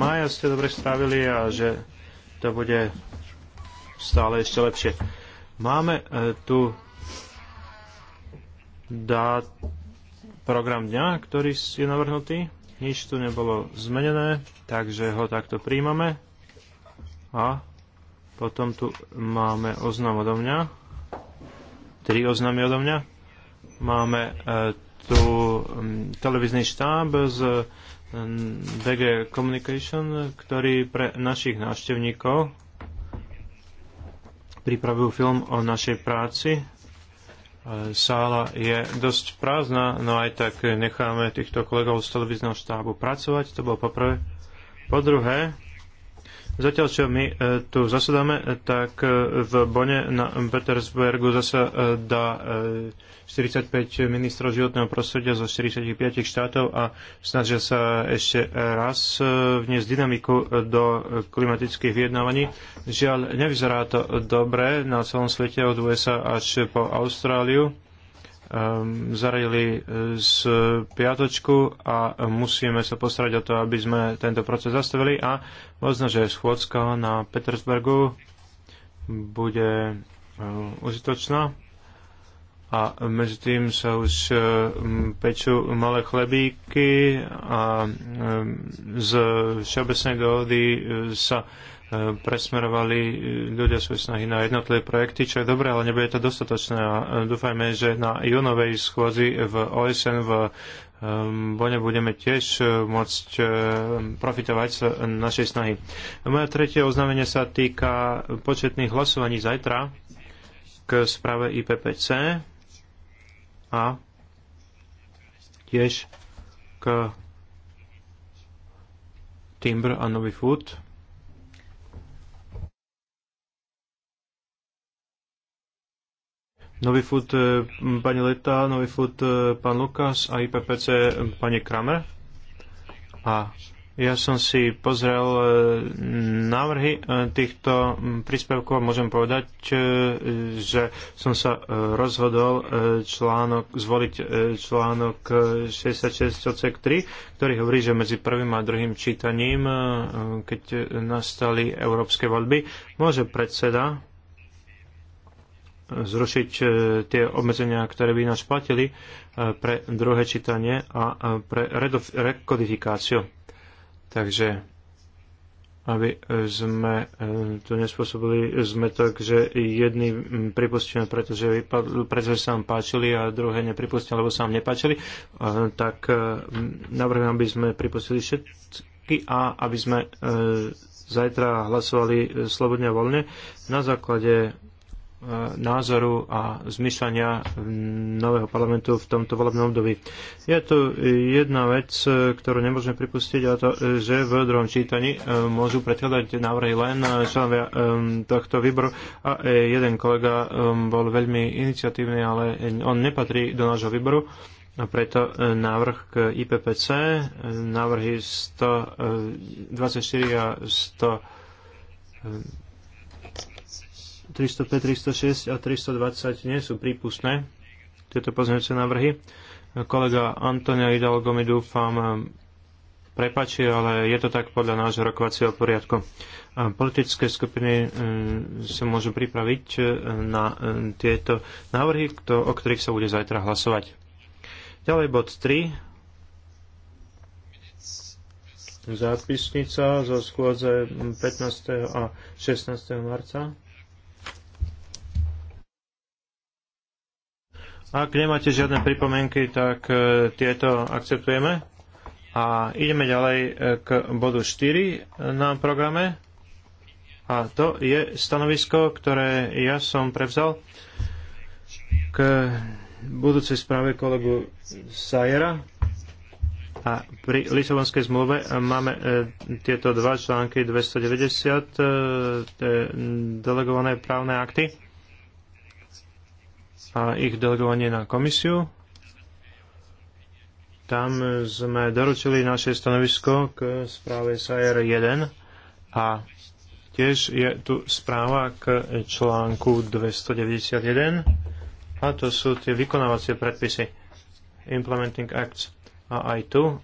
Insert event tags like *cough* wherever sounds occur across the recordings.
mája ste dobre strávili a že to bude stále ešte lepšie. Máme e, tu dá program dňa, ktorý je navrhnutý. Nič tu nebolo zmenené, takže ho takto príjmame. A potom tu máme oznam odo mňa. Tri oznamy odo mňa. Máme e, tu televízny štáb z Ehm, DG Communication, ktorý pre našich návštevníkov pripravujú film o našej práci. E, sála je dosť prázdna, no aj tak necháme týchto kolegov z televízneho štábu pracovať, to bolo poprvé. Po druhé, Zatiaľ, čo my e, tu zasadáme, e, tak e, v Bone na Petersbergu dá 45 ministrov životného prostredia zo 45 štátov a snažia sa ešte raz vniesť dynamiku do klimatických vyjednávaní. Žiaľ, nevyzerá to dobre na celom svete od USA až po Austráliu Ehm, zaradili e, z piatočku a musíme sa postarať o to, aby sme tento proces zastavili a možno, že schôdzka na Petersbergu bude e, užitočná a medzi tým sa už e, pečú malé chlebíky a z všeobecnej dohody sa E, presmerovali e, ľudia svoje snahy na jednotlivé projekty, čo je dobré, ale nebude to dostatočné. A e, dúfajme, že na júnovej schôzi v OSN v Bone budeme tiež môcť profitovať z našej snahy. Moje tretie oznámenie sa týka početných hlasovaní zajtra k správe IPPC a tiež k Timber a novy Food. Nový fut e, pani Leta, Nový fut e, pán Lukas a IPPC e, pani Kramer. A ja som si pozrel návrhy týchto príspevkov a môžem povedať, že som sa rozhodol článok, zvoliť článok 66 odsek 3, ktorý hovorí, že medzi prvým a druhým čítaním, keď nastali európske voľby, môže predseda zrušiť e, tie obmedzenia, ktoré by nás platili e, pre druhé čítanie a e, pre rekodifikáciu. Takže aby sme to nespôsobili zmetok, že jedni pripustíme, pretože, pretože sa nám páčili a druhé nepripustíme, lebo sa nám nepáčili, tak navrhujem, aby sme pripustili všetky a aby sme zajtra hlasovali slobodne a voľne na základe E, názoru a zmyšľania nového parlamentu v tomto volebnom období. Je tu jedna vec, e, ktorú nemôžeme pripustiť, a to, e, že v druhom čítaní môžu predkladať návrhy len členovia tohto výboru. A jeden kolega bol veľmi iniciatívny, ale on nepatrí do nášho výboru. A preto návrh k IPPC, návrhy 124 a 100 305, 306 a 320 nie sú prípustné, tieto pozmeňujúce návrhy. Kolega Antonia Hidalgo mi dúfam prepačí, ale je to tak podľa nášho rokovacieho poriadku. Politické skupiny e, sa môžu pripraviť e, na e, tieto návrhy, o ktorých sa bude zajtra hlasovať. Ďalej bod 3. Zápisnica zo schôdze 15. a 16. marca. Ak nemáte žiadne pripomienky, tak e, tieto akceptujeme. A ideme ďalej e, k bodu 4 na programe. A to je stanovisko, ktoré ja som prevzal k budúcej správe kolegu Sajera. A pri Lisabonskej zmluve máme e, tieto dva články 290, delegované právne akty a ich delegovanie na komisiu. Tam sme doručili naše stanovisko k správe SAR 1 a tiež je tu správa k článku 291 a to sú tie vykonávacie predpisy Implementing Acts a aj tu e,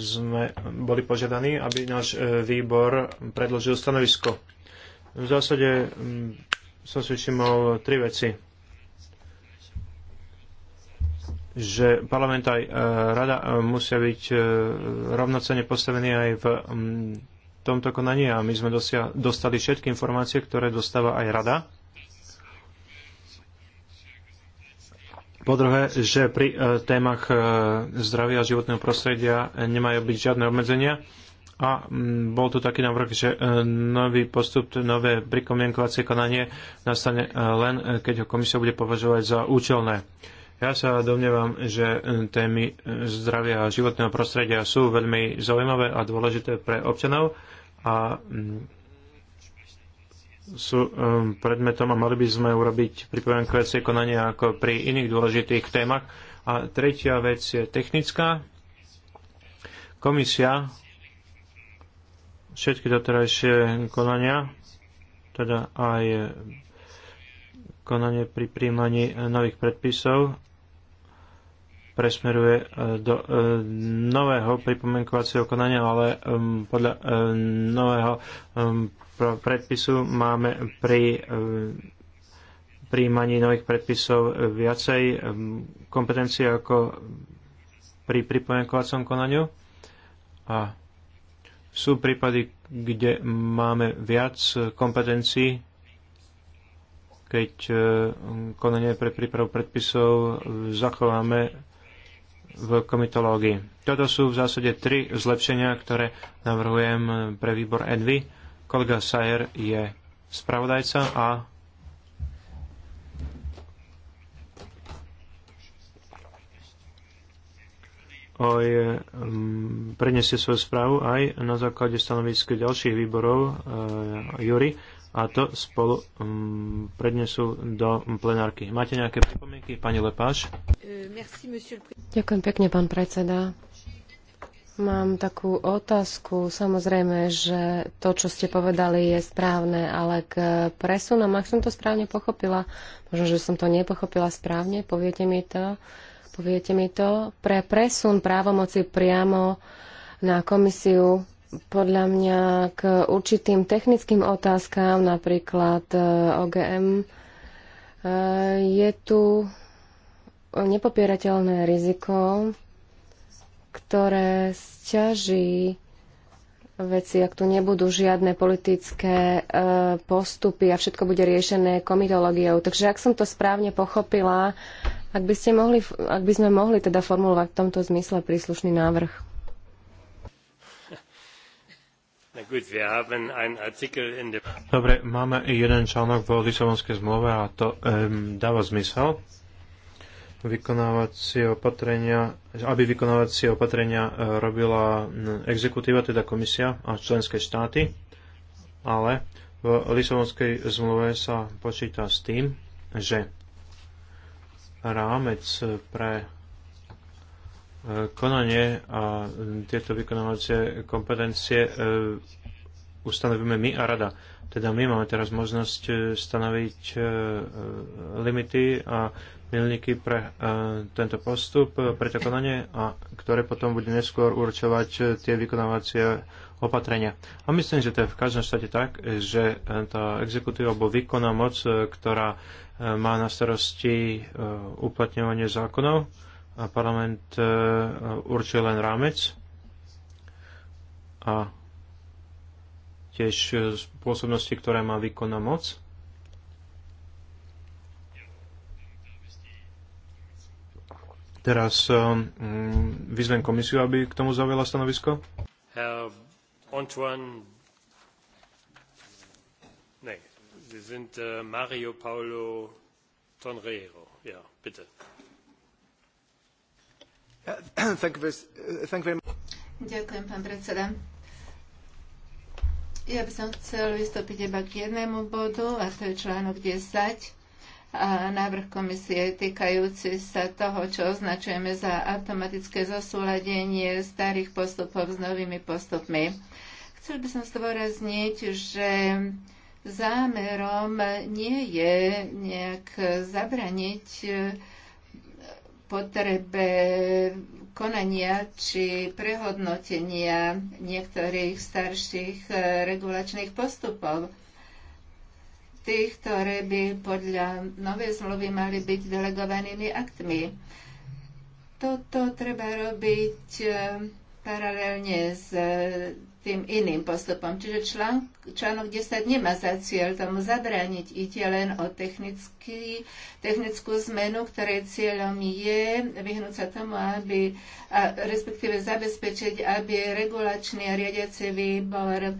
sme boli požiadaní, aby náš e, výbor predložil stanovisko. V zásade som si všimol tri veci že parlament aj e, rada e, musia byť e, rovnocene postavení aj v tomto konaní a my sme dosia, dostali všetky informácie, ktoré dostáva aj rada. Po druhé, že pri témach zdravia a životného prostredia nemajú byť žiadne obmedzenia. A bol tu taký návrh, že nový postup, nové prikomienkovacie konanie nastane len, keď ho komisia bude považovať za účelné. Ja sa domnievam, že e, témy e, zdravia a životného prostredia sú veľmi zaujímavé a dôležité pre občanov a mm, sú e, predmetom a mali by sme urobiť pripomienkovacie konania ako pri iných dôležitých témach. A tretia vec je technická. Komisia všetky doterajšie konania, teda aj konanie pri príjmaní nových predpisov presmeruje e, do e, nového pripomenkovacieho konania, ale podľa e, nového predpisu máme pri príjmaní nových predpisov viacej kompetencií ako pri pripomienkovacom konaniu. A sú prípady, kde máme viac kompetencií, keď konanie pre prípravu predpisov zachováme v komitológii. Toto sú v zásade tri zlepšenia, ktoré navrhujem pre výbor Envy. Kolega Sayer je spravodajca a oj, mm, preniesie svoju správu aj na základe stanovisk ďalších výborov e, Jury a to spolu um, prednesú do plenárky. Máte nejaké pripomienky, pani Lepáš? Ďakujem pekne, pán predseda. Mám takú otázku. Samozrejme, že to, čo ste povedali, je správne, ale k presunom, ak som to správne pochopila, možno, že som to nepochopila správne, poviete mi to, poviete mi to, pre presun právomoci priamo na komisiu podľa mňa k určitým technickým otázkám, napríklad e, OGM, e, je tu nepopierateľné riziko, ktoré sťaží veci, ak tu nebudú žiadne politické e, postupy a všetko bude riešené komitológiou. Takže ak som to správne pochopila, ak by, ste mohli, ak by sme mohli teda formulovať v tomto zmysle príslušný návrh. Dobre, máme jeden článok vo Lisabonskej zmluve a to um, dáva zmysel vykonávacie opatrenia, aby vykonávacie opatrenia e, robila exekutíva, teda komisia a členské štáty, ale v Lisabonskej zmluve sa počíta s tým, že rámec pre konanie a tieto vykonávacie kompetencie e, ustanovíme my a rada. Teda my máme teraz možnosť e, stanoviť e, limity a milníky pre tento postup, pre to konanie, a ktoré potom bude neskôr určovať tie vykonávacie opatrenia. A myslím, že to je v každom štáte tak, že tá exekutíva alebo výkonná moc, ktorá má na starosti uplatňovanie zákonov, a parlament e, určil len rámec a tiež spôsobnosti, ktoré má výkonná moc. Teraz e, vyzvem komisiu, aby k tomu zaujala stanovisko. Herr uh, Antoine Nee, Sie sind äh, Mario Paolo Tonreiro. Ja, bitte. Ďakujem, pán predseda. Ja by som chcel vystúpiť iba k jednému bodu, a to je článok 10 a návrh komisie týkajúci sa toho, čo označujeme za automatické zosúladenie starých postupov s novými postupmi. Chcel by som zdôrazniť, že zámerom nie je nejak zabraniť potrebe konania či prehodnotenia niektorých starších e, regulačných postupov. Tých, ktoré by podľa novej zmluvy mali byť delegovanými aktmi. Toto treba robiť e, paralelne s tým iným postupom. Čiže člán, článok 10 nemá za cieľ tomu zabrániť. Ide len o technický, technickú zmenu, ktorej cieľom je vyhnúť sa tomu, aby, a, respektíve zabezpečiť, aby regulačný a riadiaci výbor e,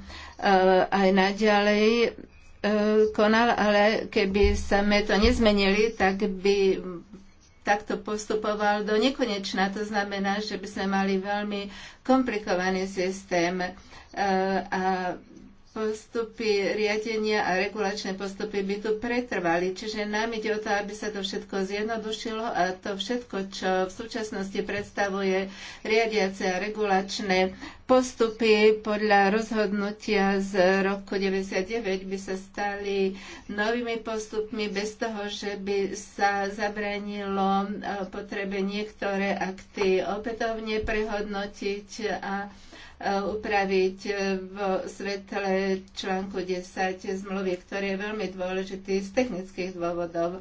aj naďalej e, konal, ale keby sme to nezmenili, tak by takto postupoval do nekonečna. To znamená, že by sme mali veľmi komplikovaný systém e, a postupy riadenia a regulačné postupy by tu pretrvali. Čiže nám ide o to, aby sa to všetko zjednodušilo a to všetko, čo v súčasnosti predstavuje riadiace a regulačné postupy podľa rozhodnutia z roku 99 by sa stali novými postupmi bez toho, že by sa zabranilo eh, potrebe niektoré akty opätovne prehodnotiť a Eh, upraviť eh, v svetle článku 10 zmluvy, ktorý je veľmi dôležitý z technických dôvodov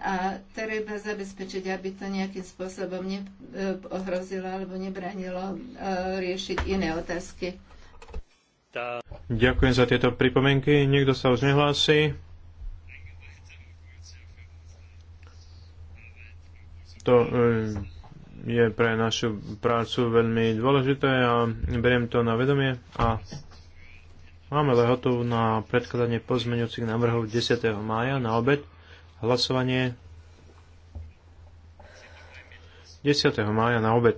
a treba zabezpečiť, aby to nejakým spôsobom neohrozilo eh, alebo nebranilo riešiť iné otázky. Tá. Ďakujem za tieto pripomienky. Niekto sa už nehlási? To e je pre našu prácu veľmi dôležité a beriem to na vedomie a máme lehotu na predkladanie pozmeňujúcich návrhov 10. mája na obed. Hlasovanie 10. mája na obed.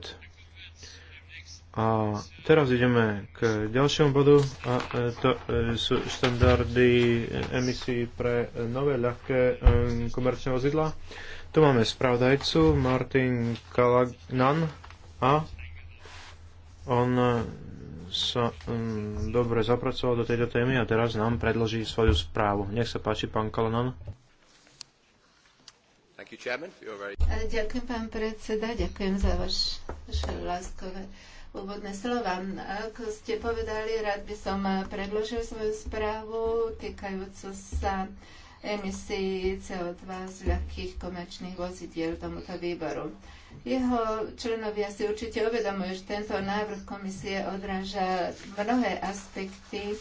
A teraz ideme k ďalšiemu bodu a e, to e, sú štandardy emisí pre nové ľahké e, komerčné vozidla. Tu máme spravodajcu Martin Kalagnan a on sa um, dobre zapracoval do tejto témy a teraz nám predloží svoju správu. Nech sa páči, pán Kalagnan. Ďakujem, pán predseda, ďakujem za vaš, vaše láskové úvodné slova. Ako ste povedali, rád by som predložil svoju správu týkajúcu sa uh, emisií CO2 z ľahkých komerčných vozidiel tomuto výboru. Jeho členovia si určite uvedomujú, že tento návrh komisie odráža mnohé aspekty e,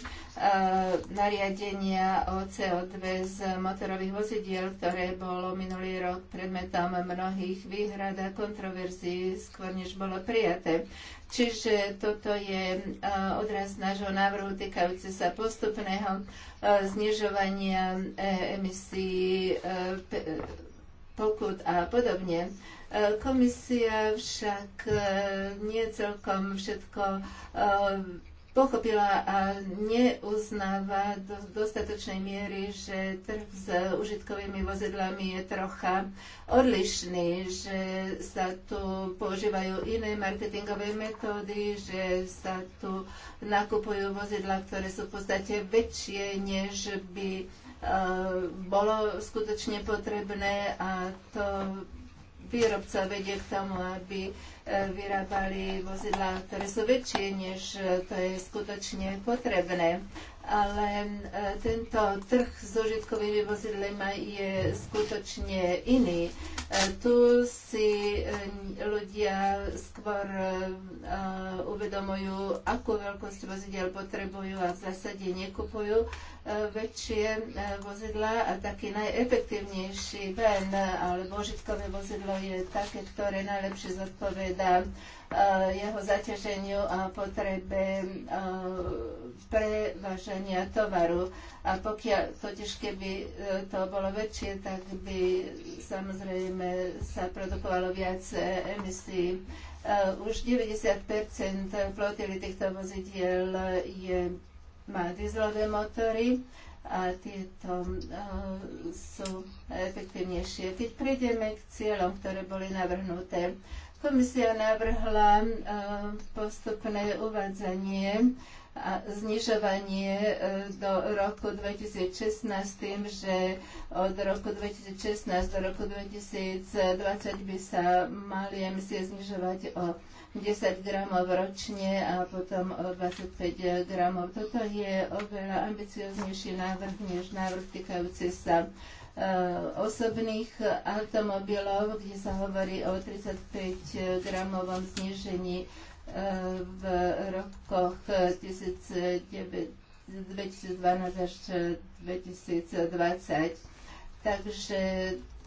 nariadenia o CO2 z motorových vozidiel, ktoré bolo minulý rok predmetom mnohých výhrad a kontroverzií, skôr než bolo prijaté. Čiže toto je e, odraz nášho návrhu týkajúce sa postupného e, znižovania emisí pokut a podobne. Komisia však e, nie celkom všetko e, pochopila a neuznáva do dostatočnej miery, že trh s užitkovými vozidlami je trocha odlišný, že sa tu používajú iné marketingové metódy, že sa tu nakupujú vozidla, ktoré sú v podstate väčšie, než by e, bolo skutočne potrebné a to výrobca vedie k tomu, aby e, vyrábali vozidla, ktoré sú väčšie, než e, to je skutočne potrebné. Ale e, tento trh s užitkovými vozidlami je skutočne iný. Tu si ľudia skôr uvedomujú, akú veľkosť vozidel potrebujú a v zásade nekupujú väčšie e, vozidla a taký najefektívnejší ven e, alebo užitkové vozidlo je také, ktoré najlepšie zodpoveda e, jeho zaťaženiu a potrebe prevaženia tovaru. A pokiaľ, totiž keby to bolo väčšie, tak by samozrejme sa produkovalo viac emisí. Už 90 plotily týchto vozidiel je má dieselové motory a tieto e, sú efektívnejšie. Keď prídeme k cieľom, ktoré boli navrhnuté, komisia navrhla e, postupné uvádzanie a znižovanie e, do roku 2016 tým, že od roku 2016 do roku 2020 by sa mali emisie znižovať o 10 gramov ročne a potom o e, 25 e, gramov. Toto je oveľa ambicioznejší návrh než návrh týkajúci sa e, osobných automobilov, kde sa hovorí o 35 gramovom znižení v rokoch 2012 až 2020. Takže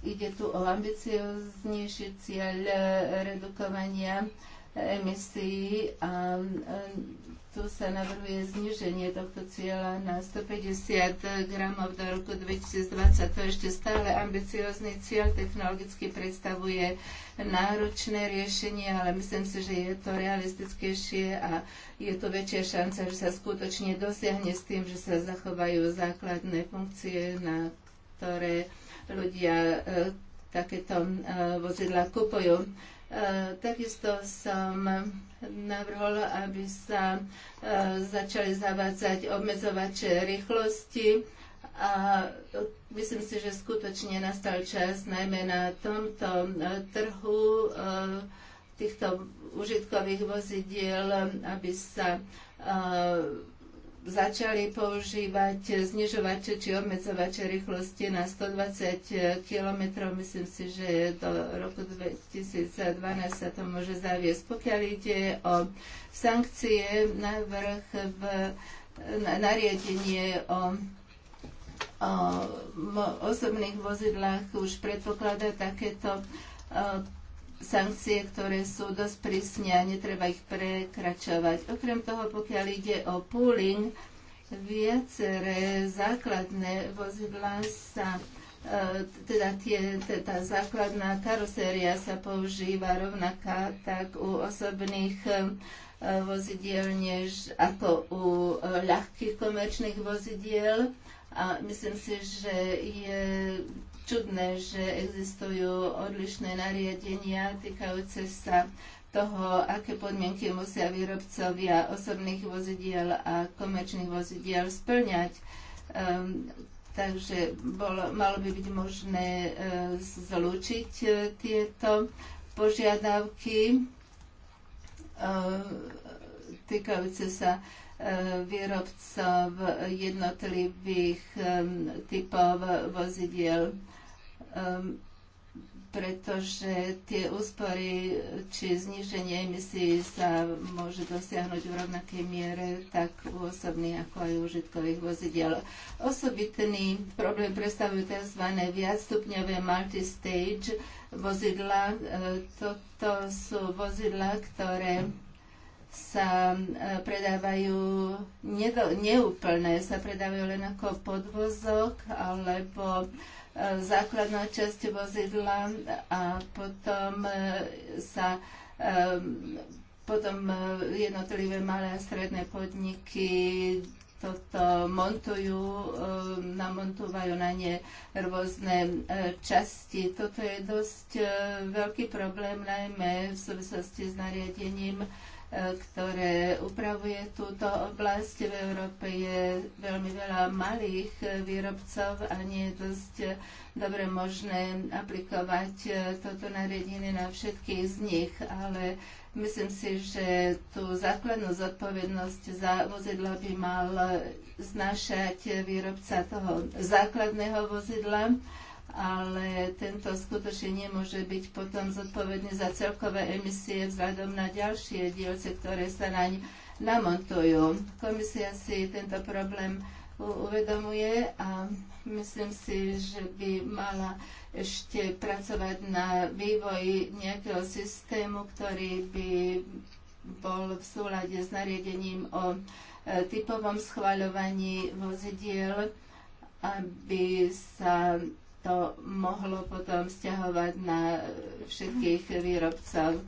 ide tu o ambicioznejší cieľ redukovania emisí a tu sa navrhuje zniženie tohto cieľa na 150 gramov do roku 2020. To je ešte stále ambiciózny cieľ, technologicky predstavuje náročné riešenie, ale myslím si, že je to realistickejšie a je tu väčšia šanca, že sa skutočne dosiahne s tým, že sa zachovajú základné funkcie, na ktoré ľudia e, takéto e, vozidla kupujú. E, takisto som navrhol, aby sa e, začali zavádzať obmedzovače rýchlosti a myslím si, že skutočne nastal čas najmä na tomto e, trhu týchto užitkových vozidiel, aby sa začali používať znižovače či obmedzovače rýchlosti na 120 km. Myslím si, že do roku 2012 sa to môže zaviesť. Pokiaľ ide o sankcie, návrh v nariadenie o o osobných vozidlách už predpokladá takéto sankcie, ktoré sú dosť prísne a netreba ich prekračovať. Okrem toho, pokiaľ ide o pooling, viaceré základné vozidlá sa e, teda tie, tá základná karoséria sa používa rovnaká tak u osobných e, vozidiel, než ako u e, ľahkých komerčných vozidiel. A myslím si, že je čudné, že existujú odlišné nariadenia týkajúce sa toho, aké podmienky musia výrobcovia osobných vozidiel a komerčných vozidiel splňať. Um, ehm, takže malo by byť možné uh, zlúčiť uh, tieto požiadavky uh, týkajúce sa výrobcov jednotlivých typov vozidiel um, pretože tie úspory či zniženie emisí sa môže dosiahnuť v rovnakej miere tak u osobných ako aj u užitkových vozidiel. Osobitný problém predstavujú tzv. viacstupňové multistage vozidla. Ehm, toto sú vozidla, ktoré sa e, predávajú neúplné, sa predávajú len ako podvozok alebo základná časť vozidla a potom e, sa e, potom e, jednotlivé malé a stredné podniky toto montujú, namontúvajú na ne rôzne časti. Toto je dosť veľký problém, najmä v súvislosti s nariadením ktoré upravuje túto oblasť. V Európe je veľmi veľa malých výrobcov a nie je dosť dobre možné aplikovať toto nariadenie na všetkých z nich, ale myslím si, že tú základnú zodpovednosť za vozidla by mal znášať výrobca toho základného vozidla ale tento skutočne nemôže byť potom zodpovedný za celkové emisie vzhľadom na ďalšie dielce, ktoré sa naň namontujú. Komisia si tento problém uvedomuje a myslím si, že by mala ešte pracovať na vývoji nejakého systému, ktorý by bol v súlade s nariadením o e, typovom schváľovaní vozidiel, aby sa to mohlo potom vzťahovať na všetkých výrobcov.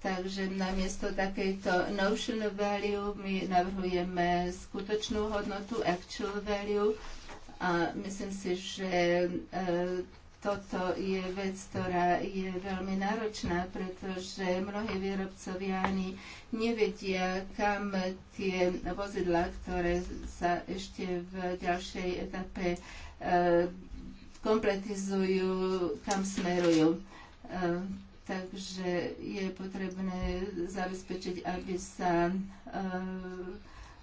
Takže namiesto takejto notion value my navrhujeme skutočnú hodnotu, actual value a myslím si, že e, toto je vec, ktorá je veľmi náročná, pretože mnohí výrobcovia ani nevedia, kam tie vozidla, ktoré sa ešte v ďalšej etape e, kompletizujú, kam smerujú. E, takže je potrebné zabezpečiť, aby sa e,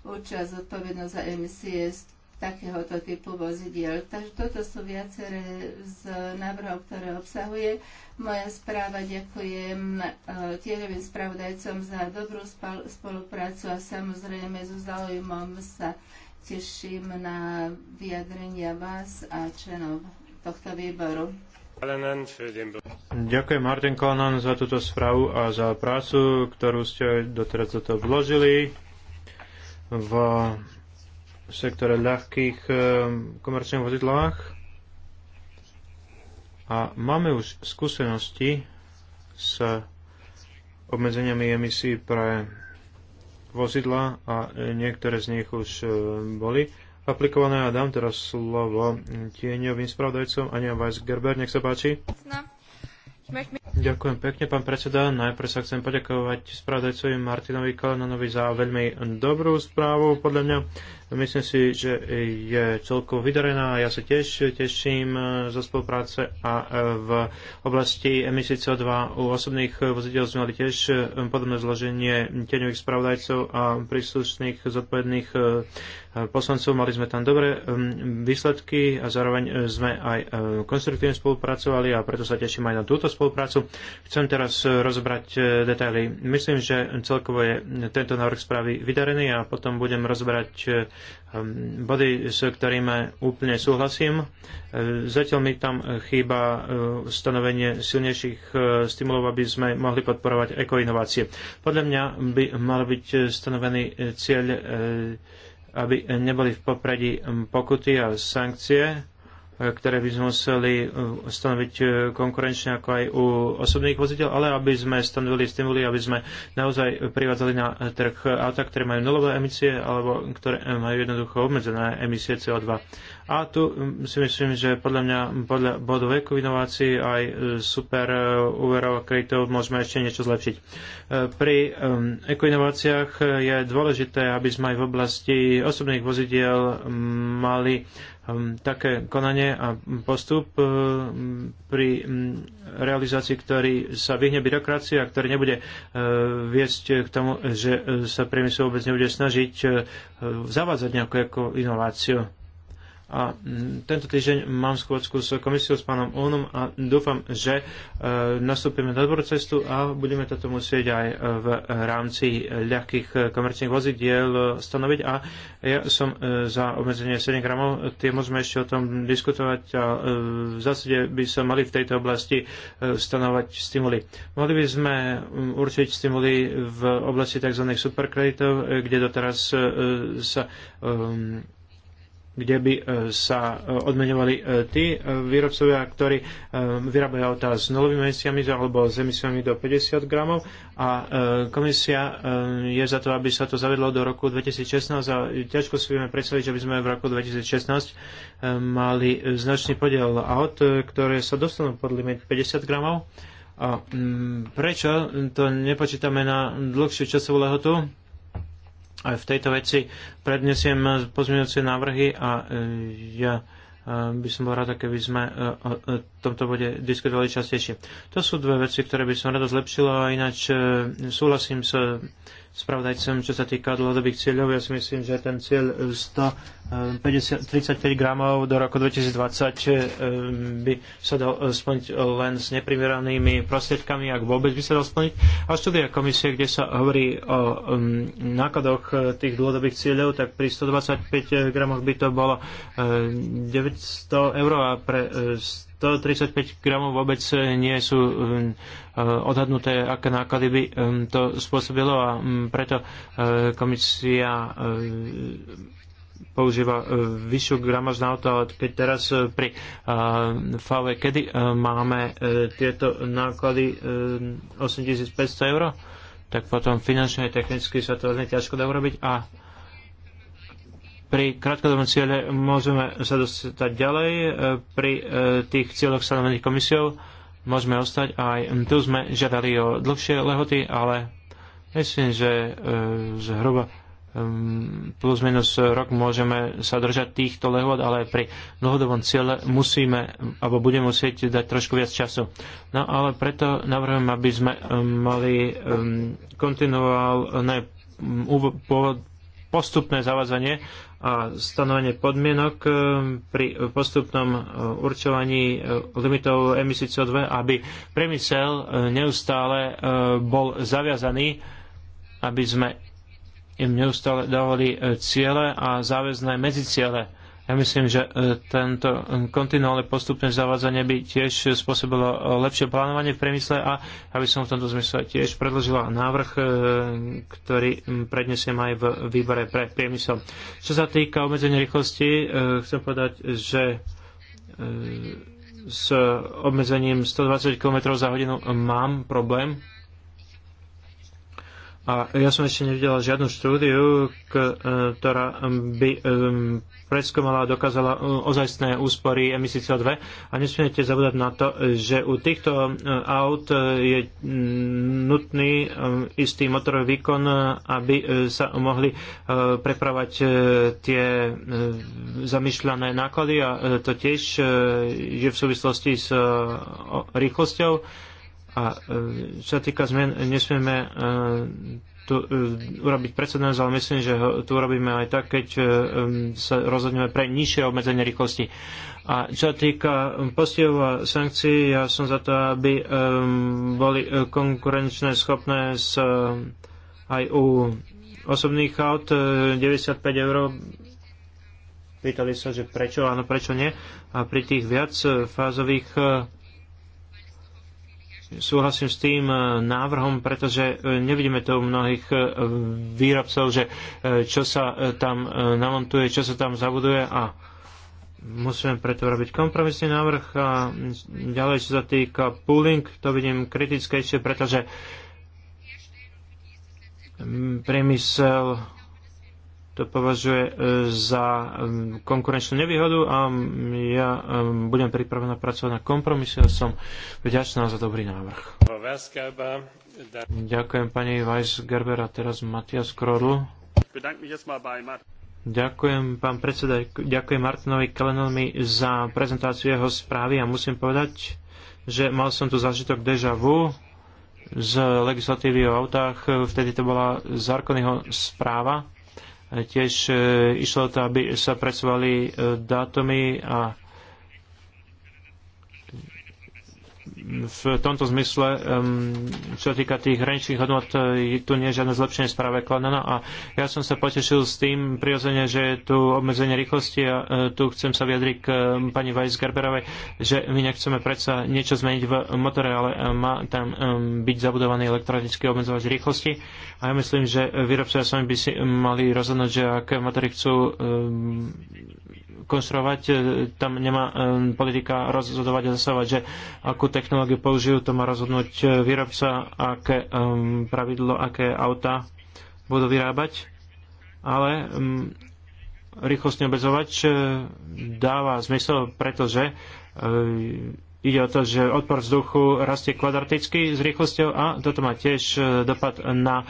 určila zodpovednosť za emisie z takéhoto typu vozidiel. Takže toto sú viaceré z návrhov, ktoré obsahuje moja správa. Ďakujem e, tieľovým spravodajcom za dobrú spoluprácu a samozrejme so záujmom sa teším na vyjadrenia vás a členov Ďakujem Martin Konan za túto správu a za prácu, ktorú ste doteraz do toho vložili v sektore ľahkých eh, komerčných vozidlách. A máme už skúsenosti s obmedzeniami emisí pre vozidla a niektoré z nich už eh, boli aplikované a dám teraz slovo tieňovým spravodajcom Ania Weisgerber, nech sa páči. Ďakujem pekne, pán predseda. Najprv sa chcem poďakovať spravodajcovi Martinovi Kalenanovi za veľmi dobrú správu, podľa mňa. Myslím si, že je celko vydarená ja sa tiež teším e, zo spolupráce a e, v oblasti emisí CO2 u osobných vozidel sme mali tiež e, podobné zloženie tieňových spravodajcov a príslušných zodpovedných poslancov. Mali sme tam dobré výsledky a zároveň sme aj konstruktívne spolupracovali a preto sa teším aj na túto spoluprácu. Chcem teraz rozobrať detaily. Myslím, že celkovo je tento návrh správy vydarený a potom budem rozobrať Ehm, body, s ktorými úplne súhlasím. Ehm, zatiaľ mi tam chýba ehm, stanovenie silnejších stimulov, aby sme mohli podporovať ekoinovácie. Podľa mňa by mal byť stanovený cieľ, aby neboli v popredí pokuty a sankcie, ktoré by sme museli e, stanoviť e, konkurenčne ako aj u osobných vozidel, ale aby sme stanovili stimuli, aby sme naozaj privádzali na trh auta, ktoré majú nulové emisie alebo ktoré majú jednoducho obmedzené emisie CO2. A tu si myslím, že podľa mňa podľa bodu veku inovácií aj e, super úverov a kreditov môžeme ešte niečo zlepšiť. Pri ekoinováciách je dôležité, aby sme aj v oblasti osobných vozidiel mali Ehm, také konanie a postup ehm, pri ehm, realizácii, ktorý sa vyhne byrokracii a ktorý nebude viesť k tomu, že sa priemysel vôbec nebude snažiť zavádzať nejakú inováciu. A tento týždeň mám schôdzku s komisiou s pánom Onom a dúfam, že e, nastúpime na dobrú cestu a budeme toto musieť aj e, v rámci ľahkých e, komerčných vozidiel stanoviť. A ja som za obmedzenie 7 gramov, tie môžeme ešte o tom diskutovať a v zásade by sa mali v tejto oblasti stanovať stimuly. Mohli by sme určiť stimuly v oblasti tzv. superkreditov, kde doteraz sa kde by e, sa e, odmenovali e, tí výrobcovia, ktorí vyrábajú autá s nulovými emisiami alebo s emisiami do 50 gramov a komisia je za to, aby sa to zavedlo do roku 2016 a ťažko si vieme predstaviť, že by sme v roku 2016 mali značný podiel aut, ktoré sa dostanú pod limit 50 gramov. A prečo to nepočítame na dlhšiu časovú lehotu? aj v tejto veci prednesiem pozmeňujúce návrhy a e, ja e, by som bol rád, keby sme e, o tomto bode diskutovali častejšie. To sú dve veci, ktoré by som rado zlepšila a ináč súhlasím s spravodajcom, čo sa týka dlhodobých cieľov. Ja si myslím, že ten cieľ 135 eh, gramov do roku 2020 eh, by sa dal splniť len s neprimeranými prostriedkami, ak vôbec by sa dal splniť. A štúdia komisie, kde sa hovorí o mm, nákladoch eh, tých dlhodobých cieľov, tak pri 125 gramoch by to bolo 900 eur a pre to 35 gramov vôbec eh, nie sú eh, eh, odhadnuté, aké náklady by to spôsobilo a mm, preto komisia používa vyššiu gramáž na auto, ale keď teraz pri VV, kedy máme tieto náklady 8500 eur, tak potom finančne a technicky sa to veľmi ťažko dá urobiť a pri krátkodobom ciele môžeme sa dostať ďalej, e, pri e, tých cieľoch stanovených komisiou môžeme ostať aj tu sme žiadali o dlhšie lehoty, ale myslím, že zhruba e, plus minus rok môžeme sa držať týchto lehot, ale pri dlhodobom ciele musíme, alebo budeme musieť dať trošku viac času. No ale preto navrhujem, aby sme mali kontinuálne postupné zavádzanie a stanovenie podmienok e, pri postupnom e, určovaní e, limitov emisí CO2, aby priemysel neustále bol zaviazaný, aby sme im neustále dávali ciele a záväzné medziciele ja myslím, že e, tento e, kontinuálne postupné zavádzanie by tiež spôsobilo e, lepšie plánovanie v priemysle a aby som v tomto zmysle tiež predložila návrh, ktorý prednesiem aj v výbore pre priemysel. Čo sa týka obmedzenia rýchlosti, chcem povedať, že s obmedzením 120 km za hodinu mám problém, a ja som ešte nevidela žiadnu štúdiu, e, ktorá by e, preskomala a dokázala e, ozajstné úspory emisí CO2. A nesmiete zabúdať na to, že u týchto aut je nutný istý motorový výkon, aby sa mohli prepravať tie zamýšľané náklady a to tiež je v súvislosti s rýchlosťou a e, čo sa týka zmien, nesmieme e, tu e, urobiť precedens, ale myslím, že ho tu urobíme aj tak, keď sa rozhodneme pre nižšie obmedzenie rýchlosti. A čo sa týka postihov a sankcií, ja som za to, aby boli konkurenčné schopné s, aj u osobných aut 95 eur Pýtali sa, že prečo, áno, prečo nie. A pri tých viac fázových súhlasím s tým e, návrhom, pretože e, nevidíme to u mnohých e, výrobcov, že čo sa tam namontuje, čo sa tam zabuduje a musíme preto robiť kompromisný návrh a ďalej, čo sa týka pooling, to vidím kritickejšie, pretože priemysel to považuje e, za konkurenčnú nevýhodu a ja e, budem pripravená pracovať na kompromise a som vďačná za dobrý návrh. Ďakujem pani Weisgerber a teraz Matias Krodl. Ďakujem, pán predseda, ďakujem Martinovi Kalenovi za prezentáciu jeho správy a musím povedať, že mal som tu zažitok deja vu z legislatívy o autách, vtedy to bola Zarkonyho správa Tiež e, išlo to, aby sa presovali e, dátumy a v tomto zmysle, čo týka tých hraničných hodnot, eh, tu nie je žiadne zlepšenie správe kladená a ja som sa potešil s tým prirodzene, že je tu obmedzenie rýchlosti a eh, tu chcem sa vyjadriť k pani Weiss Gerberovej, že my nechceme predsa niečo zmeniť v motore, ale eh, má tam byť zabudovaný elektronický obmedzovač rýchlosti a ja myslím, že výrobcovia sami by si mali rozhodnúť, že aké motory chcú konštruovať. E, tam nemá e, politika rozhodovať a zasahovať, že akú technológiu použijú, to má rozhodnúť e, výrobca, aké pravidlo, aké auta budú vyrábať. Ale rýchlostný obezovač dáva zmysel, pretože Ide o to, že odpor vzduchu rastie kvadraticky s rýchlosťou a toto má tiež dopad na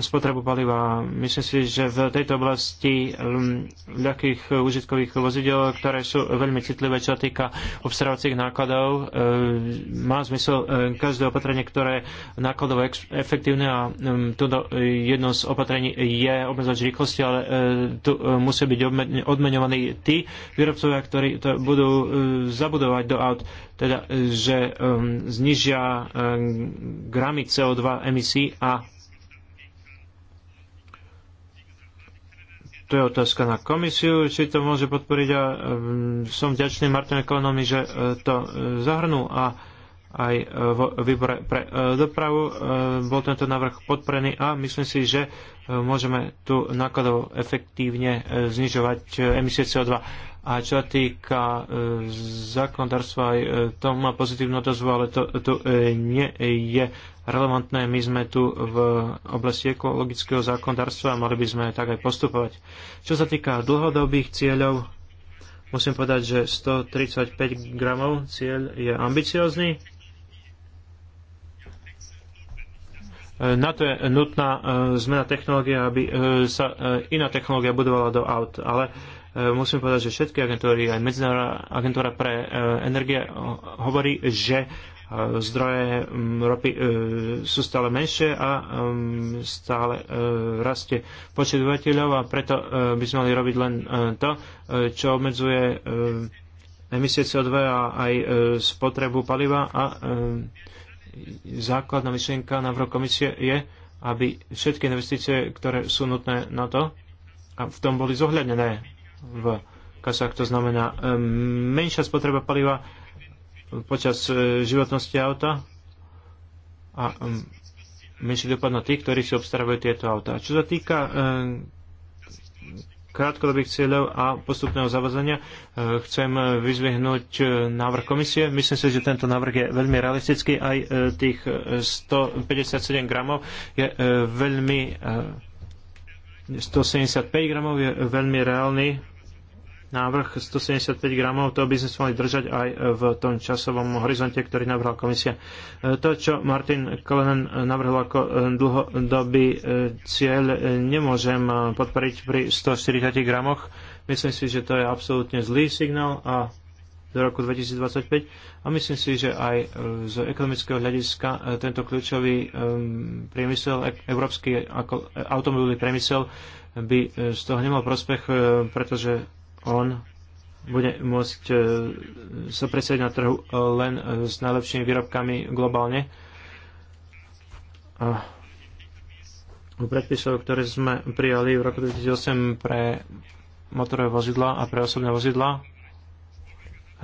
spotrebu paliva. Myslím si, že v tejto oblasti um, ľahkých užitkových vozidel, ktoré sú veľmi citlivé, čo týka obstarávacích nákladov, uh, má zmysel uh, každé opatrenie, ktoré nákladové efektívne a um, toto uh, jedno z opatrení je obmedzovať rýchlosti, ale tu musia byť odmenovaní tí výrobcovia, ktorí to budú zabudovať do aut teda, že um, znižia um, gramy CO2 emisí a to je otázka na komisiu, či to môže podporiť a mm, som vďačný Martine Konomi, že e, to e, zahrnú a aj e, vo výbore pre dopravu bol tento návrh podporený a myslím si, že môžeme tu nákladov efektívne znižovať emisie CO2. A čo týka zákonodárstva, to má pozitívnu odozvu, ale to tu nie je relevantné. My sme tu v oblasti ekologického zákonodárstva a mali by sme tak aj postupovať. Čo sa týka dlhodobých cieľov, musím povedať, že 135 gramov cieľ je ambiciózny. Na to je nutná e, zmena technológie, aby e, sa e, iná technológia budovala do aut, ale musím povedať, že všetky agentúry, aj Medzinárodná agentúra pre energie hovorí, že zdroje mm, ropy e, sú stále menšie a mm, stále e, rastie počet obyvateľov a preto e, by sme mali robiť len to, čo obmedzuje emisie CO2 a aj spotrebu paliva a základná myšlienka návrhu komisie je, aby všetky investície, ktoré sú nutné na to, a v tom boli zohľadnené v kasách, to znamená menšia spotreba paliva, počas e, životnosti auta a menší dopad na tých, ktorí si obstarávajú tieto auta. Čo sa týka e, krátkodobých cieľov a postupného zavazania. E, chcem vyzvihnúť návrh komisie. Myslím si, že tento návrh je veľmi realistický. Aj tých 157 gramov je veľmi 175 gramov je veľmi reálny návrh 175 gramov, to by sme mali držať aj v tom časovom horizonte, ktorý navrhla komisia. E, to, čo Martin Kolenen navrhol ako e, dlhodobý e, cieľ, nemôžem podporiť pri 140 gramoch. Myslím si, že to je absolútne zlý signál a do roku 2025 a myslím si, že aj z ekonomického hľadiska tento kľúčový priemysel, európsky automobilový priemysel by z toho nemal prospech, pretože on bude môcť e, sa presieť na trhu len e, s najlepšími výrobkami globálne. U predpisov, ktoré sme prijali v roku 2008 pre motorové vozidla a pre osobné vozidla, e,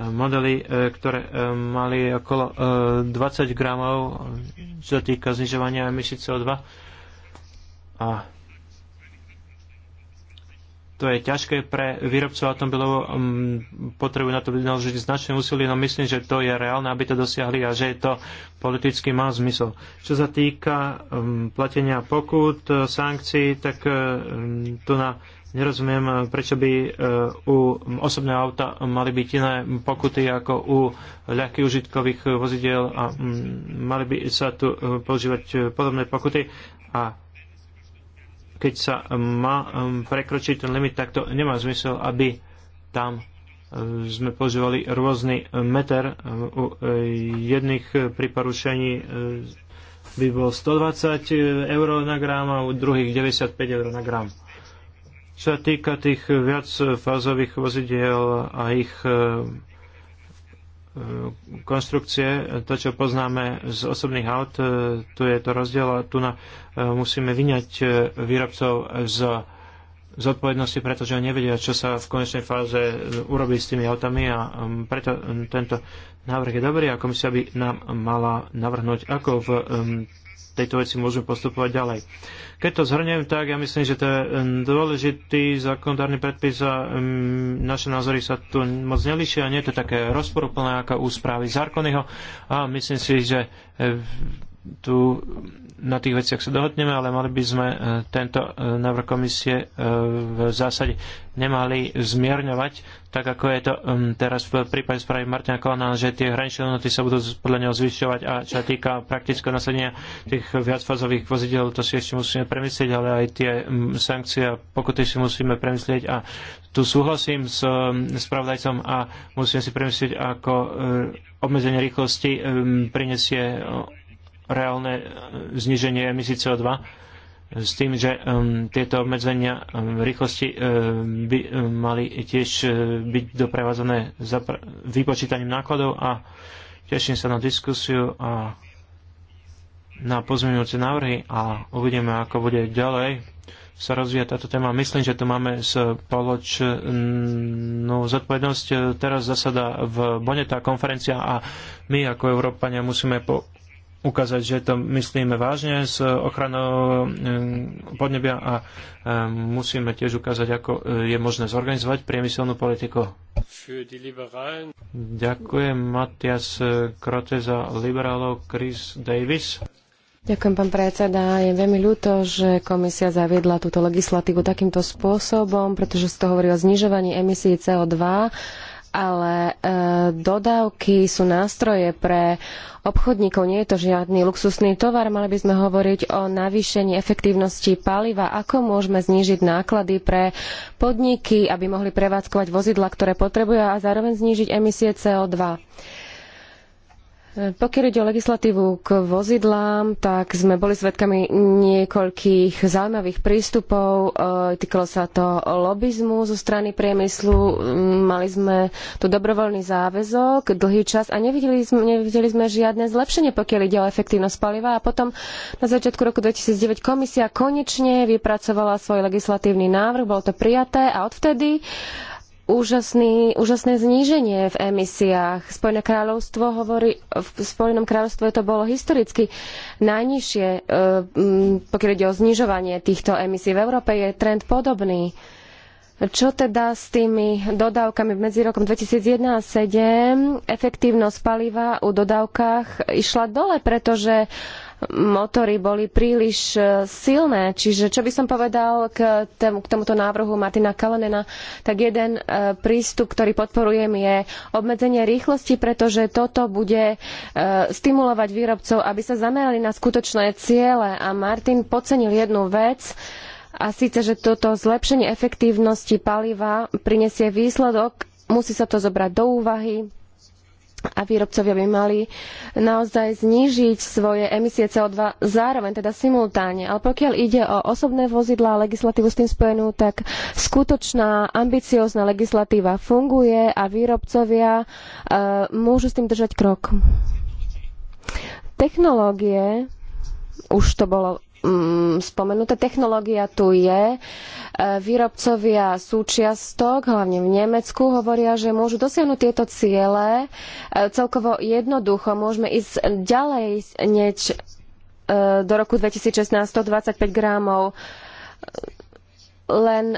modely, ktoré mali okolo 20 gramov, čo sa týka znižovania emisí CO2. A to je ťažké pre výrobcov automobilov, um, potrebujú na to vynaložiť značné úsilie, no myslím, že to je reálne, aby to dosiahli a že je to politicky má zmysel. Čo sa týka um, platenia pokut, uh, sankcií, tak uh, um, tu na nerozumiem, uh, prečo by u osobného auta mali byť iné pokuty ako u ľahkých užitkových vozidiel a mali by sa tu používať podobné pokuty a keď sa má um, prekročiť ten limit, tak to nemá zmysel, aby tam um, sme používali rôzny meter. Um, u e, jedných pri porušení e, by bol 120 eur na gram a u druhých 95 eur na gram. Čo sa týka tých viacfázových vozidiel a ich e, E, konštrukcie, to, čo poznáme z osobných aut, e, tu je to rozdiel a tu na, e, musíme vyňať výrobcov z zodpovednosti, pretože oni nevedia, čo sa v konečnej fáze urobí s tými autami a preto tento návrh je dobrý a komisia by nám mala navrhnúť, ako v tejto veci môžeme postupovať ďalej. Keď to zhrniem, tak ja myslím, že to je mm, dôležitý zákonodárny predpis a mm, naše názory sa tu moc nelišia. Nie je to také rozporúplné ako u správy Zarkonyho a myslím si, že e, tu na tých veciach sa dohodneme, ale mali by sme e, tento e, návrh komisie e, v zásade nemali zmierňovať, tak ako je to teraz v prípade správy Martina Kolana, že tie hraničné hodnoty sa budú podľa neho zvyšovať a čo sa týka praktického nasadenia tých viacfázových vozidel, to si ešte musíme premyslieť, ale aj tie sankcie a pokuty si musíme premyslieť a tu súhlasím s spravodajcom a musím si premyslieť, ako obmedzenie rýchlosti prinesie reálne e, zniženie emisí CO2 s tým, že um, tieto obmedzenia um, rýchlosti um, by um, mali tiež um, byť doprevázané zapra- vypočítaním nákladov a teším sa na diskusiu a na pozmeňujúce návrhy a uvidíme, ako bude ďalej sa rozvíja táto téma. Myslím, že tu máme spoločnú zodpovednosť. Teraz zasada v Boneta konferencia a my ako Európania musíme po, ukázať, že to myslíme vážne s ochranou mm, podnebia a e, musíme tiež ukázať, ako e, je možné zorganizovať priemyselnú politiku. Ďakujem Matias e, Krote za liberálov Chris Davis. Ďakujem, pán predseda. Je veľmi ľúto, že komisia zaviedla túto legislatívu takýmto spôsobom, pretože z to hovorí o znižovaní emisí CO2 ale e, dodávky sú nástroje pre obchodníkov. Nie je to žiadny luxusný tovar. Mali by sme hovoriť o navýšení efektívnosti paliva. Ako môžeme znížiť náklady pre podniky, aby mohli prevádzkovať vozidlá, ktoré potrebujú a zároveň znížiť emisie CO2. Pokiaľ ide o legislatívu k vozidlám, tak sme boli svedkami niekoľkých zaujímavých prístupov. E, týkalo sa to lobizmu zo strany priemyslu. Mali sme tu dobrovoľný záväzok dlhý čas a nevideli sme, nevideli sme žiadne zlepšenie, pokiaľ ide o efektívnosť paliva. A potom na začiatku roku 2009 komisia konečne vypracovala svoj legislatívny návrh, bolo to prijaté a odvtedy úžasný, úžasné zníženie v emisiách. Spojené kráľovstvo hovorí, v Spojenom kráľovstve to bolo historicky najnižšie, e, pokiaľ ide o znižovanie týchto emisí. V Európe je trend podobný. Čo teda s tými dodávkami medzi rokom 2001 a 2007? Efektívnosť paliva u dodávkach išla dole, pretože motory boli príliš e, silné. Čiže čo by som povedal k, tému, k tomuto návrhu Martina Kalenena, tak jeden e, prístup, ktorý podporujem, je obmedzenie rýchlosti, pretože toto bude e, stimulovať výrobcov, aby sa zamerali na skutočné ciele. A Martin podcenil jednu vec, a síce, že toto zlepšenie efektívnosti paliva prinesie výsledok, musí sa to zobrať do úvahy, a výrobcovia by mali naozaj znížiť svoje emisie CO2 zároveň, teda simultáne. Ale pokiaľ ide o osobné vozidlá a legislatívu s tým spojenú, tak skutočná ambiciózna legislatíva funguje a výrobcovia e, môžu s tým držať krok. Technológie už to bolo Mm, spomenuté. Technológia tu je. E, výrobcovia súčiastok, hlavne v Nemecku, hovoria, že môžu dosiahnuť tieto ciele e, celkovo jednoducho. Môžeme ísť ďalej než e, do roku 2016 125 gramov. Len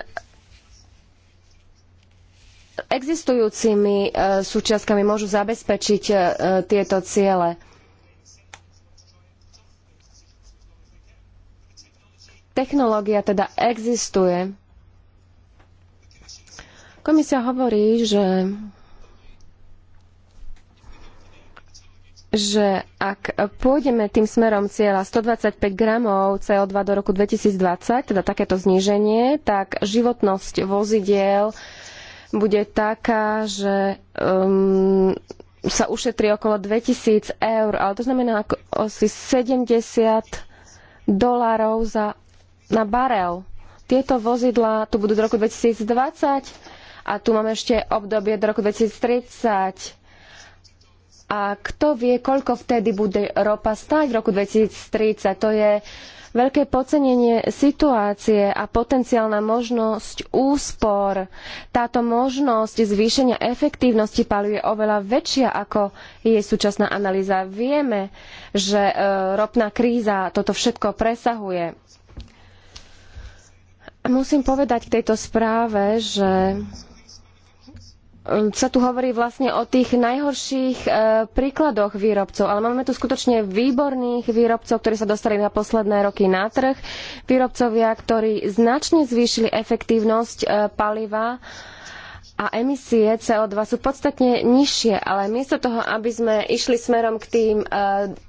existujúcimi súčiastkami môžu zabezpečiť tieto ciele. technológia teda existuje. Komisia hovorí, že že ak pôjdeme tým smerom cieľa 125 gramov CO2 do roku 2020, teda takéto zníženie, tak životnosť vozidiel bude taká, že um, sa ušetrí okolo 2000 eur, ale to znamená ako asi 70 dolárov za na barel. Tieto vozidlá tu budú do roku 2020 a tu máme ešte obdobie do roku 2030. A kto vie, koľko vtedy bude ropa stáť v roku 2030? To je veľké pocenenie situácie a potenciálna možnosť úspor. Táto možnosť zvýšenia efektívnosti palu je oveľa väčšia, ako je súčasná analýza. Vieme, že e, ropná kríza toto všetko presahuje musím povedať k tejto správe, že um, sa tu hovorí vlastne o tých najhorších uh, príkladoch výrobcov, ale máme tu skutočne výborných výrobcov, ktorí sa dostali na posledné roky na trh, výrobcovia, ktorí značne zvýšili efektívnosť uh, paliva a emisie CO2 sú podstatne nižšie, ale miesto toho, aby sme išli smerom k tým e,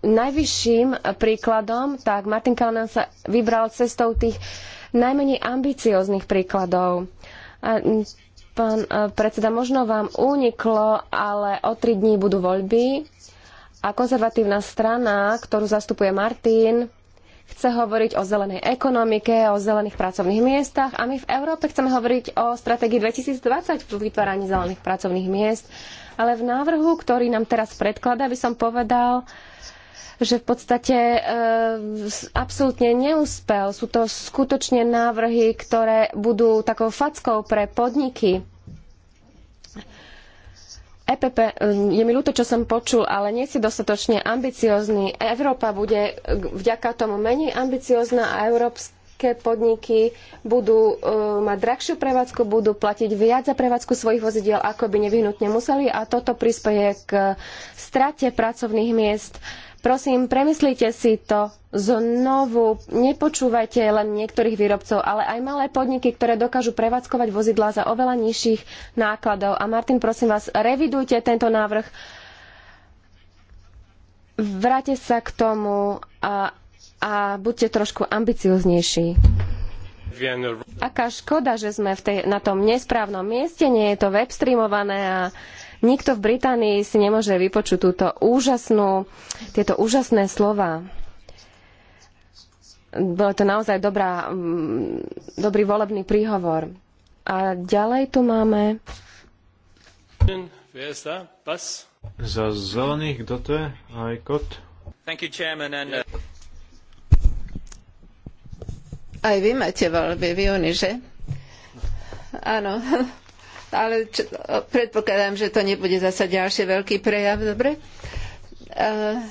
najvyšším príkladom, tak Martin Kalnan sa vybral cestou tých najmenej ambicióznych príkladov. A, pán e, predseda, možno vám uniklo, ale o tri dní budú voľby a konzervatívna strana, ktorú zastupuje Martin, chce hovoriť o zelenej ekonomike, o zelených pracovných miestach a my v Európe chceme hovoriť o stratégii 2020 v vytváraní zelených pracovných miest. Ale v návrhu, ktorý nám teraz predkladá, by som povedal, že v podstate e, absolútne neúspel. Sú to skutočne návrhy, ktoré budú takou fackou pre podniky. EPP, e, je mi ľúto, čo som počul, ale nie si dostatočne ambiciozný. Európa bude e, vďaka tomu menej ambiciózna a európske podniky budú uh, mať drahšiu prevádzku, budú platiť viac za prevádzku svojich vozidiel, ako by nevyhnutne museli a toto prispieje k strate pracovných miest. Uh, Prosím, premyslite si to znovu. Nepočúvajte len niektorých výrobcov, ale aj malé podniky, ktoré dokážu prevádzkovať vozidlá za oveľa nižších nákladov. A Martin, prosím vás, revidujte tento návrh. Vráte sa k tomu a, a buďte trošku ambicioznejší. Aká škoda, že sme v tej, na tom nesprávnom mieste, nie je to webstreamované a Nikto v Británii si nemôže vypočuť túto úžasnú, tieto úžasné slova. Bolo to naozaj dobrá, mm, dobrý volebný príhovor. A ďalej tu máme... Za zelených, kto to je? Aj kot? Thank you, chairman, and, uh... Aj vy máte voľby v júni, že? Áno, ale čo, predpokladám, že to nebude zasa ďalší veľký prejav, dobre? A,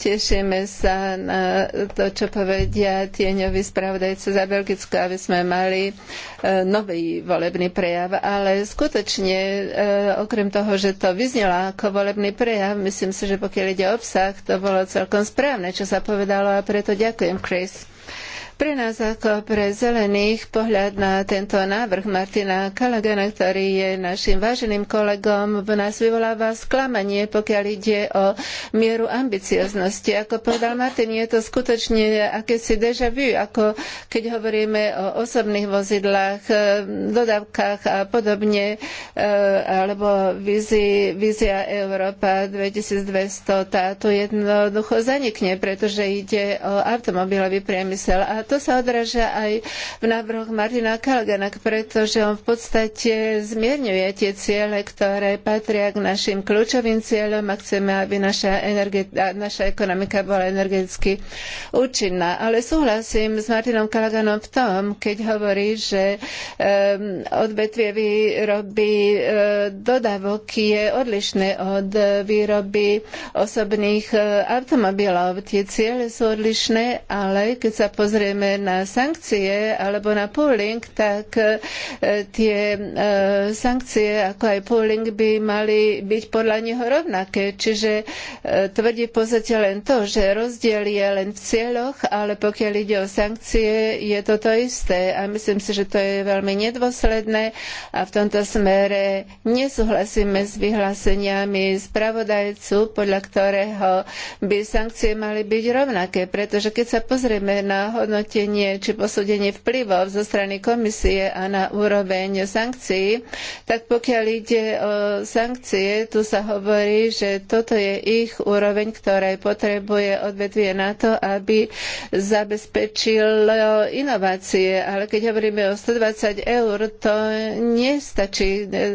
tešíme sa na to, čo povedia tieňovi spravodajce za Belgicko, aby sme mali e, nový volebný prejav. Ale skutočne, e, okrem toho, že to vyznelo ako volebný prejav, myslím si, že pokiaľ ide o obsah, to bolo celkom správne, čo sa povedalo a preto ďakujem, Chris. Pre nás ako pre zelených pohľad na tento návrh Martina Kalagana, ktorý je našim váženým kolegom, v nás vyvoláva sklamanie, pokiaľ ide o mieru ambicioznosti. Ako povedal Martin, je to skutočne akési deja vu, ako keď hovoríme o osobných vozidlách, e, dodávkach a podobne, e, alebo vízia Európa 2200, táto jednoducho zanikne, pretože ide o automobilový priemysel a to sa odráža aj v návrhoch Martina Kalgana, pretože on v podstate zmierňuje tie ciele, ktoré patria k našim kľúčovým cieľom a chceme, aby naša, naša ekonomika bola energeticky účinná. Ale súhlasím s Martinom Kalaganom v tom, keď hovorí, že um, odvetvie výroby um, dodávok je odlišné od výroby osobných e, automobilov. Tie ciele sú odlišné, ale keď sa pozrieme pozrieme na sankcie alebo na pooling, tak e, tie e, sankcie ako aj pooling by mali byť podľa neho rovnaké. Čiže e, tvrdí v podstate len to, že rozdiel je len v cieľoch, ale pokiaľ ide o sankcie, je to to isté. A myslím si, že to je veľmi nedôsledné a v tomto smere nesúhlasíme s vyhláseniami spravodajcu, podľa ktorého by sankcie mali byť rovnaké, pretože keď sa pozrieme na hodnotenie hodnotenie či posúdenie vplyvov zo strany komisie a na úroveň sankcií, tak pokiaľ ide o sankcie, tu sa hovorí, že toto je ich úroveň, ktoré potrebuje odvetvie na to, aby zabezpečilo inovácie. Ale keď hovoríme o 120 eur, to nestačí. E,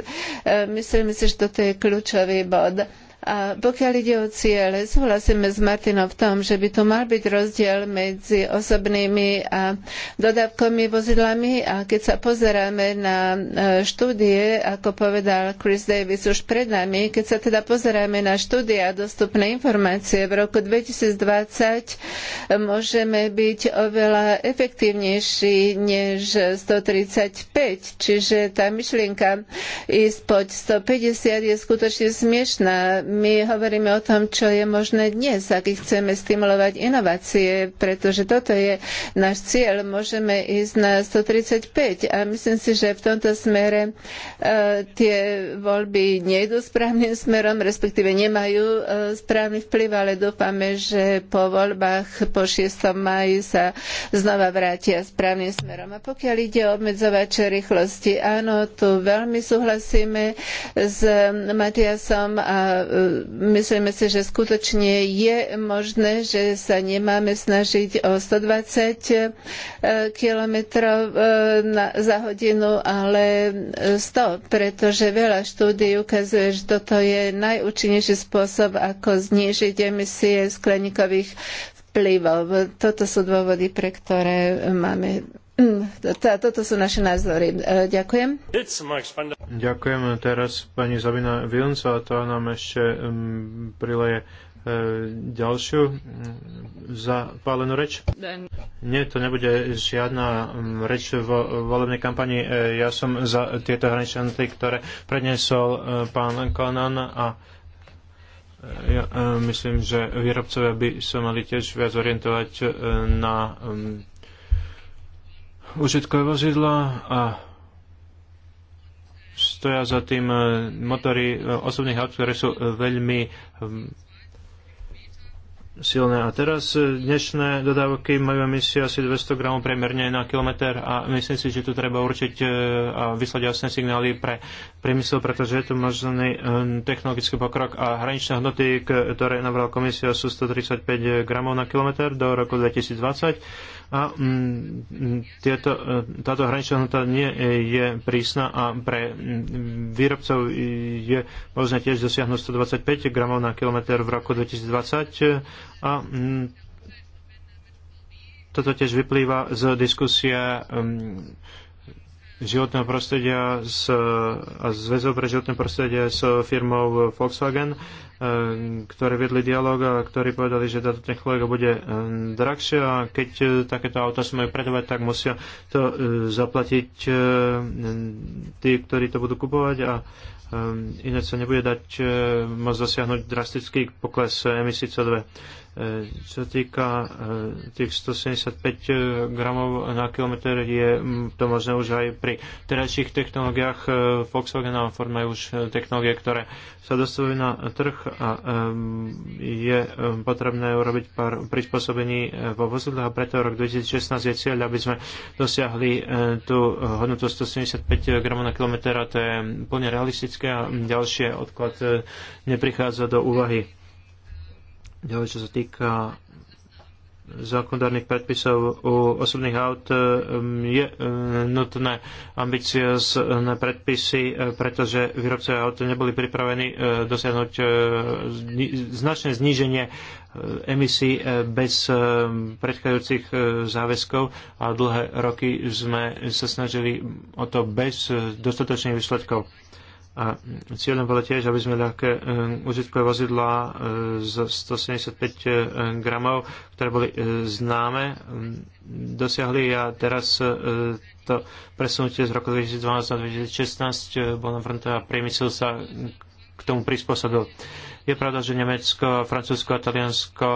myslím si, že toto je kľúčový bod. A pokiaľ ide o ciele, súhlasíme s Martinom v tom, že by tu mal byť rozdiel medzi osobnými a dodávkovými vozidlami a keď sa pozeráme na e, štúdie, ako povedal Chris Davis už pred nami, keď sa teda pozeráme na štúdie a dostupné informácie v roku 2020 e, môžeme byť oveľa efektívnejší než 135, čiže tá myšlienka ísť pod 150 je skutočne smiešná my hovoríme o tom, čo je možné dnes, aký chceme stimulovať inovácie, pretože toto je náš cieľ. Môžeme ísť na 135 a myslím si, že v tomto smere e, tie voľby nejdú správnym smerom, respektíve nemajú e, správny vplyv, ale dúfame, že po voľbách po 6. maji sa znova vrátia správnym smerom. A pokiaľ ide o obmedzovače rýchlosti, áno, tu veľmi súhlasíme s Matiasom a e, myslíme si, že skutočne je možné, že sa nemáme snažiť o 120 e, km e, za hodinu, ale 100, pretože veľa štúdií ukazuje, že toto je najúčinnejší spôsob, ako znížiť emisie skleníkových vplyvov. Toto sú dôvody, pre ktoré máme Mm, toto sú naše názory. E, ďakujem. Ďakujem teraz pani Zabina Vilnca a to nám ešte mm, prileje e, ďalšiu mm, zapálenú reč? Nie, to nebude žiadna reč vo volebnej kampani. E, ja som za tieto hraničanty, ktoré predniesol pán Konan a ja myslím, že výrobcovia by sa mali tiež viac orientovať na užitkové vozidla a stoja za tým e, motory e, osobných aut, ktoré sú e, veľmi silné. A teraz dnešné dodávky majú emisiu asi 200 gramov priemerne na kilometr a myslím si, že tu treba určiť a vyslať jasné signály pre priemysel, pretože je tu možný technologický pokrok a hraničné hodnoty, ktoré nabral komisia sú 135 gramov na kilometr do roku 2020 a mm, mm, tieto, e, táto hraničná hodnota nie e, je prísna a pre mm, výrobcov je možné tiež dosiahnuť 125 gramov na kilometr v roku 2020 a toto tiež vyplýva z diskusie životného prostredia s, a zväzov pre životné prostredie s firmou Volkswagen, e, ktoré viedli dialog a ktorí povedali, že táto technológia bude e, drahšia a keď e, takéto auta sa majú predávať, tak musia to zaplatiť tí, ktorí to budú kupovať a iné sa nebude dať môcť dosiahnuť drastický pokles emisí CO2. E, čo týka e, tých 175 e, gramov na kilometr, je to možné už aj pri terajších technológiách. Volkswagen a Ford majú už technológie, ktoré sa dostavujú na trh a je potrebné urobiť pár prispôsobení vo vozidlách a preto rok 2016 je cieľ, aby sme dosiahli tú hodnotu 175 gramov na kilometr a to je plne realistické a ďalšie odklad neprichádza do úvahy. Ďalej, čo sa týka zákonodárnych predpisov u osobných aut um, je uh, nutné ambiciozne predpisy, uh, pretože výrobcovia aut neboli pripravení uh, dosiahnuť značné zníženie emisí bez um, predchádzajúcich záväzkov a dlhé roky sme sa snažili o to bez dostatočných výsledkov. A cieľom bolo tiež, aby sme ľahké e, užitkové vozidla z 175 gramov, ktoré boli e, známe, dosiahli a teraz e, to presunutie z roku 2012 na 2016 bol na fronte a priemysel sa k tomu prispôsobil. Je pravda, že Nemecko, Francúzsko a Taliansko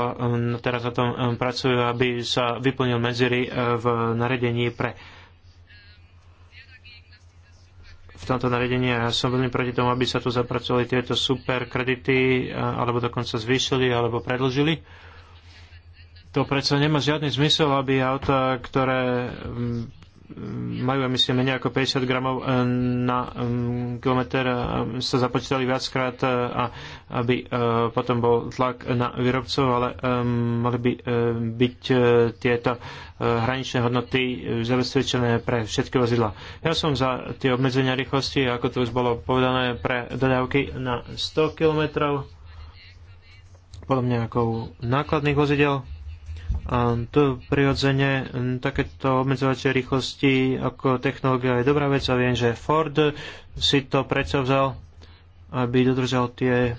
teraz na tom pracujú, aby sa vyplnil medzery v naredení pre tomto nariadení a ja som veľmi proti tomu, aby sa tu zapracovali tieto super kredity, alebo dokonca zvýšili, alebo predlžili. To predsa nemá žiadny zmysel, aby auta, ktoré majú emisie menej ako 50 gramov e, na kilometr, e, sa započítali viackrát, e, a aby potom bol tlak na výrobcov, ale mali by byť tieto hraničné hodnoty zabezpečené pre všetky vozidla. Ja som za tie obmedzenia rýchlosti, ako to už bolo povedané, pre dodávky na 100 kilometrov, podobne ako nákladných vozidel a tu prirodzene takéto obmedzovacie rýchlosti ako technológia je dobrá vec a viem, že Ford si to predsa vzal, aby dodržal tie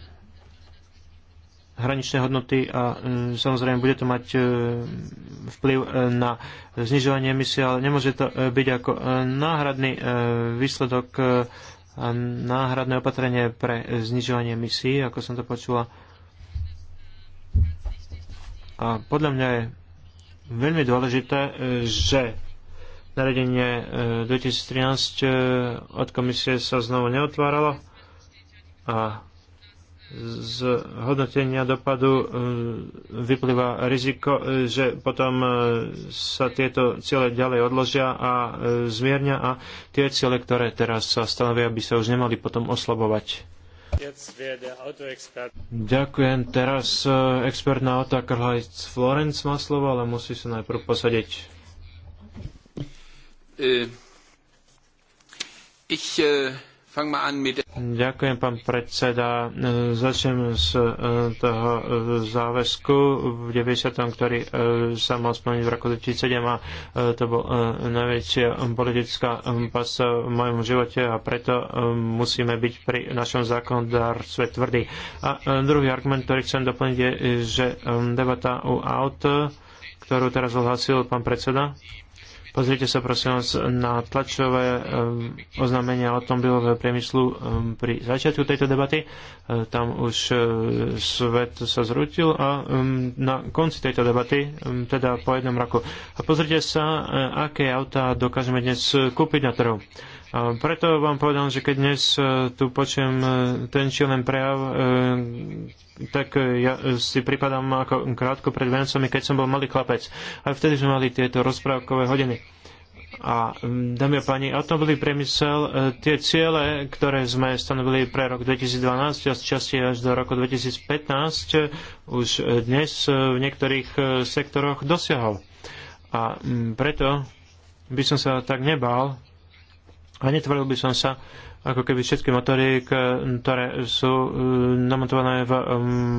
hraničné hodnoty a samozrejme bude to mať e, vplyv e, na znižovanie emisie, ale nemôže to e, byť ako náhradný výsledok, náhradné opatrenie pre znižovanie emisí, ako som to počula a podľa mňa je veľmi dôležité, e, že nariadenie 2013 e, e, od komisie sa znovu neotváralo a z hodnotenia dopadu vyplýva riziko, že potom sa tieto ciele ďalej odložia a zmiernia a tie ciele, ktoré teraz sa stanovia, by sa už nemali potom oslabovať. Ďakujem. Teraz e, expert na auta Karl-Heinz Florenc má slovo, ale musí sa najprv posadiť. E, ich, uh... Ďakujem, pán predseda. Začnem z e, toho e, záväzku v 90., ktorý e, sa mal splniť v roku 2007 a to bol najväčšia politická pasa v mojom živote a preto musíme byť pri našom zákonodárstve tvrdí. A druhý argument, ktorý chcem doplniť, je, že debata u aut, ktorú teraz ohlásil pán predseda, Pozrite sa prosím vás na tlačové eh, oznámenia o tom automobilového priemyslu eh, pri začiatku tejto debaty. Eh, tam už svet sa zrútil a na konci tejto debaty, teda po jednom roku. A pozrite sa, aké autá dokážeme dnes kúpiť na trhu preto vám povedal, že keď dnes e, tu počujem e, ten či len prejav, e, tak ja si pripadám ako krátko pred vencami, keď som bol malý chlapec. A vtedy sme mali tieto rozprávkové hodiny. A dámy a páni, boli priemysel, tie ciele, ktoré sme stanovili pre rok 2012 a z časti až do roku 2015, už dnes v niektorých sektoroch dosiahol. A preto by som sa tak nebál, a netvoril by som sa, ako keby všetky motory, ktoré sú e, namontované v e,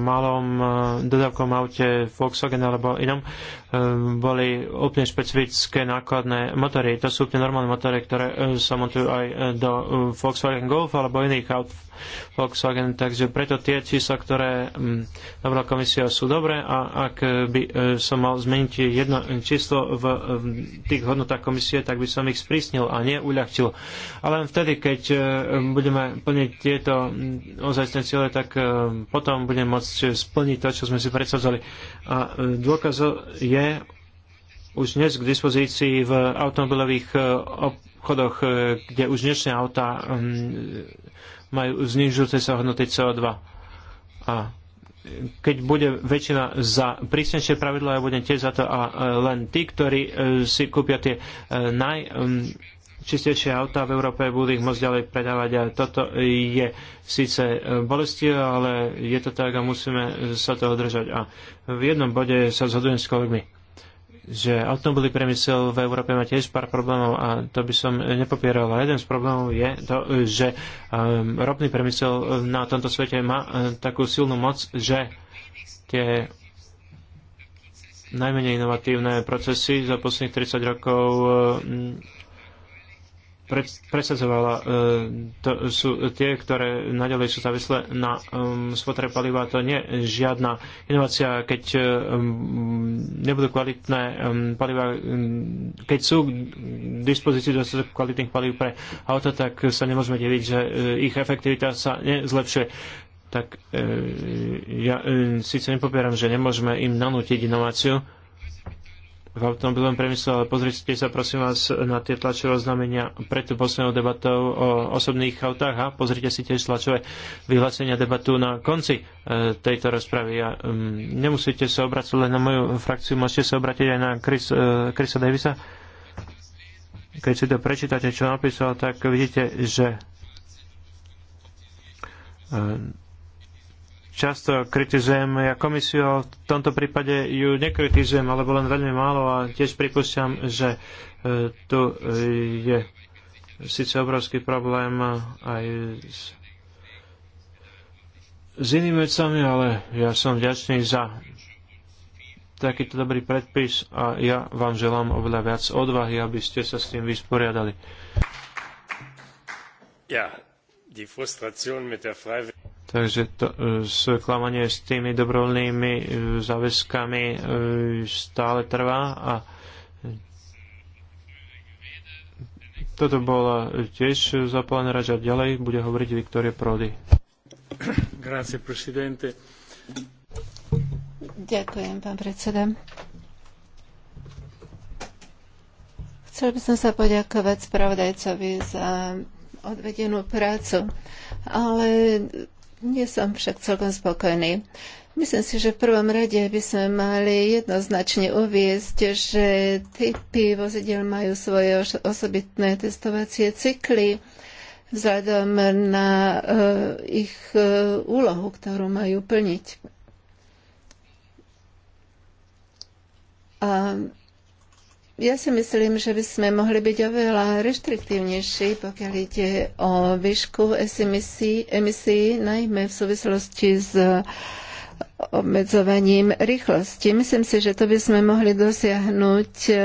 malom e, dodávkom aute Volkswagen alebo inom, boli úplne špecifické nákladné motory. To sú úplne normálne motory, ktoré sa montujú aj do Volkswagen Golf alebo iných aut Volkswagen. Takže preto tie čísla, ktoré mm, navrhla komisia, sú dobré a ak by e, som mal zmeniť jedno číslo v tých hodnotách komisie, tak by som ich sprísnil a neuľahčil. Ale len vtedy, keď e, budeme plniť tieto mm, ozajstné ciele, tak e, potom budeme môcť splniť to, čo sme si predsadzali. A dôkaz je už dnes k dispozícii v automobilových obchodoch, kde už dnešné auta mm, majú znižujúce sa hodnoty CO2. A keď bude väčšina za prísnejšie pravidla, ja budem tiež za to a e, len tí, ktorí e, si kúpia tie e, naj čistejšie autá v Európe budú ich môcť ďalej predávať a toto je síce bolestivé, ale je to tak a musíme sa toho držať. A v jednom bode sa zhodujem s kolegmi že automobilový priemysel v Európe má tiež pár problémov a to by som nepopieral. A jeden z problémov je to, že um, ropný priemysel na tomto svete má uh, takú silnú moc, že tie najmenej inovatívne procesy za posledných 30 rokov uh, presadzovala. E, to sú tie, ktoré naďalej sú závislé na um, spotre paliva. To nie je žiadna inovácia, keď e, um, nebudú kvalitné um, paliva, keď sú k dispozícii dostatok kvalitných palív pre auto, tak sa nemôžeme deviť, že e, ich efektivita sa nezlepšuje tak e, ja e, síce nepopieram, že nemôžeme im nanútiť inováciu, v automobilovom priemysle, ale pozrite sa prosím vás na tie tlačové oznámenia pred poslednou debatou o osobných autách a pozrite si tiež tlačové vyhlásenia debatu na konci e, tejto rozpravy. A, um, nemusíte sa obrátiť len na moju frakciu, môžete sa obrátiť aj na Chris, uh, Chrisa Davisa. Keď si to prečítate, čo napísal, tak vidíte, že uh, často kritizujem ja komisiu a v tomto prípade ju nekritizujem, alebo len veľmi málo a tiež pripúšťam, že e, tu e, je síce obrovský problém aj s, s inými vecami, ale ja som vďačný za takýto dobrý predpis a ja vám želám oveľa viac odvahy, aby ste sa s tým vysporiadali. Takže to e, sklamanie s tými dobrovoľnými e, záväzkami e, stále trvá a toto bola tiež zapálená raža. Ďalej bude hovoriť Viktoria Prody. Grazie, presidente. Ďakujem, pán predseda. Chcel by som sa poďakovať spravodajcovi za odvedenú prácu. Ale nie som však celkom spokojný. Myslím si, že v prvom rade by sme mali jednoznačne uviezť, že typy vozidel majú svoje osobitné testovacie cykly vzhľadom na eh, ich eh, úlohu, ktorú majú plniť. A ja si myslím, že by sme mohli byť oveľa reštriktívnejší, pokiaľ ide o výšku emisí, emisí najmä v súvislosti s obmedzovaním rýchlosti. Myslím si, že to by sme mohli dosiahnuť e,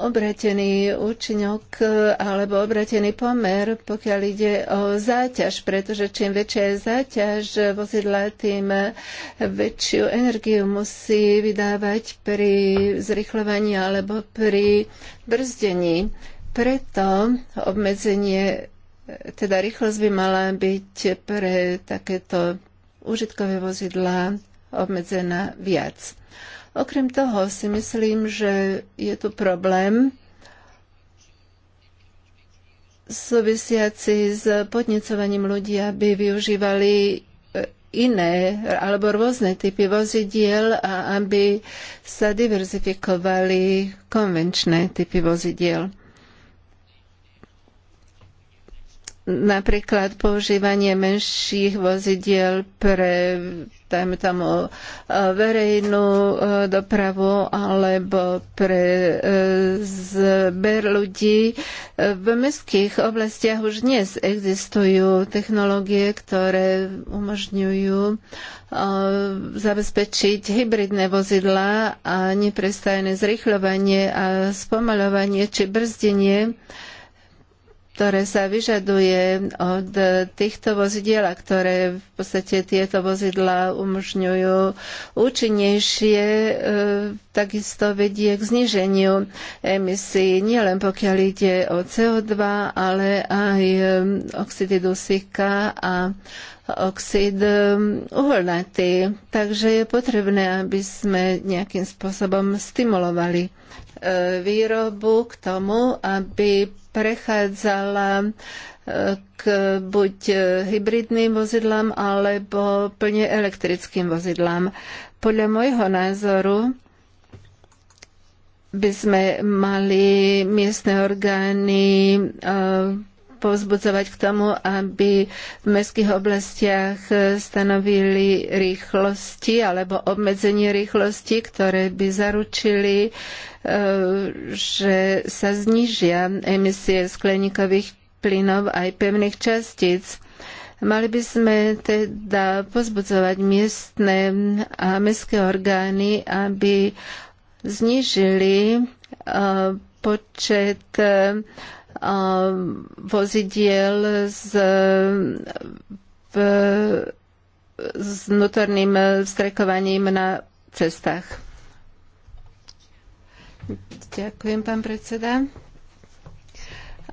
obratený účinok e, alebo obratený pomer, pokiaľ ide o záťaž, pretože čím väčšia je záťaž vozidla, tým väčšiu energiu musí vydávať pri zrychľovaní alebo pri brzdení. Preto obmedzenie, teda rýchlosť by mala byť pre takéto užitkové vozidla obmedzená viac. Okrem toho si myslím, že je tu problém súvisiaci s podnecovaním ľudí, aby využívali e, iné alebo rôzne typy vozidiel a aby sa diverzifikovali konvenčné typy vozidiel. napríklad používanie menších vozidiel pre dajme tomu verejnú dopravu alebo pre e, zber ľudí. V mestských oblastiach už dnes existujú technológie, ktoré umožňujú zabezpečiť hybridné vozidlá a neprestajné zrychľovanie a spomaľovanie či brzdenie ktoré sa vyžaduje od týchto vozidiel, a ktoré v podstate tieto vozidla umožňujú účinnejšie, e, takisto vedie k zniženiu emisí, nielen pokiaľ ide o CO2, ale aj e, oxidy dusíka a oxid e, uholnatý. Takže je potrebné, aby sme nejakým spôsobom stimulovali výrobu k tomu, aby prechádzala e, k buď e, hybridným vozidlám alebo plne elektrickým vozidlám. Podľa môjho názoru by sme mali miestne orgány e, povzbudzovať k tomu, aby v mestských oblastiach stanovili rýchlosti alebo obmedzenie rýchlosti, ktoré by zaručili, e, že sa znižia emisie skleníkových plynov aj pevných častíc. Mali by sme teda pozbudzovať miestne a mestské orgány, aby znižili e, počet e, Um, vozidiel z v, s vnútorným vstrekovaním na cestách. Ďakujem, pán predseda.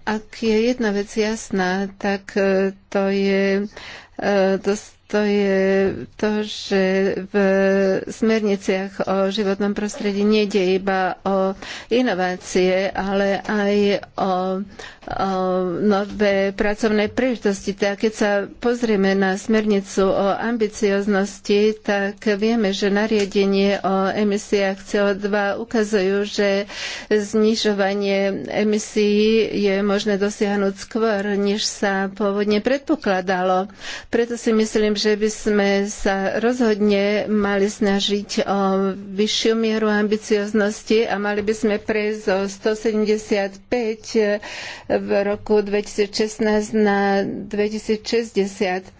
Ak je jedna vec jasná, tak eh, to je E, to, to je to, že v smerniciach o životnom prostredí nejde iba o inovácie, ale aj o, o nové pracovné príležitosti. Teda keď sa pozrieme na smernicu o ambicioznosti, tak vieme, že nariadenie o emisiách CO2 ukazujú, že znižovanie emisií je možné dosiahnuť skôr, než sa pôvodne predpokladalo. Preto si myslím, že by sme sa rozhodne mali snažiť o vyššiu mieru ambicioznosti a mali by sme prejsť zo 175 v roku 2016 na 2060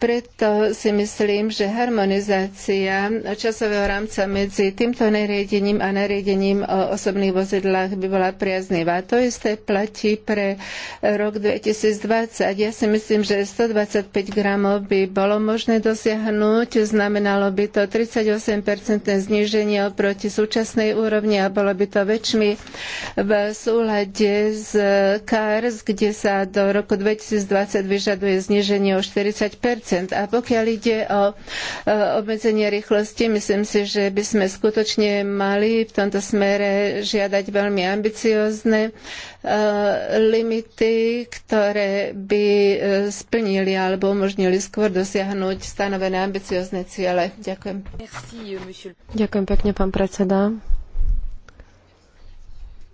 preto si myslím, že harmonizácia časového rámca medzi týmto nariadením a nariadením o osobných vozidlách by bola priaznivá. To isté platí pre rok 2020. Ja si myslím, že 125 gramov by bolo možné dosiahnuť. Znamenalo by to 38-percentné zníženie oproti súčasnej úrovni a bolo by to väčšmi v súlade s CARS, kde sa do roku 2020 vyžaduje zníženie o 40 a pokiaľ ide o obmedzenie rýchlosti, myslím si, že by sme skutočne mali v tomto smere žiadať veľmi ambiciozne e, limity, ktoré by e, splnili alebo umožnili skôr dosiahnuť stanovené ambiciozne ciele. Ďakujem. Ďakujem pekne, pán predseda.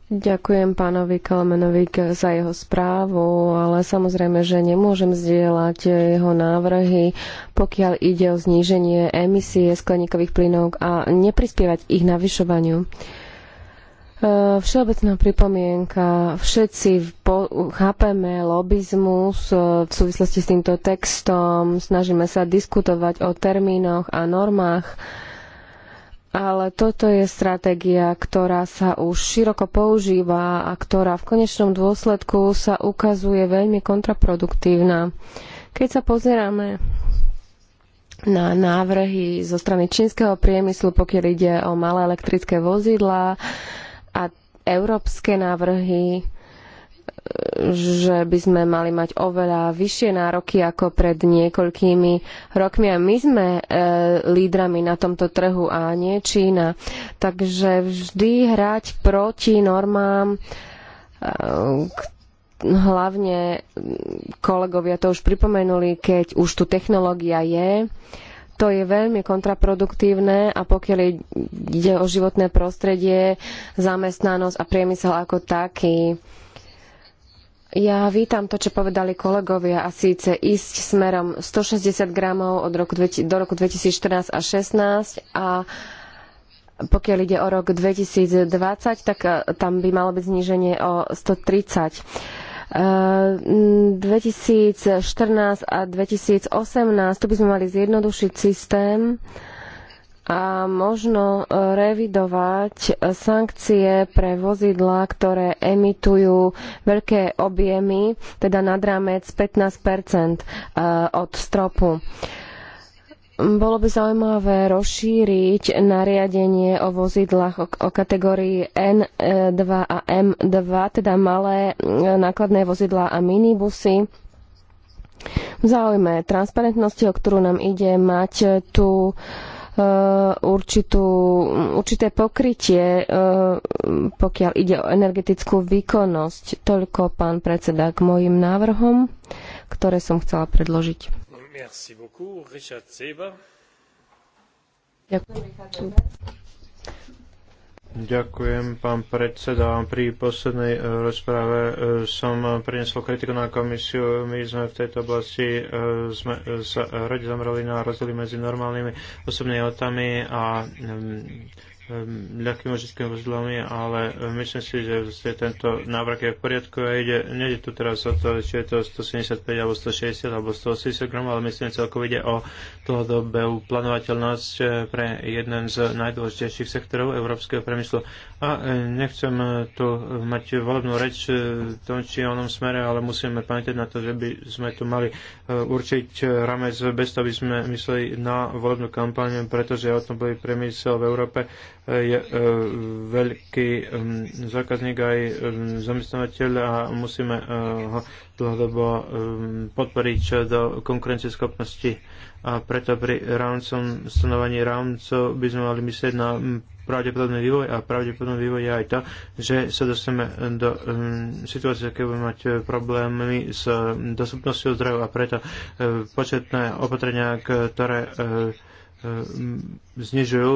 Ďakujem pánovi Kalmenovi za jeho správu, ale samozrejme, že nemôžem zdieľať jeho návrhy, pokiaľ ide o zníženie emisie skleníkových plynov a neprispievať ich navyšovaniu. E, všeobecná pripomienka. Všetci chápeme lobizmus e, v súvislosti s týmto textom, snažíme sa diskutovať o termínoch a normách, ale toto je stratégia, ktorá sa už široko používa a ktorá v konečnom dôsledku sa ukazuje veľmi kontraproduktívna. Keď sa pozeráme na návrhy zo strany čínskeho priemyslu, pokiaľ ide o malé elektrické vozidlá a európske návrhy, že by sme mali mať oveľa vyššie nároky ako pred niekoľkými rokmi a my sme e, lídrami na tomto trhu a nie Čína. Takže vždy hrať proti normám, e, hlavne kolegovia to už pripomenuli, keď už tu technológia je, to je veľmi kontraproduktívne a pokiaľ ide o životné prostredie, zamestnanosť a priemysel ako taký, ja vítam to, čo povedali kolegovia a síce ísť smerom 160 gramov od roku, do roku 2014 a 16 a pokiaľ ide o rok 2020, tak e, tam by malo byť zníženie o 130. 2014 e, a 2018, tu by sme mali zjednodušiť systém, a možno e, revidovať e, sankcie pre vozidlá, ktoré emitujú veľké objemy, teda nad rámec 15 e, od stropu. Bolo by zaujímavé rozšíriť nariadenie o vozidlách o, kategórii N2 a M2, teda malé nákladné vozidlá a minibusy. V záujme transparentnosti, o ktorú nám ide mať tu uh, Eh, určitú, určité pokrytie, eh, pokiaľ ide o energetickú výkonnosť. Toľko, pán predseda, k mojim návrhom, ktoré som chcela predložiť. Merci beaucoup. Richard Seber. Ďakujem, Ďakujem, pán predseda. Pri poslednej e, rozprave e, som prinesol kritiku na komisiu. My sme v tejto oblasti e, sme sa radi zamerali na rozdiely medzi normálnymi osobnými autami a mm, Um, ľahkým ložickými vozidlami, ale um, myslím si, že tento návrh je v poriadku a ide, nejde tu teraz o to, či je to 175 alebo 160 alebo 180 gramov, ale myslím celkovo ide o dlhodobú plánovateľnosť eh, pre jeden z najdôležitejších sektorov európskeho priemyslu. A eh, nechcem eh, tu mať volebnú reč v tom či onom smere, ale musíme pamätať na to, že by sme tu mali určiť ramec bez toho, aby sme mysleli na volebnú kampaň, pretože o tom boli priemysel v Európe je e, veľký zákazník aj zamestnávateľ a musíme e, ho dlhodobo podporiť do konkurencieschopnosti. A preto pri rámcom stanovaní rámcov by sme mali myslieť na pravdepodobný vývoj a pravdepodobný vývoj je aj to, že sa dostaneme do um, situácie, keď budeme mať problémy s dostupnosťou zdrojov a preto e, početné opatrenia, ktoré znižujú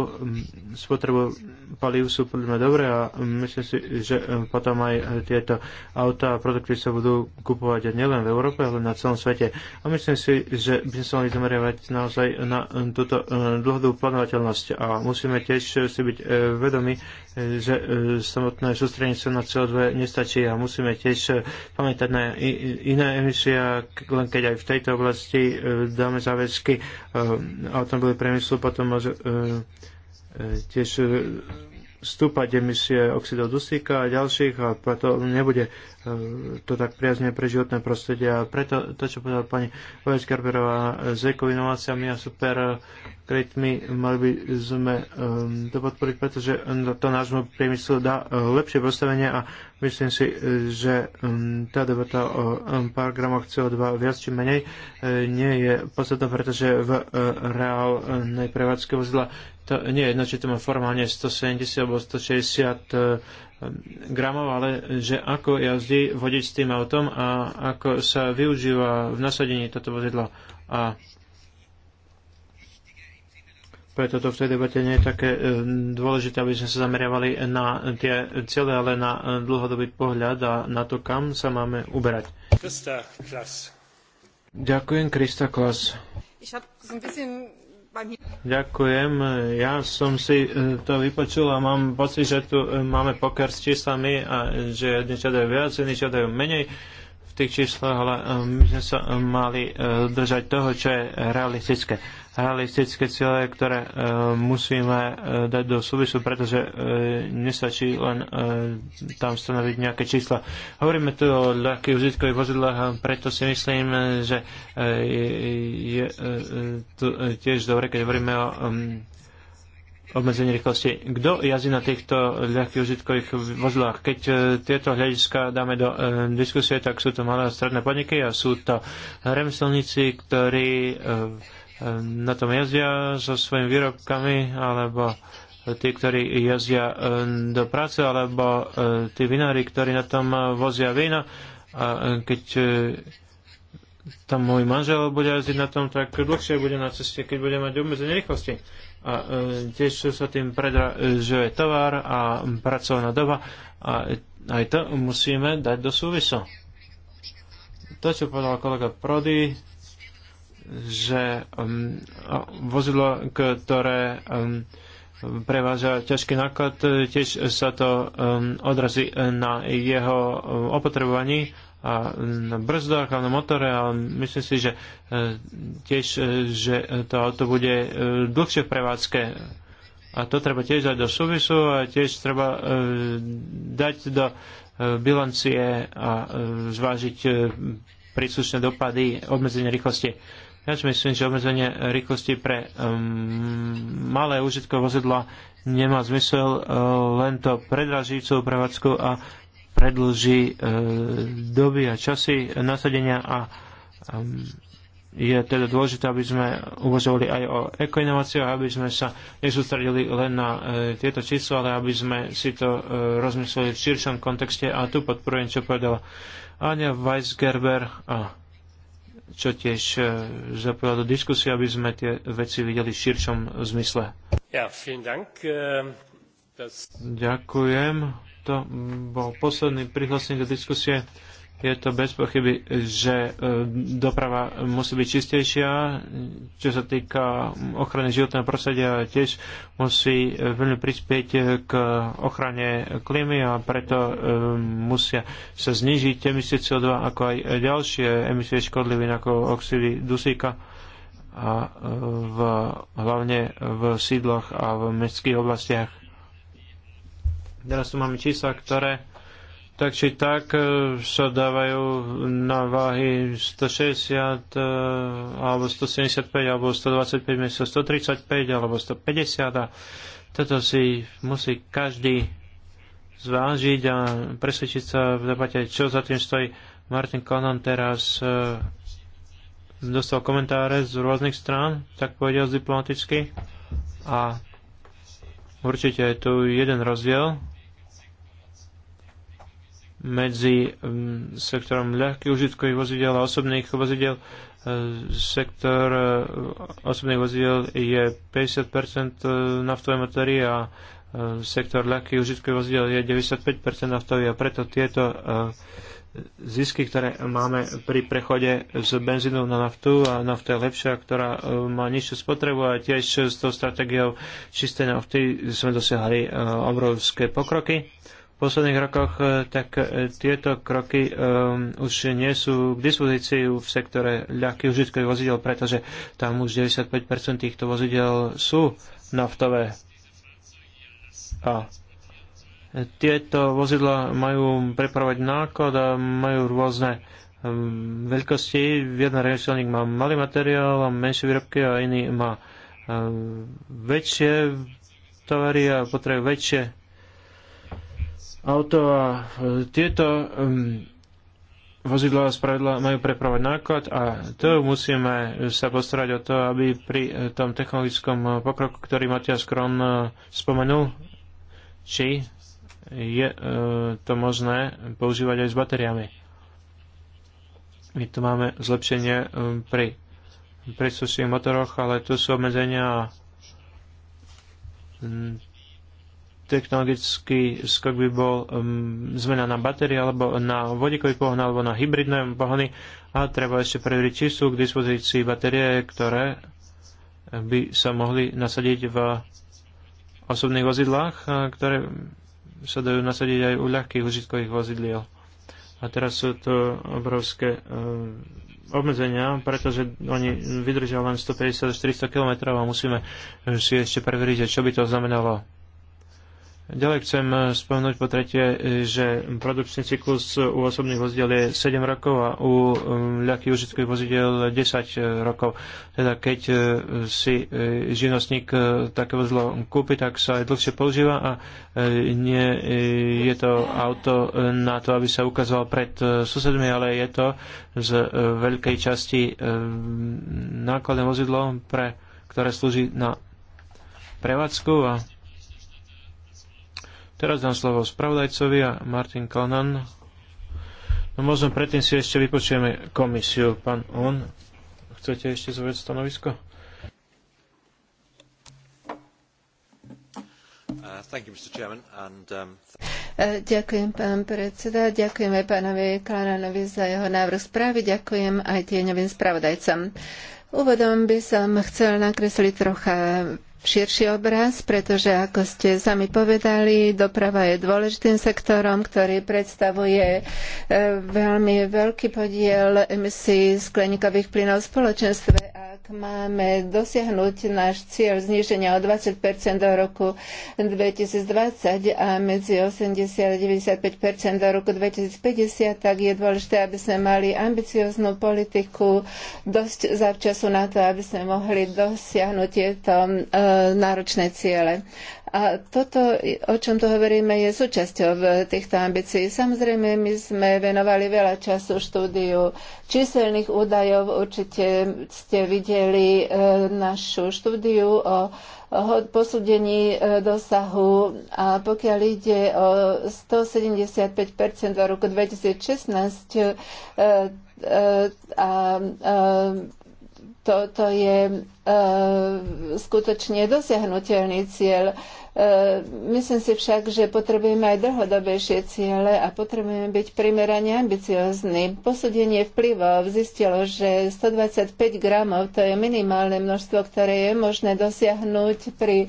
spotrebu palív sú podľa mňa dobré a myslím si, že e, potom aj e, tieto auta a produkty sa budú kupovať nielen v Európe, ale na celom svete. A myslím si, že by sme sa mali zameriavať naozaj na e, túto dlhodobú plánovateľnosť a musíme tiež si byť vedomi, že samotné sústredenie sa na CO2 nestačí a musíme tiež pamätať na iné emisie, len keď aj v tejto oblasti dáme záväzky automobilového priemyslu, potom môže E, e, tiež stúpať emisie oxidov dusíka a ďalších a preto nebude e, to tak priazne pre životné prostredie. A preto to, čo povedal pani Ovec Gerberová s ekoinováciami a super kreditmi, mali by sme e, to podporiť, pretože to nášmu priemyslu dá e, lepšie postavenie a myslím si, že tá debata o pár gramoch CO2 viac či menej nie je podstatná, pretože v reálnej prevádzke vozidla to nie je jedno, či to má formálne 170 alebo 160 e, gramov, ale že ako jazdí vodič s tým autom a ako sa využíva v nasadení toto vozidlo. A preto to v tej debate nie je také e, dôležité, aby sme sa zameriavali na tie ciele, ale na e, dlhodobý pohľad a na to, kam sa máme uberať. Krista Ďakujem, Krista Klas. Ich hab so ein bisschen Ďakujem. Ja som si e, to vypočul a mám pocit, že tu e, máme poker s číslami a že niečo dajú viac, niečo dajú menej v tých číslach, ale eh, my sme sa eh, mali eh, držať toho, čo je realistické. Realistické ciele, ktoré musíme dať do súvisu, pretože nestačí len tam stanoviť nejaké čísla. Hovoríme tu o ľahkých užitkových vozidlách preto si myslím, že je tu tiež dobre, keď hovoríme o obmedzenie rýchlosti. Kto jazdí na týchto ľahkých užitkových vozidlách? Keď e, tieto hľadiska dáme do e, diskusie, tak sú to malé a stredné podniky a sú to remeselníci, ktorí e, na tom jazdia so svojimi výrobkami alebo tí, ktorí jazdia do práce, alebo tí vinári, ktorí na tom vozia víno. A keď tam môj manžel bude jazdiť na tom, tak dlhšie bude na ceste, keď bude mať obmedzenie rýchlosti. A e, tiež sa tým predražuje e, tovar a pracovná doba a aj to musíme dať do súvisu. To, čo povedal kolega Prody, že um, vozidlo, ktoré um, preváža ťažký náklad, tiež sa to um, odrazí na jeho um, opotrebovaní a na brzdách a na motore a myslím si, že e, tiež, e, že to auto bude e, dlhšie v prevádzke. A to treba tiež dať do súvisu a tiež treba dať do bilancie a zvážiť príslušné dopady obmedzenia rýchlosti. Ja si myslím, že obmedzenie rýchlosti pre malé užitkové vozidla nemá zmysel, len to predraží celú prevádzku a predlží e, doby a časy nasadenia a je teda dôležité, aby sme uvažovali aj o ekoinováciách, aby sme sa nesústredili len na e, tieto čísla, ale aby sme si to e, rozmysleli v širšom kontexte. A tu podporujem, čo povedala Ania Weisgerber, a čo tiež e, zapojila do diskusie, aby sme tie veci videli v širšom zmysle. Ja, vielen Dank. Ähm, Ďakujem to bol posledný prihlásený do diskusie. Je to bez pochyby, že e, doprava musí byť čistejšia, čo sa týka ochrany životného prostredia, tiež musí e, veľmi prispieť e, k ochrane klímy a preto musia sa znižiť emisie CO2, ako aj ďalšie emisie škodlivín, ako oxidy dusíka a v, hlavne v sídloch a v mestských oblastiach Teraz tu máme čísla, ktoré tak či tak e, sa dávajú na váhy 160 e, alebo 175 alebo 125 miesto 135 alebo 150 a toto si musí každý zvážiť a presvedčiť sa v debate, čo za tým stojí. Martin Conan teraz e, dostal komentáre z rôznych strán, tak povedal diplomaticky a určite je tu jeden rozdiel medzi um, sektorom ľahkých užitkových vozidel a osobných vozidel. E, sektor e, osobných vozidel je 50 e, naftovej motory a sektor ľahkých užitkových vozidel je 95 naftový a preto tieto zisky, ktoré máme pri prechode z benzínu na naftu a nafta je lepšia, ktorá má nižšiu spotrebu a tiež s tou stratégiou čistej nafty sme dosiahli obrovské pokroky posledných rokoch, e, tak e, tieto kroky um, už nie sú k dispozícii v sektore ľahkých užitkových vozidel, pretože tam už 95% týchto vozidel sú naftové. A tieto vozidla majú prepravať náklad a majú rôzne um, veľkosti. Jeden remeselník má malý materiál a menšie výrobky a iný má um, väčšie tovary a potrebuje väčšie auto a e, tieto vozidla a pravidla majú prepravať náklad a to musíme sa postarať o to, aby pri e, tom technologickom e, pokroku, ktorý Matias Kron spomenul, či je to možné používať aj s batériami. My tu máme zlepšenie pri príslušných motoroch, ale tu sú obmedzenia a technologický skok by bol um, zmena na batérie alebo na vodíkový pohon alebo na hybridné pohony a treba ešte preveriť, či sú k dispozícii batérie, ktoré by sa mohli nasadiť v osobných vozidlách, ktoré sa dajú nasadiť aj u ľahkých užitkových vozidliel. A teraz sú to obrovské um, obmedzenia, pretože oni vydržia len 150 400 km a musíme si ešte preveriť, čo by to znamenalo Ďalej chcem eh, spomenúť po tretie, eh, že produkčný cyklus u osobných vozidel je 7 rokov a u eh, ľahkých užitkových vozidiel 10 rokov. Teda keď si živnostník také vozidlo kúpi, tak sa aj dlhšie používa a nie je to auto na to, aby sa ukazoval pred susedmi, ale je to z veľkej časti nákladné vozidlo, pre, ktoré slúži na prevádzku a Teraz dám slovo spravodajcovi a Martin Konan. No možno predtým si ešte vypočujeme komisiu. Pán On, chcete ešte zaujať stanovisko? Uh, um, e, ďakujem, pán predseda. Ďakujem aj pánovi Klananovi za jeho návrh správy. Ďakujem aj tieňovým spravodajcom. Úvodom by som chcel nakresliť trocha širší obraz, pretože ako ste sami povedali, doprava je dôležitým sektorom, ktorý predstavuje e, veľmi veľký podiel emisí skleníkových plynov v spoločenstve. Ak máme dosiahnuť náš cieľ zníženia o 20 do roku 2020 a medzi 80 a 95 do roku 2050, tak je dôležité, aby sme mali ambicioznú politiku dosť zavčasu na to, aby sme mohli dosiahnuť tieto e, náročné ciele. A toto, o čom tu hovoríme, je súčasťou týchto ambícií. Samozrejme, my sme venovali veľa času štúdiu číselných údajov. Určite ste videli e, našu štúdiu o posúdení e, dosahu a pokiaľ ide o 175% v roku 2016 e, a toto je e, skutočne dosiahnutelný cieľ. E, Ehm, myslím si však, že potrebujeme aj dlhodobejšie ciele a potrebujeme byť primerane ambiciozní. Posúdenie vplyvov zistilo, že 125 gramov to je minimálne množstvo, ktoré je možné dosiahnuť pri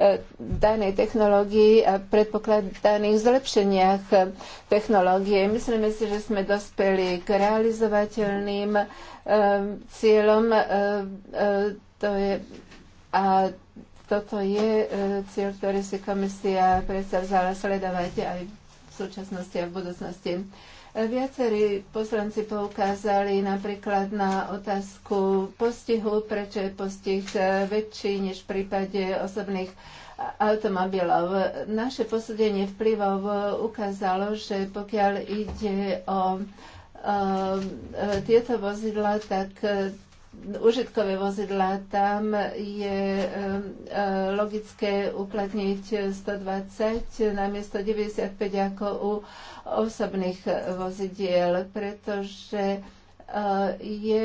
eh, danej technológii a predpokladaných zlepšeniach technológie. Myslíme si, že sme dospeli k realizovateľným ehm, cieľom. Ehm, to je a toto je e, cieľ, ktorý si komisia predstavzala sledovať aj v súčasnosti a v budúcnosti. E, viacerí poslanci poukázali napríklad na otázku postihu, prečo je postih e, väčší než v prípade osobných automobilov. Naše posúdenie vplyvov ukázalo, že pokiaľ ide o tieto vozidla, tak užitkové vozidla, tam je e, e, logické uplatniť 120 namiesto 95 ako u osobných vozidiel, pretože e, je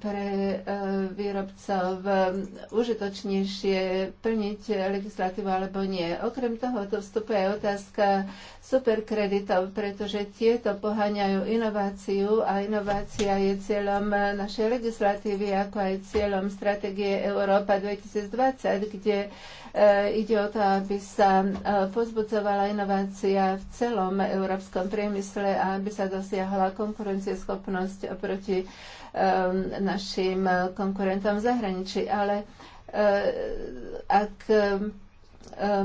pre výrobcov užitočnejšie plniť legislatívu alebo nie. Okrem toho, to vstupuje aj otázka superkreditov, pretože tieto poháňajú inováciu a inovácia je cieľom našej legislatívy, ako aj cieľom stratégie Európa 2020, kde e, ide o to, aby sa e, pozbudzovala inovácia v celom európskom priemysle a aby sa dosiahla konkurencieschopnosť oproti e, našim konkurentom v zahraničí. Ale ak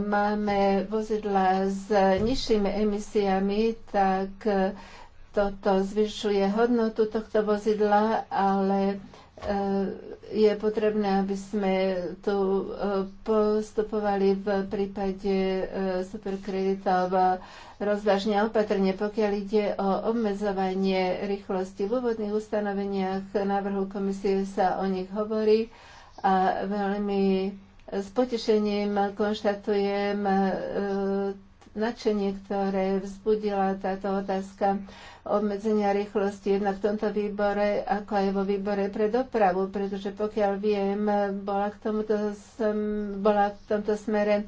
máme vozidla s nižšími emisiami, tak toto zvyšuje hodnotu tohto vozidla, ale e, je potrebné, aby sme tu e, postupovali v prípade e, superkreditov rozvážne a opatrne, pokiaľ ide o obmedzovanie rýchlosti. V úvodných ustanoveniach návrhu komisie sa o nich hovorí a veľmi s potešením konštatujem e, nadšenie, ktoré vzbudila táto otázka obmedzenia rýchlosti jednak v tomto výbore, ako aj vo výbore pre dopravu, pretože pokiaľ viem, bola, k tomuto, bola v tomto smere e,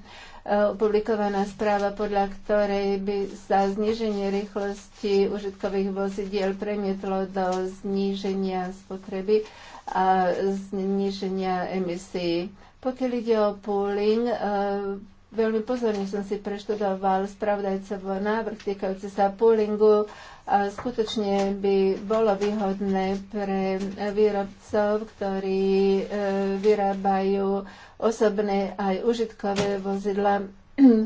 publikovaná správa, podľa ktorej by sa zníženie rýchlosti užitkových vozidiel premietlo do zníženia spotreby a zníženia emisí. Pokiaľ ide o pooling, eh, veľmi pozorne som si preštudoval spravodajcovo návrh týkajúci sa poolingu skutočne by bolo výhodné pre výrobcov, ktorí eh, vyrábajú osobné aj užitkové vozidla *clears throat* eh,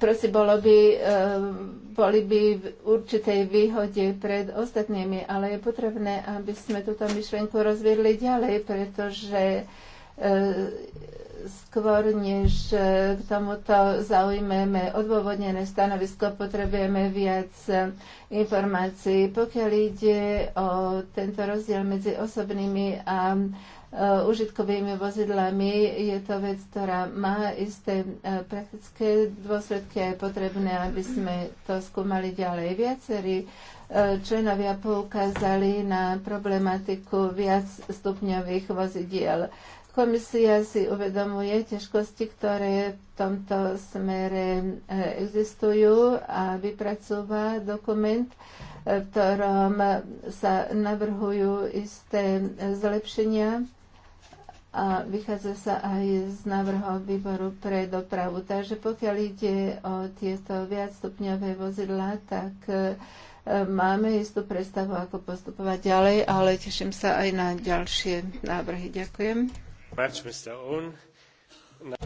proste bolo by, e, boli by v určitej výhode pred ostatnými, ale je potrebné, aby sme túto myšlenku rozviedli ďalej, pretože e, skôr než e, k tomuto zaujmeme odôvodnené stanovisko, potrebujeme viac informácií. Pokiaľ ide o tento rozdiel medzi osobnými a Uh, užitkovými vozidlami. Je to vec, ktorá má isté uh, praktické dôsledky a je potrebné, aby sme to skúmali ďalej. Viacerí uh, členovia poukázali na problematiku viac stupňových vozidiel. Komisia si uvedomuje ťažkosti, ktoré v tomto smere existujú a vypracúva dokument, v ktorom sa navrhujú isté zlepšenia a vychádza sa aj z návrhov výboru pre dopravu. Takže pokiaľ ide o tieto viacstupňové vozidla, tak e, máme istú predstavu, ako postupovať ďalej, ale teším sa aj na ďalšie návrhy. Ďakujem.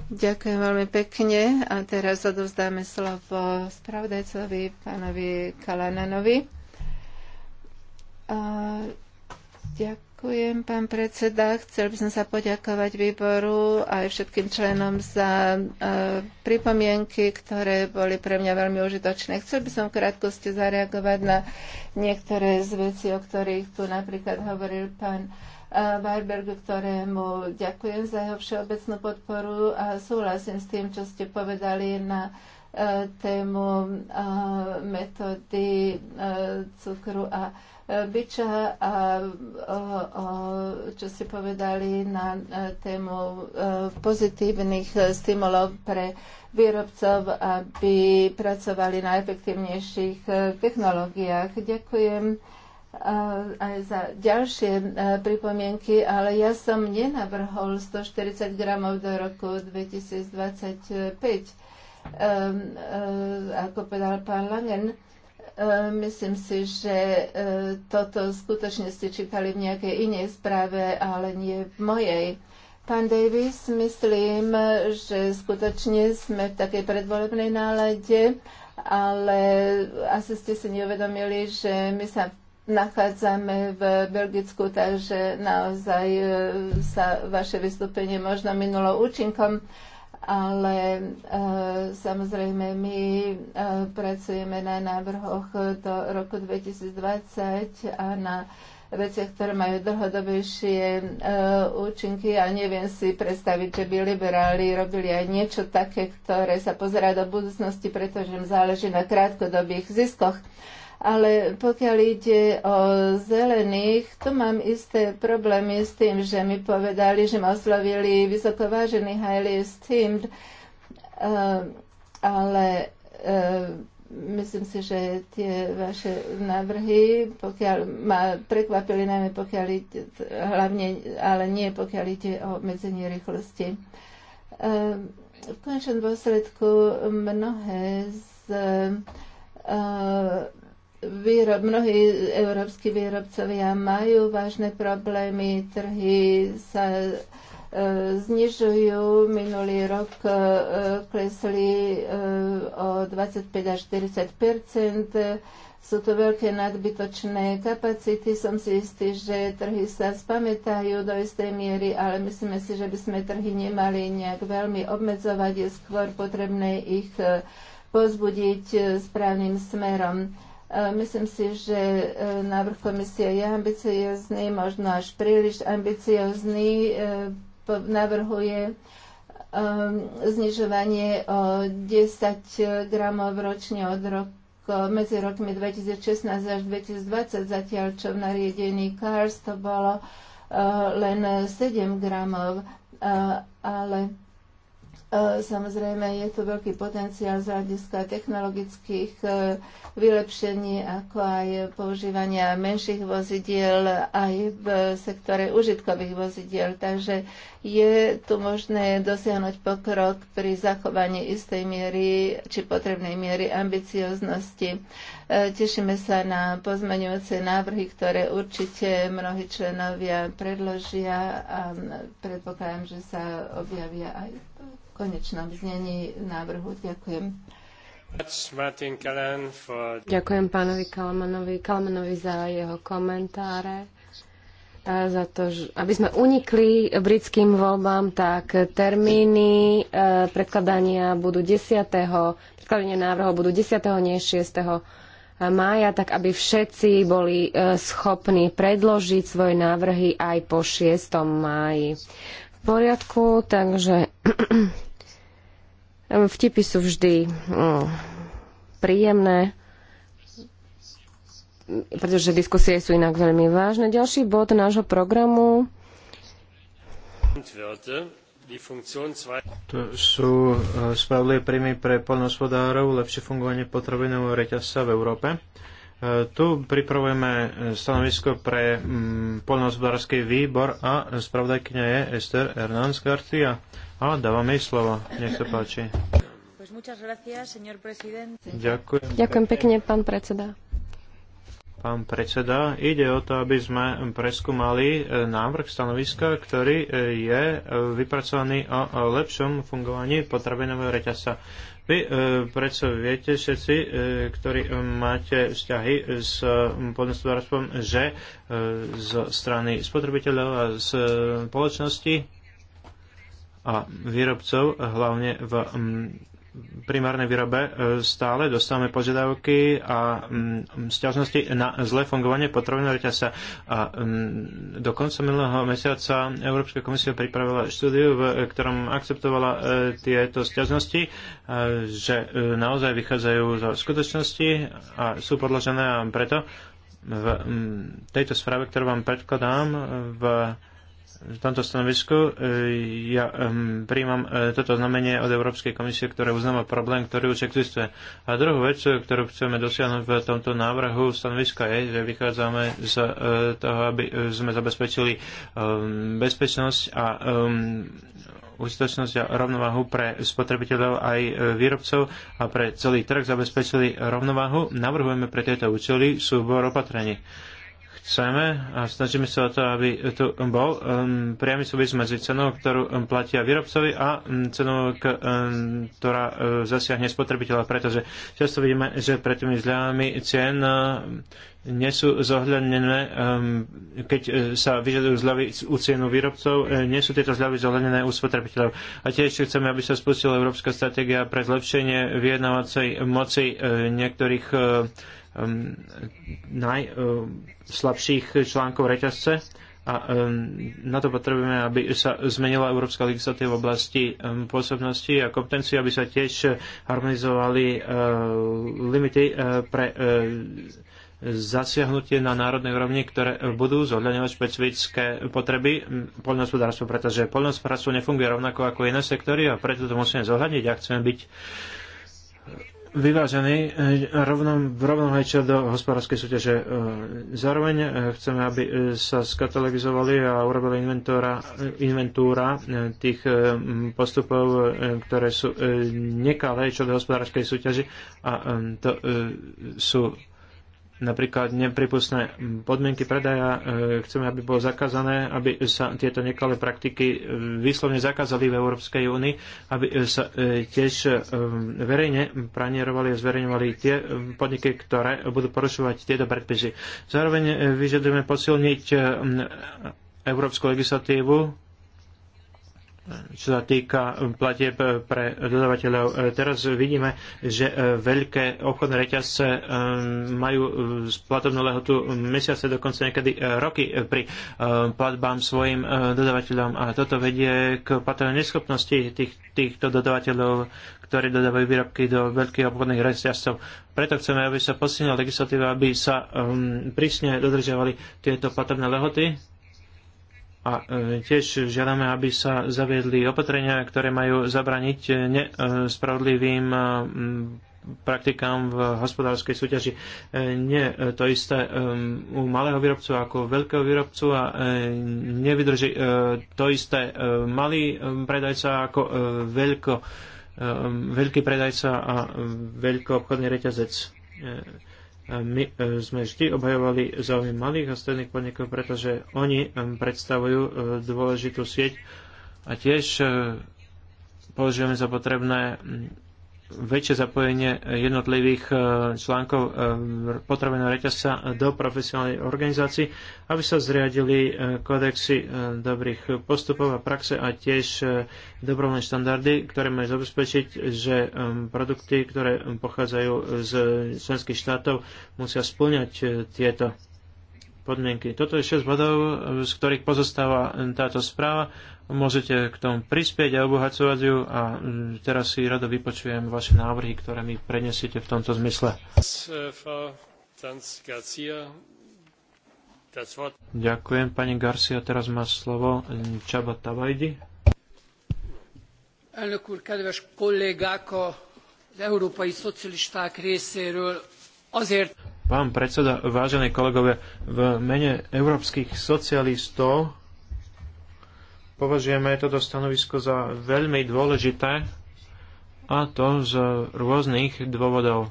Ďakujem veľmi pekne a teraz odovzdáme slovo spravodajcovi, pánovi Kalananovi. ďakujem Ďakujem, pán predseda. Chcel by som sa poďakovať výboru aj všetkým členom za e, pripomienky, ktoré boli pre mňa veľmi užitočné. Chcel by som v krátkosti zareagovať na niektoré z vecí, o ktorých tu napríklad hovoril pán e, Weiberg, ktorému ďakujem za jeho všeobecnú podporu a súhlasím s tým, čo ste povedali na e, tému metódy cukru a Biča a o, o, čo ste povedali na tému e, pozitívnych stimulov pre výrobcov, aby pracovali na efektívnejších e, technológiách. Ďakujem e, aj za ďalšie pripomienky, ale ja som nenavrhol 140 gramov do roku 2025, ehm, ako povedal pán Langen E, myslím si, že e, toto skutočne ste čítali v nejakej inej správe, ale nie v mojej. Pán Davis, myslím, že skutočne sme v takej predvolebnej nálade, ale asi ste si neuvedomili, že my sa nachádzame v Belgicku, takže naozaj e, sa vaše vystúpenie možno minulo účinkom ale e, samozrejme my e, pracujeme na návrhoch do roku 2020 a na veciach, ktoré majú dlhodobejšie e, účinky a neviem si predstaviť, že by liberáli robili aj niečo také, ktoré sa pozerá do budúcnosti, pretože im záleží na krátkodobých ziskoch. E, ale pokiaľ ide o zelených, tu mám isté problémy s tým, že mi povedali, že ma oslovili vysokovážený highly esteemed, ale e, myslím si, že tie vaše návrhy, pokiaľ ma prekvapili, najmä pokiaľ ide, hlavne, ale nie pokiaľ ide o medzenie rýchlosti. E, v končnom dôsledku mnohé z e, výrob, mnohí európsky výrobcovia majú vážne problémy, trhy sa e, znižujú. Minulý rok e, klesli e, o 25 až 40 Sú to veľké nadbytočné kapacity. Som si istý, že trhy sa spamätajú do istej miery, ale myslíme si, že by sme trhy nemali nejak veľmi obmedzovať. Je skôr potrebné ich pozbudiť správnym smerom. Myslím si, že e, návrh komisie je ambiciozný, možno až príliš ambiciozný. E, navrhuje e, znižovanie o 10 gramov ročne od roku, medzi rokmi 2016 až 2020, zatiaľ čo v nariadení CARS to bolo len 7 gramov, ale E, samozrejme, je tu veľký potenciál z hľadiska technologických e, vylepšení, ako aj používania menších vozidiel aj v sektore užitkových vozidiel. Takže je tu možné dosiahnuť pokrok pri zachovaní istej miery či potrebnej miery ambicioznosti. E, tešíme sa na pozmeňujúce návrhy, ktoré určite mnohí členovia predložia a predpokladám, že sa objavia aj konečnom znení návrhu. Ďakujem. Ďakujem pánovi Kalamanovi, Kalmanovi za jeho komentáre. A za to, že, aby sme unikli britským voľbám, tak termíny e, predkladania budú 10. predkladanie návrhov budú 10. nie 6. mája, tak aby všetci boli e, schopní predložiť svoje návrhy aj po 6. máji. V poriadku, takže Vtipy sú vždy mm, príjemné, pretože diskusie sú inak veľmi vážne. Ďalší bod nášho programu to sú e, spravodlivé príjmy pre poľnohospodárov, lepšie fungovanie potravinového reťazca v Európe. E, tu pripravujeme e, stanovisko pre mm, poľnohospodársky výbor a spravodajkynia je Ester Hernández Garcia. A dávam jej slovo. Nech sa páči. Ďakujem. Ďakujem pekne, pán predseda. Pán predseda, ide o to, aby sme preskúmali e, návrh stanoviska, ktorý e, je e, vypracovaný o lepšom fungovaní potravinového reťazca. Vy predsa viete všetci, ktorí máte vzťahy s podnospodárstvom, že zo strany spotrebiteľov a z spoločnosti a výrobcov, hlavne v mm, primárnej výrobe e, stále dostávame požiadavky a mm, sťažnosti na zlé fungovanie potravinového reťazca. A mm, do konca minulého mesiaca Európska komisia pripravila štúdiu, v e, ktorom akceptovala e, tieto sťažnosti, že naozaj vychádzajú zo skutočnosti a sú podložené a preto v tejto správe, ktorú vám predkladám, v v tomto stanovisku. E, ja um, príjmam e, toto znamenie od Európskej komisie, ktoré uznáva problém, ktorý už existuje. A druhú vec, ktorú chceme dosiahnuť v tomto návrhu stanoviska je, že vychádzame z e, toho, aby sme zabezpečili bezpečnosť a užitočnosť a rovnováhu pre spotrebiteľov aj výrobcov a pre celý trh zabezpečili rovnováhu. Navrhujeme pre tieto účely súbor opatrení chceme a snažíme sa o to, aby tu bol um, priamy súvis medzi cenou, ktorú um, platia výrobcovi a um, cenou, k, um, ktorá uh, zasiahne spotrebiteľa, pretože často vidíme, že pred tými zľavami cien uh, nie sú zohľadnené, um, keď uh, sa vyžadujú zľavy u cienu výrobcov, uh, nie sú tieto zľavy zohľadnené u spotrebiteľov. A tiež chceme, aby sa spustila európska stratégia pre zlepšenie vyjednávacej moci uh, niektorých Um, najslabších um, článkov reťazce a um, na to potrebujeme, aby sa zmenila európska legislatíva v oblasti pôsobnosti a kompetencií, aby sa tiež harmonizovali uh, limity uh, pre uh, zasiahnutie na národnej úrovni, ktoré budú zohľadňovať špecifické potreby poľnohospodárstva, pretože poľnohospodárstvo nefunguje rovnako ako iné sektory a preto to musíme zohľadniť a chceme byť vyvážený eh, rovnom, v rovnom čo do hospodárskej súťaže. Eh, zároveň eh, chceme, aby sa skatalogizovali a urobili inventúra, inventúra tých postupov, ktoré sú nekalé čo do hospodárskej súťaže a to sú napríklad nepripustné podmienky predaja. E, chceme, aby bolo zakázané, aby sa tieto nekalé praktiky e, výslovne zakázali v Európskej únii, aby e, sa tiež verejne pranierovali a zverejňovali tie podniky, ktoré budú porušovať tieto predpisy. Zároveň vyžadujeme posilniť európsku legislatívu čo sa týka um, platieb eh, pre dodávateľov. Eh, teraz vidíme, že eh, veľké obchodné reťazce majú platobnú lehotu mesiace, dokonca niekedy roky pri platbám svojim dodávateľom a toto vedie k patrnej neschopnosti tých, týchto dodávateľov, ktorí dodávajú výrobky do veľkých obchodných reťazcov. Preto chceme, aby sa posilnila legislatíva, aby sa ehm, prísne dodržiavali tieto platobné lehoty a e, tiež žiadame, aby sa zaviedli opatrenia, ktoré majú zabraniť e, nespravodlivým e, praktikám v hospodárskej súťaži. Nie to isté u malého výrobcu ako veľkého výrobcu a nevydrží to isté malý predajca ako veľko, veľký predajca a veľkoobchodný reťazec my e, sme vždy obhajovali záujmy malých a stredných podnikov, pretože oni e, predstavujú e, dôležitú sieť a tiež považujeme za potrebné väčšie zapojenie jednotlivých e, článkov e, potraveného reťazca do profesionálnej organizácií, aby sa zriadili e, kodexy dobrých postupov a praxe a tiež dobrovoľné štandardy, ktoré majú zabezpečiť, že produkty, ktoré pochádzajú z členských štátov, musia splňať tieto podmienky. Toto je 6 bodov, z ktorých pozostáva táto správa môžete k tomu prispieť a obohacovať ju a mm, teraz si rado vypočujem vaše návrhy, ktoré mi prenesiete v tomto zmysle. Ďakujem, pani Garcia. Teraz má slovo mm, Čaba Tavajdi. kedves az európai szocialisták részéről azért... Pán predseda, vážení kolegovia, v mene európskych socialistov Považujeme toto stanovisko za veľmi dôležité a to z rôznych dôvodov.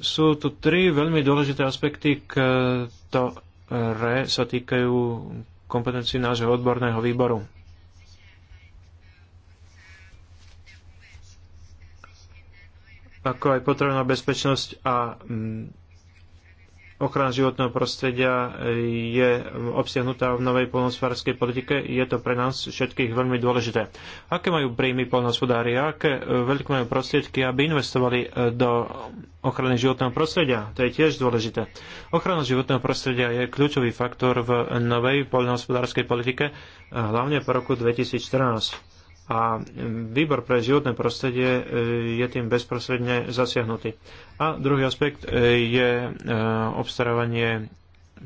Sú tu tri veľmi dôležité aspekty, ktoré sa týkajú kompetencií nášho odborného výboru. ako aj potrebná bezpečnosť a ochrana životného prostredia e, je obsiahnutá v novej polnohospodárskej politike. Je to pre nás všetkých veľmi dôležité. Aké majú príjmy polnohospodári? Aké e, veľké majú prostriedky, aby investovali e, do ochrany životného prostredia? To je tiež dôležité. Ochrana životného prostredia je kľúčový faktor v novej poľnohospodárskej politike, hlavne po roku 2014 a výbor pre životné prostredie e, je tým bezprostredne zasiahnutý. A druhý aspekt e, je e, obstarávanie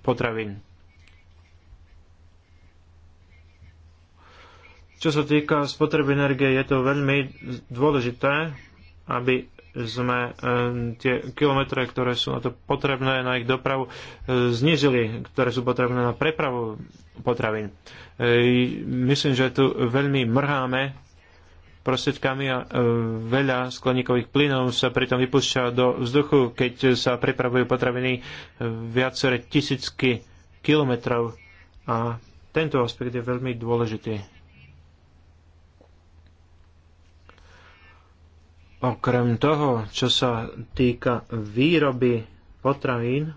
potravín. Čo sa týka spotreby energie, je to veľmi dôležité, aby sme e, tie kilometre, ktoré sú na to potrebné, na ich dopravu, e, znižili, ktoré sú potrebné na prepravu potravín. E, myslím, že tu veľmi mrháme prostriedkami a veľa skleníkových plynov sa pritom vypúšťa do vzduchu, keď sa pripravujú potraviny viacere tisícky kilometrov a tento aspekt je veľmi dôležitý. Okrem toho, čo sa týka výroby potravín,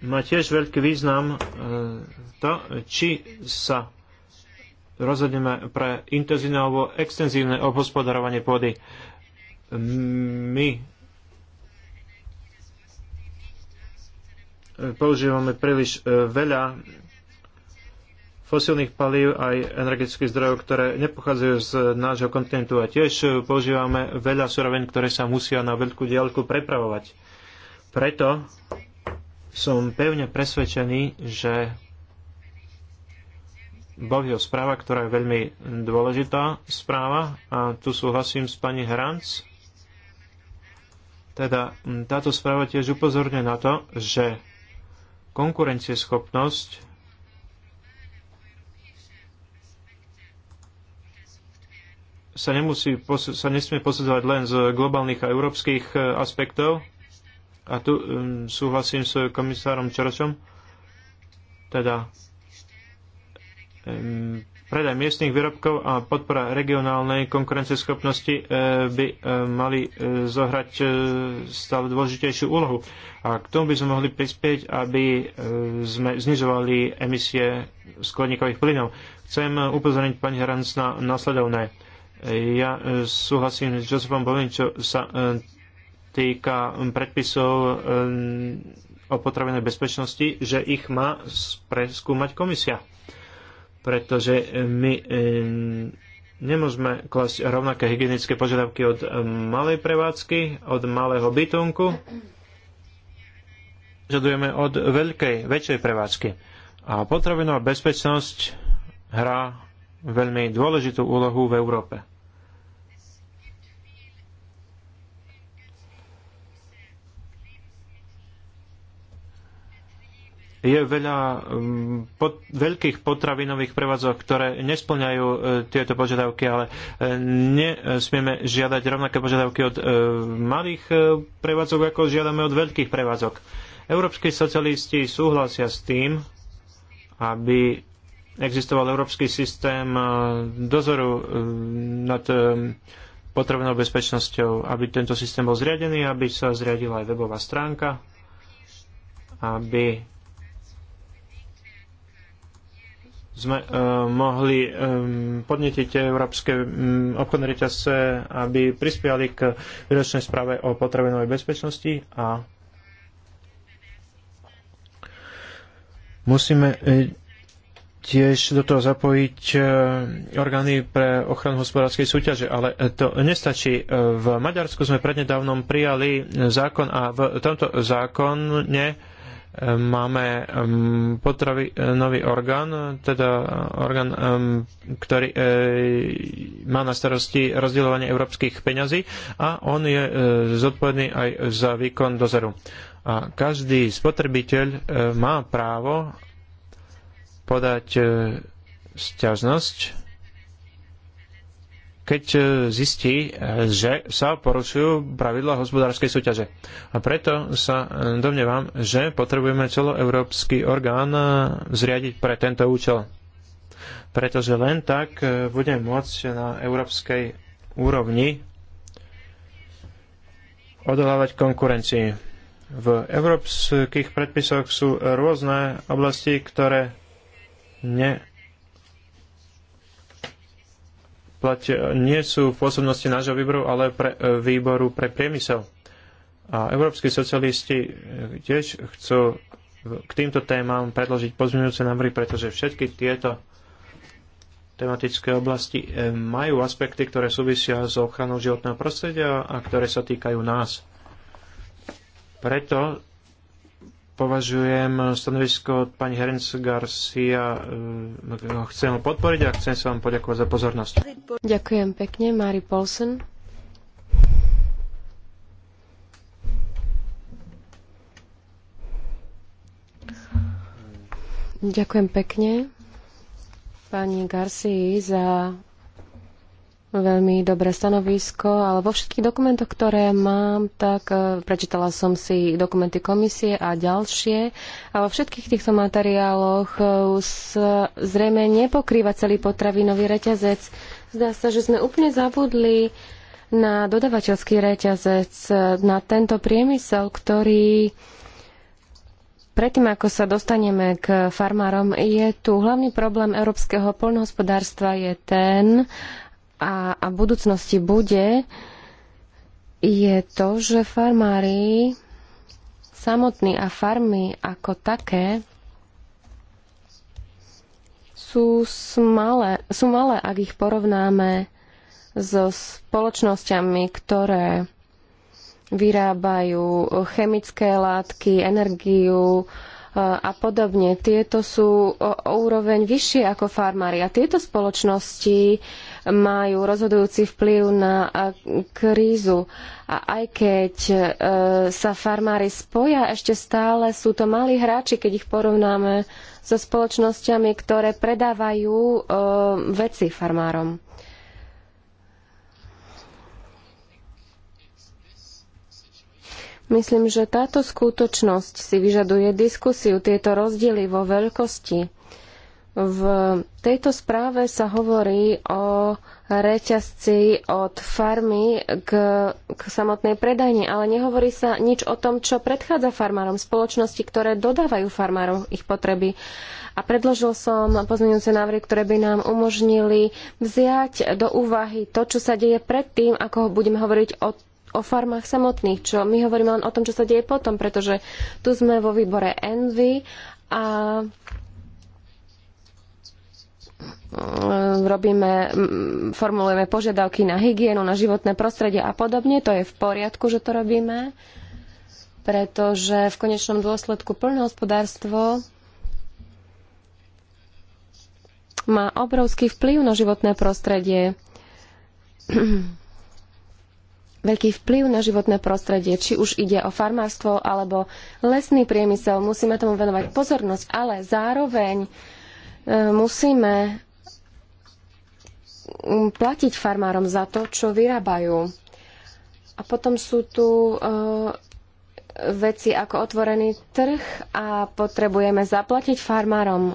má tiež veľký význam e, to, či sa rozhodneme pre intenzívne alebo extenzívne obhospodarovanie pôdy. My používame príliš e, veľa fosílnych palív aj energetických zdrojov, ktoré nepochádzajú z nášho kontinentu a tiež používame veľa surovín, ktoré sa musia na veľkú diaľku prepravovať. Preto som pevne presvedčený, že boh je správa, ktorá je veľmi dôležitá správa a tu súhlasím s pani Hranc. Teda táto správa tiež upozorňuje na to, že konkurencieschopnosť sa, nemusí, sa nesmie posudzovať len z globálnych a európskych e, aspektov. A tu um, súhlasím s komisárom Čeročom. Teda um, predaj miestnych výrobkov a podpora regionálnej konkurenceschopnosti e, by e, mali zohrať stále dôležitejšiu úlohu. A k tomu by sme mohli prispieť, aby sme znižovali emisie skleníkových plynov. Chcem upozorniť pani Hranc na nasledovné ja e, súhlasím s Josefom Bovin, čo sa e, týka predpisov e, o potravenej bezpečnosti, že ich má preskúmať komisia. Pretože my nemôžeme klasť rovnaké hygienické požiadavky od malej prevádzky, od malého bytunku. Žadujeme od veľkej, väčšej prevádzky. A potravinová bezpečnosť hrá veľmi dôležitú úlohu v Európe. je veľa um, pot, veľkých potravinových prevádzok, ktoré nesplňajú uh, tieto požiadavky, ale uh, nesmieme žiadať rovnaké požiadavky od uh, malých prevádzok, ako žiadame od veľkých prevádzok. Európsky socialisti súhlasia s tým, aby existoval európsky systém dozoru nad um, potrebnou bezpečnosťou, aby tento systém bol zriadený, aby sa zriadila aj webová stránka, aby sme uh, mohli um, podnetiť európske um, obchodné reťazce, aby prispiali k výročnej správe o potravinovej bezpečnosti a musíme eh, tiež do toho zapojiť orgány pre ochranu hospodárskej súťaže, ale to nestačí. V Maďarsku sme prednedávnom prijali zákon a v tomto zákone máme potravy, e, nový orgán, teda orgán, ktorý e, má na starosti rozdielovanie európskych peňazí a on je e, zodpovedný aj za výkon dozoru. A každý spotrebiteľ má právo podať sťažnosť keď e, zistí, e, že sa porušujú pravidla hospodárskej súťaže. A preto sa e, domnievam, že potrebujeme celoeurópsky orgán zriadiť pre tento účel. Pretože len tak budeme môcť na európskej úrovni odolávať konkurencii. V európskych predpisoch sú rôzne oblasti, ktoré ne E, nie sú v pôsobnosti nášho výboru, ale pre, e, výboru pre priemysel. A európsky socialisti e, tiež chcú k týmto témam predložiť pozmeňujúce návrhy, pretože všetky tieto tematické oblasti majú aspekty, ktoré súvisia s ochranou životného prostredia a ktoré sa týkajú nás. Preto považujem stanovisko od pani Herenc Garcia, e, chcem ho podporiť a chcem sa vám poďakovať za pozornosť. Ďakujem pekne, Mari Polsen. Ďakujem pekne pani Garci za veľmi dobré stanovisko, ale vo všetkých dokumentoch, ktoré mám, tak e, prečítala som si dokumenty komisie a ďalšie. A vo všetkých týchto materiáloch e, e, zrejme nepokrýva celý potravinový reťazec. Zdá sa, že sme úplne zabudli na dodavateľský reťazec, na tento priemysel, ktorý Predtým, ako sa dostaneme k farmárom, je tu hlavný problém európskeho poľnohospodárstva je ten, a, a v budúcnosti bude, je to, že farmári samotní a farmy ako také sú, malé, sú malé, ak ich porovnáme so spoločnosťami, ktoré vyrábajú chemické látky, energiu e, a podobne. Tieto sú o, o úroveň vyššie ako farmári a tieto spoločnosti majú rozhodujúci vplyv na krízu. A aj keď e, sa farmári spoja, ešte stále sú to malí hráči, keď ich porovnáme so spoločnosťami, ktoré predávajú e, veci farmárom. Myslím, že táto skutočnosť si vyžaduje diskusiu, tieto rozdiely vo veľkosti v tejto správe sa hovorí o reťazci od farmy k, k samotnej predajni, ale nehovorí sa nič o tom, čo predchádza farmárom, spoločnosti, ktoré dodávajú farmárov ich potreby. A predložil som pozmeňujúce návrhy, ktoré by nám umožnili vziať do úvahy to, čo sa deje predtým, ako budeme hovoriť o o farmách samotných, čo my hovoríme len o tom, čo sa deje potom, pretože tu sme vo výbore Envy a robíme, mm, formulujeme požiadavky na hygienu, na životné prostredie a podobne. To je v poriadku, že to robíme, pretože v konečnom dôsledku plnohospodárstvo má obrovský vplyv na životné prostredie. *clears throat* Veľký vplyv na životné prostredie, či už ide o farmárstvo alebo lesný priemysel. Musíme tomu venovať pozornosť, ale zároveň e, musíme platiť farmárom za to, čo vyrábajú. A potom sú tu e, veci ako otvorený trh a potrebujeme zaplatiť farmárom e,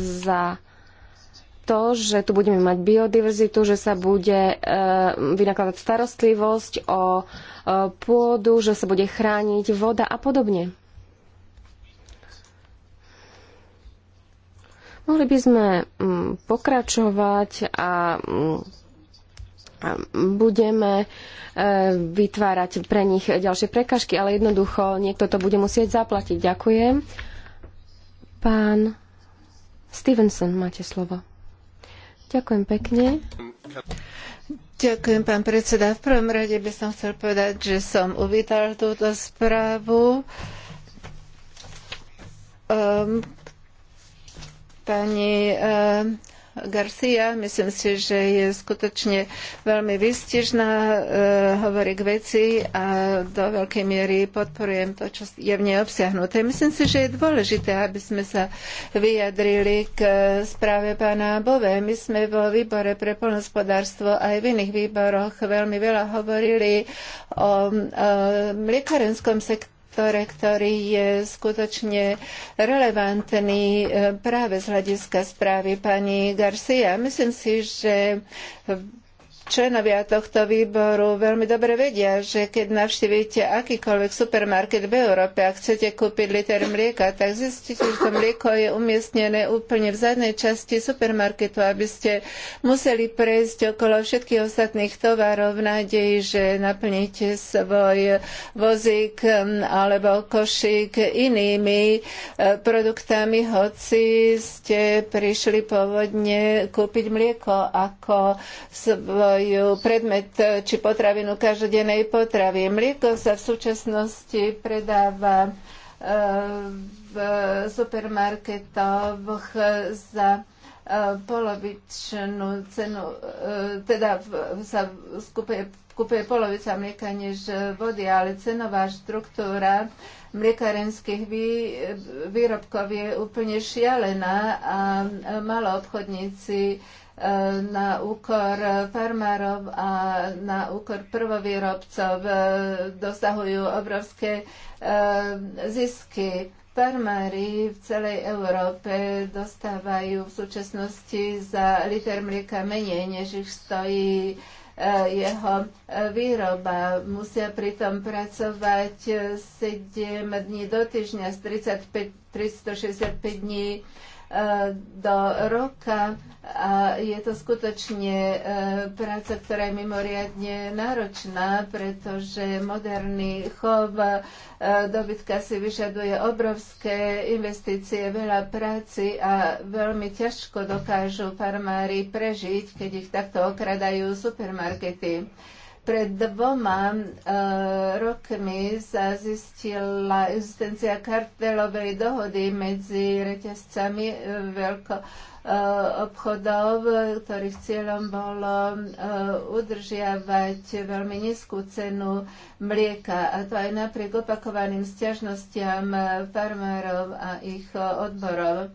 za to, že tu budeme mať biodiverzitu, že sa bude e, vynakladať starostlivosť o e, pôdu, že sa bude chrániť voda a podobne. Mohli by sme mm, pokračovať a mm, budeme e, vytvárať pre nich ďalšie prekažky, ale jednoducho niekto to bude musieť zaplatiť. Ďakujem. Pán Stevenson, máte slovo. Ďakujem pekne. Ďakujem, pán predseda. V prvom rade by som chcel povedať, že som uvítal túto správu. Um, pani eh, Garcia. Myslím si, že je skutočne veľmi výstižná, eh, hovorí k veci a do veľkej miery podporujem to, čo je v nej obsiahnuté. Myslím si, že je dôležité, aby sme sa vyjadrili k eh, správe pána Bové. My sme vo výbore pre polnospodárstvo aj v iných výboroch veľmi veľa hovorili o mliekarenskom sektoru sektore, ktorý je skutočne relevantný e, práve z hľadiska správy pani Garcia. Myslím si, že členovia tohto výboru veľmi dobre vedia, že keď navštívite akýkoľvek supermarket v Európe a chcete kúpiť liter mlieka, tak zistíte, že to mlieko je umiestnené úplne v zadnej časti supermarketu, aby ste museli prejsť okolo všetkých ostatných tovarov v nádeji, že naplníte svoj vozík mm, alebo košík inými e, produktami, hoci ste prišli pôvodne kúpiť mlieko ako svoj predstavujú predmet či potravinu každodennej potravy. Mlieko sa v súčasnosti predáva e, v supermarketoch za e, polovičnú cenu, e, teda sa skupuje, kupuje polovica mlieka než vody, ale cenová štruktúra mliekarenských vý, výrobkov je úplne šialená a malo obchodníci na úkor farmárov a na úkor prvovýrobcov e, dosahujú obrovské e, zisky. Farmári v celej Európe dostávajú v súčasnosti za liter mlieka menej, než ich stojí e, jeho výroba. Musia pritom pracovať 7 dní do týždňa z 35, 365 dní E, do roka a je to skutočne e, práca, ktorá je mimoriadne náročná, pretože moderný chov e, dobytka si vyžaduje obrovské investície, veľa práci a veľmi ťažko dokážu farmári prežiť, keď ich takto okradajú supermarkety. Pred dvoma uh, rokmi sa zistila existencia kartelovej dohody medzi reťazcami e, veľko e, obchodov, ktorých cieľom bolo e, udržiavať veľmi nízku cenu mlieka. A to aj napriek opakovaným stiažnostiam farmárov a ich odborov.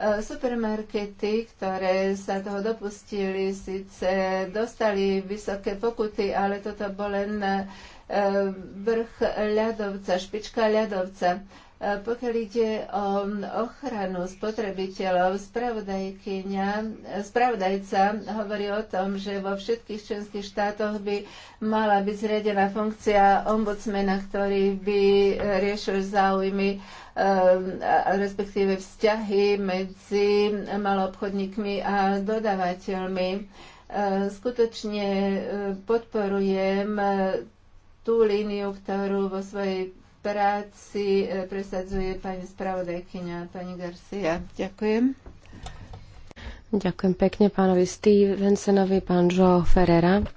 Eh, supermarkety, ktoré sa toho dopustili, síce dostali vysoké pokuty, ale toto bol len eh, vrch ľadovca, špička ľadovca E, pokiaľ ide o ochranu spotrebiteľov, spravodajca hovorí o tom, že vo všetkých členských štátoch by mala byť zriadená funkcia ombudsmena, ktorý by riešil záujmy e, respektíve vzťahy medzi maloobchodníkmi a dodávateľmi. E, skutočne podporujem tú líniu, ktorú vo svojej práci e, presadzuje pani spravodajkyňa, pani Garcia. Ďakujem. Ďakujem pekne pánovi Stevensonovi, pán João Ferreira. E,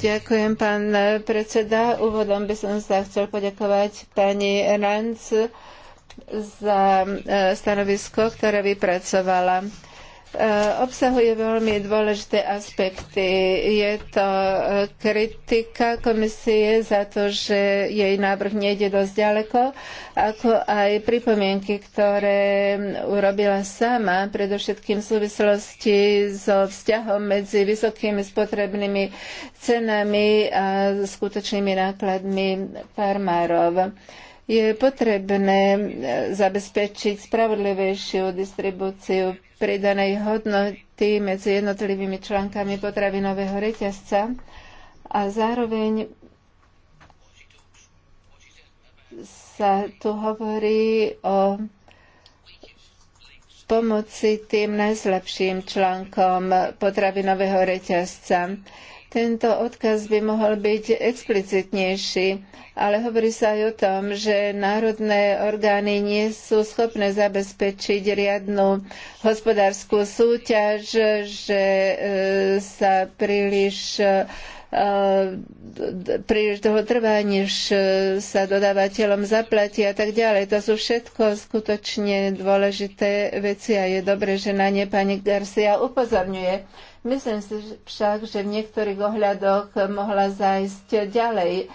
Ďakujem, pán predseda. Úvodom by som sa chcel poďakovať pani Ranc za e, stanovisko, ktoré vypracovala Eh, obsahuje veľmi dôležité aspekty. Je to eh, kritika komisie za to, že jej návrh nejde dosť ďaleko, ako aj pripomienky, ktoré urobila sama, predovšetkým v súvislosti so vzťahom medzi vysokými spotrebnými cenami a skutočnými nákladmi farmárov je potrebné eh, zabezpečiť spravodlivejšiu distribúciu pridanej hodnoty medzi jednotlivými článkami potravinového reťazca a zároveň sa tu hovorí o pomoci tým najslabším článkom potravinového reťazca. Tento odkaz by mohol byť explicitnejší, ale hovorí sa aj o tom, že národné orgány nie sú schopné zabezpečiť riadnu hospodárskú súťaž, že e, sa príliš E, príliš dlho trvá, než e, sa dodávateľom zaplatí a tak ďalej. To sú všetko skutočne dôležité veci a je dobre, že na ne pani Garcia upozorňuje. Myslím si však, že v niektorých ohľadoch mohla zajsť ďalej. E,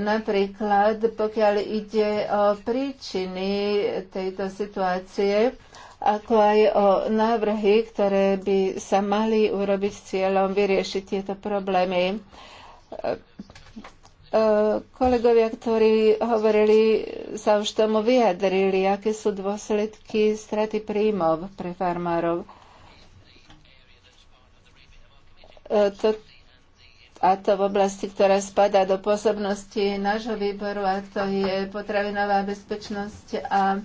napríklad, pokiaľ ide o príčiny tejto situácie, ako aj o návrhy, ktoré by sa mali urobiť s cieľom vyriešiť tieto problémy. E, kolegovia, ktorí hovorili, sa už tomu vyjadrili, aké sú dôsledky straty príjmov pre farmárov. E, to, a to v oblasti, ktorá spadá do pôsobnosti nášho výboru, a to je potravinová bezpečnosť a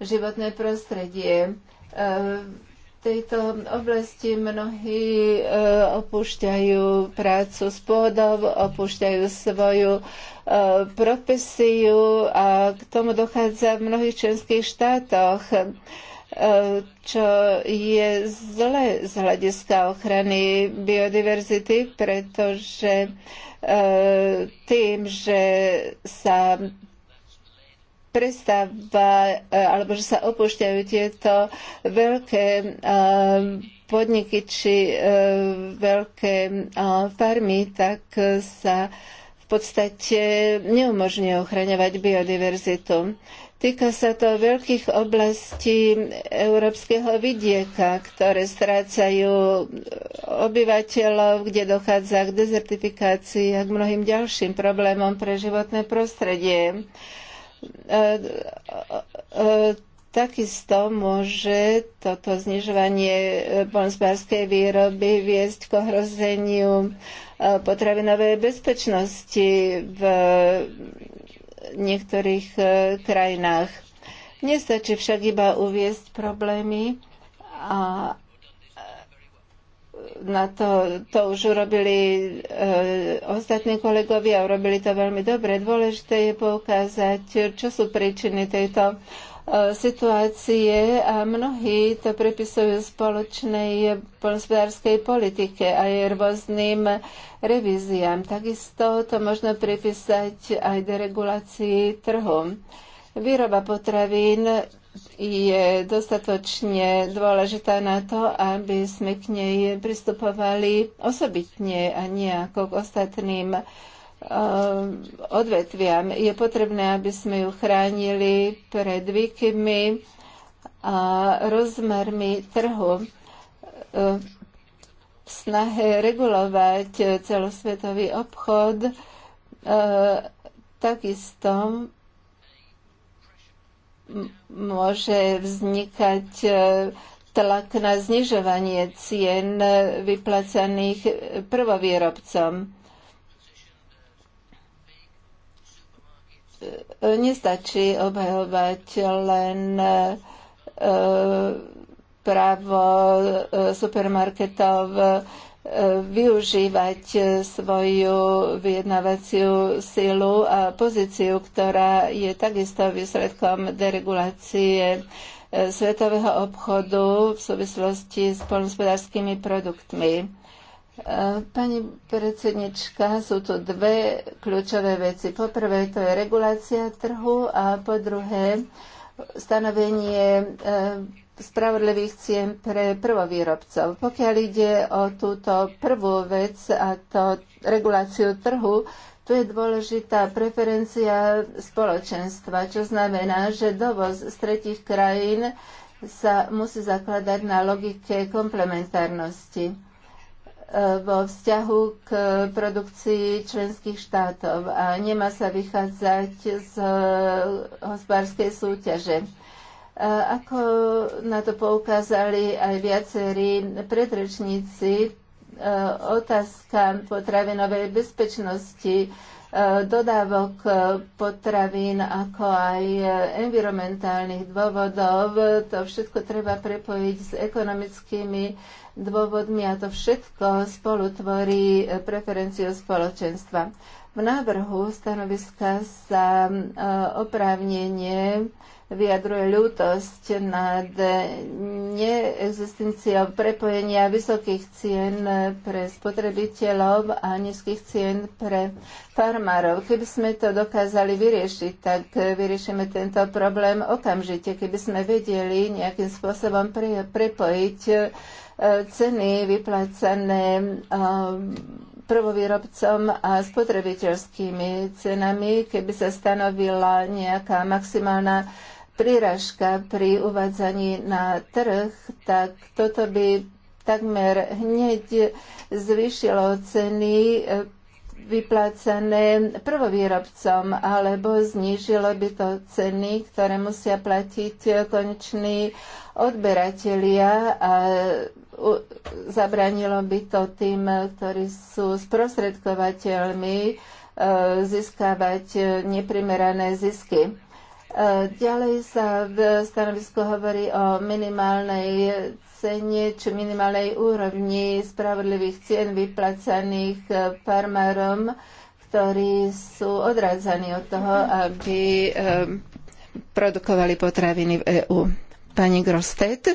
životné prostredie. E, v tejto oblasti mnohí e, opúšťajú prácu s pôdou, opúšťajú svoju e, profesiu a k tomu dochádza v mnohých členských štátoch čo je zle z hľadiska ochrany biodiverzity, pretože tým, že sa prestáva, e, alebo že sa opúšťajú tieto veľké e, podniky či e, veľké farmy, tak sa v podstate neumožňuje ochraňovať biodiverzitu. Týka sa to veľkých oblastí európskeho vidieka, ktoré strácajú obyvateľov, kde dochádza k dezertifikácii a k mnohým ďalším problémom pre životné prostredie. Uh, E, e, e, takisto môže toto znižovanie bonsbárskej výroby viesť k ohrozeniu potravinovej bezpečnosti v niektorých krajinách. Nestačí však iba uviesť problémy a na to, to už urobili e, ostatní kolegovia, a urobili to veľmi dobre. Dôležité je poukázať, čo sú príčiny tejto e, situácie a mnohí to prepisujú spoločnej hospodárskej politike a jej rôznym revíziám. Takisto to možno pripísať aj deregulácii trhu. Výroba potravín je dostatočne dôležitá na to, aby sme k nej pristupovali osobitne a nie ako k ostatným eh, odvetviam. Je potrebné, aby sme ju chránili pred výkymi a rozmermi trhu v eh, snahe regulovať celosvetový obchod eh, takisto môže vznikať e, tlak na znižovanie cien vyplacaných prvovýrobcom. E, nestačí obhajovať len e, právo supermarketov využívať eh, svoju vyjednávaciu silu a pozíciu, ktorá je takisto výsledkom deregulácie eh, svetového obchodu v súvislosti s polnospodárskymi produktmi. Eh, pani predsednička, sú tu dve kľúčové veci. Po prvé, to je regulácia trhu a po druhé, stanovenie spravodlivých cien pre prvovýrobcov. Pokiaľ ide o túto prvú vec a to reguláciu trhu, tu je dôležitá preferencia spoločenstva, čo znamená, že dovoz z tretich krajín sa musí zakladať na logike komplementárnosti e, vo vzťahu k produkcii členských štátov a nemá sa vychádzať z e, hospodárskej súťaže. Ako na to poukázali aj viacerí predrečníci, e, otázka potravinovej bezpečnosti, e, dodávok potravín, ako aj environmentálnych dôvodov, to všetko treba prepojiť s ekonomickými dôvodmi a to všetko spolu tvorí preferenciu spoločenstva. V návrhu stanoviska sa e, oprávnenie vyjadruje ľútosť nad neexistenciou prepojenia vysokých cien pre spotrebiteľov a nízkych cien pre farmárov. Keby sme to dokázali vyriešiť, tak vyriešime tento problém okamžite. Keby sme vedeli nejakým spôsobom pre, prepojiť e, ceny vyplácané e, prvovýrobcom a spotrebiteľskými cenami, keby sa stanovila nejaká maximálna príražka pri uvádzaní na trh, tak toto by takmer hneď zvýšilo ceny e, vyplácané prvovýrobcom, alebo znížilo by to ceny, ktoré musia platiť koneční odberatelia a zabranilo by to tým, ktorí sú sprostredkovateľmi, e, získavať neprimerané zisky. Ďalej sa v stanovisku hovorí o minimálnej cene či minimálnej úrovni spravodlivých cien vyplacaných eh, farmárom, ktorí sú odrádzaní od toho, aby eh, produkovali potraviny v EÚ. Pani Grostet.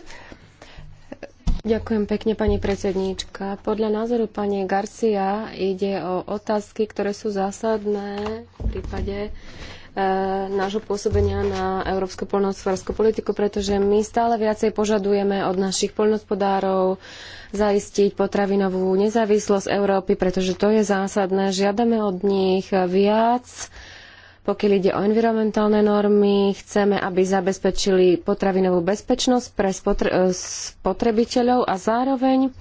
Ďakujem pekne, pani predsedníčka. Podľa názoru pani Garcia ide o otázky, ktoré sú zásadné v prípade E, nášho pôsobenia na európsku poľnohospodárskú politiku, pretože my stále viacej požadujeme od našich poľnohospodárov zaistiť potravinovú nezávislosť Európy, pretože to je zásadné. Žiadame od nich viac pokiaľ ide o environmentálne normy, chceme, aby zabezpečili potravinovú bezpečnosť pre e, spotrebiteľov a zároveň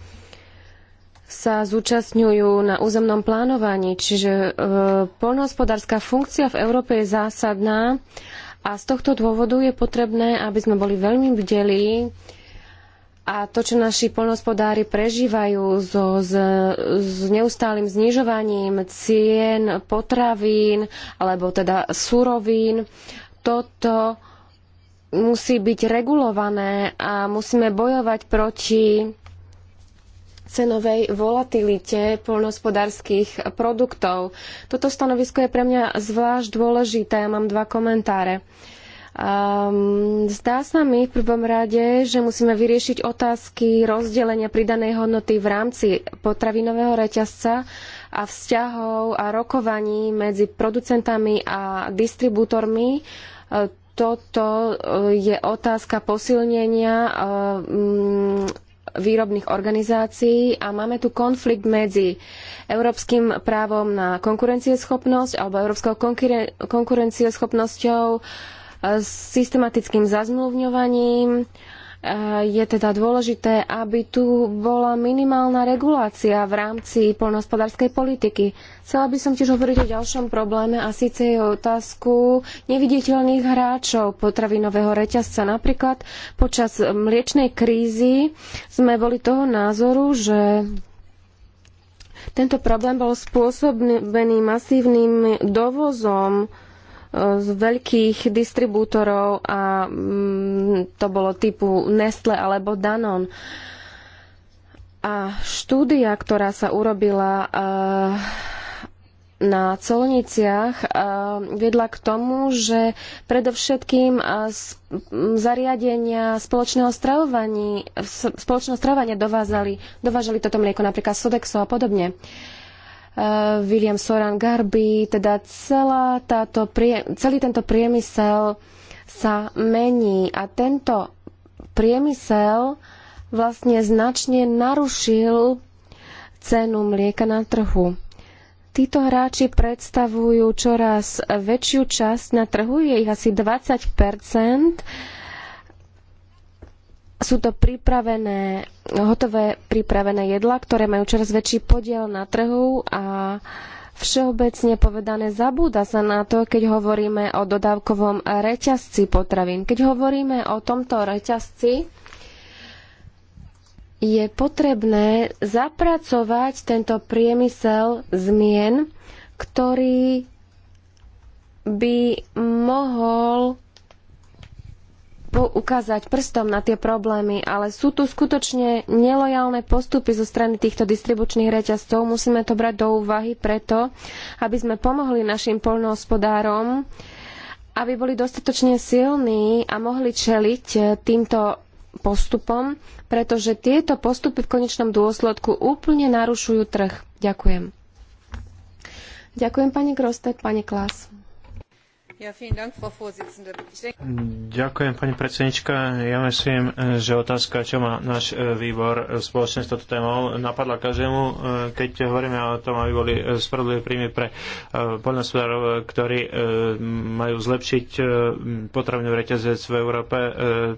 sa zúčastňujú na územnom plánovaní, čiže e, poľnohospodárska funkcia v Európe je zásadná a z tohto dôvodu je potrebné, aby sme boli veľmi bdelí a to, čo naši poľnohospodári prežívajú so, s, s neustálým znižovaním cien potravín alebo teda surovín, toto musí byť regulované a musíme bojovať proti cenovej volatilite poľnohospodárskych produktov. Toto stanovisko je pre mňa zvlášť dôležité. Ja mám dva komentáre. Um, zdá sa mi v prvom rade, že musíme vyriešiť otázky rozdelenia pridanej hodnoty v rámci potravinového reťazca a vzťahov a rokovaní medzi producentami a distribútormi. E, toto e, je otázka posilnenia e, výrobných organizácií a máme tu konflikt medzi európskym právom na konkurencieschopnosť alebo európskou konkurencieschopnosťou eh, systematickým zazmluvňovaním je teda dôležité, aby tu bola minimálna regulácia v rámci poľnohospodárskej politiky. Chcela by som tiež hovoriť o ďalšom probléme a síce je otázku neviditeľných hráčov potravinového reťazca. Napríklad počas mliečnej krízy sme boli toho názoru, že tento problém bol spôsobený masívnym dovozom z veľkých distribútorov a mm, to bolo typu Nestle alebo Danon. A štúdia, ktorá sa urobila eh, na colniciach eh, viedla k tomu, že predovšetkým eh, zariadenia spoločného stravovania, spoločného stravovania dovážali, dovážali toto mlieko, napríklad Sodexo a podobne. Eh, William Soran Garby, teda celá táto, celý tento priemysel sa mení a tento priemysel vlastne značne narušil cenu mlieka na trhu. Títo hráči predstavujú čoraz väčšiu časť na trhu, je ich asi 20 sú to pripravené, hotové pripravené jedlá, ktoré majú čoraz väčší podiel na trhu a všeobecne povedané zabúda sa na to, keď hovoríme o dodávkovom reťazci potravín. Keď hovoríme o tomto reťazci, je potrebné zapracovať tento priemysel zmien, ktorý by mohol ukázať prstom na tie problémy, ale sú tu skutočne nelojálne postupy zo strany týchto distribučných reťazcov. Musíme to brať do úvahy preto, aby sme pomohli našim poľnohospodárom, aby boli dostatočne silní a mohli čeliť e, týmto postupom, pretože tieto postupy v konečnom dôsledku úplne narušujú trh. Ďakujem. Ďakujem pani Grostek, pani Klas. Ďakujem, pani predsednička. Ja myslím, že otázka, čo má náš e, výbor e, spoločne s touto témou, napadla každému, e, keď hovoríme o tom, aby boli spravodlivé príjmy pre poľnohospodárov, ktorí majú zlepšiť potravnú reťazec v Európe,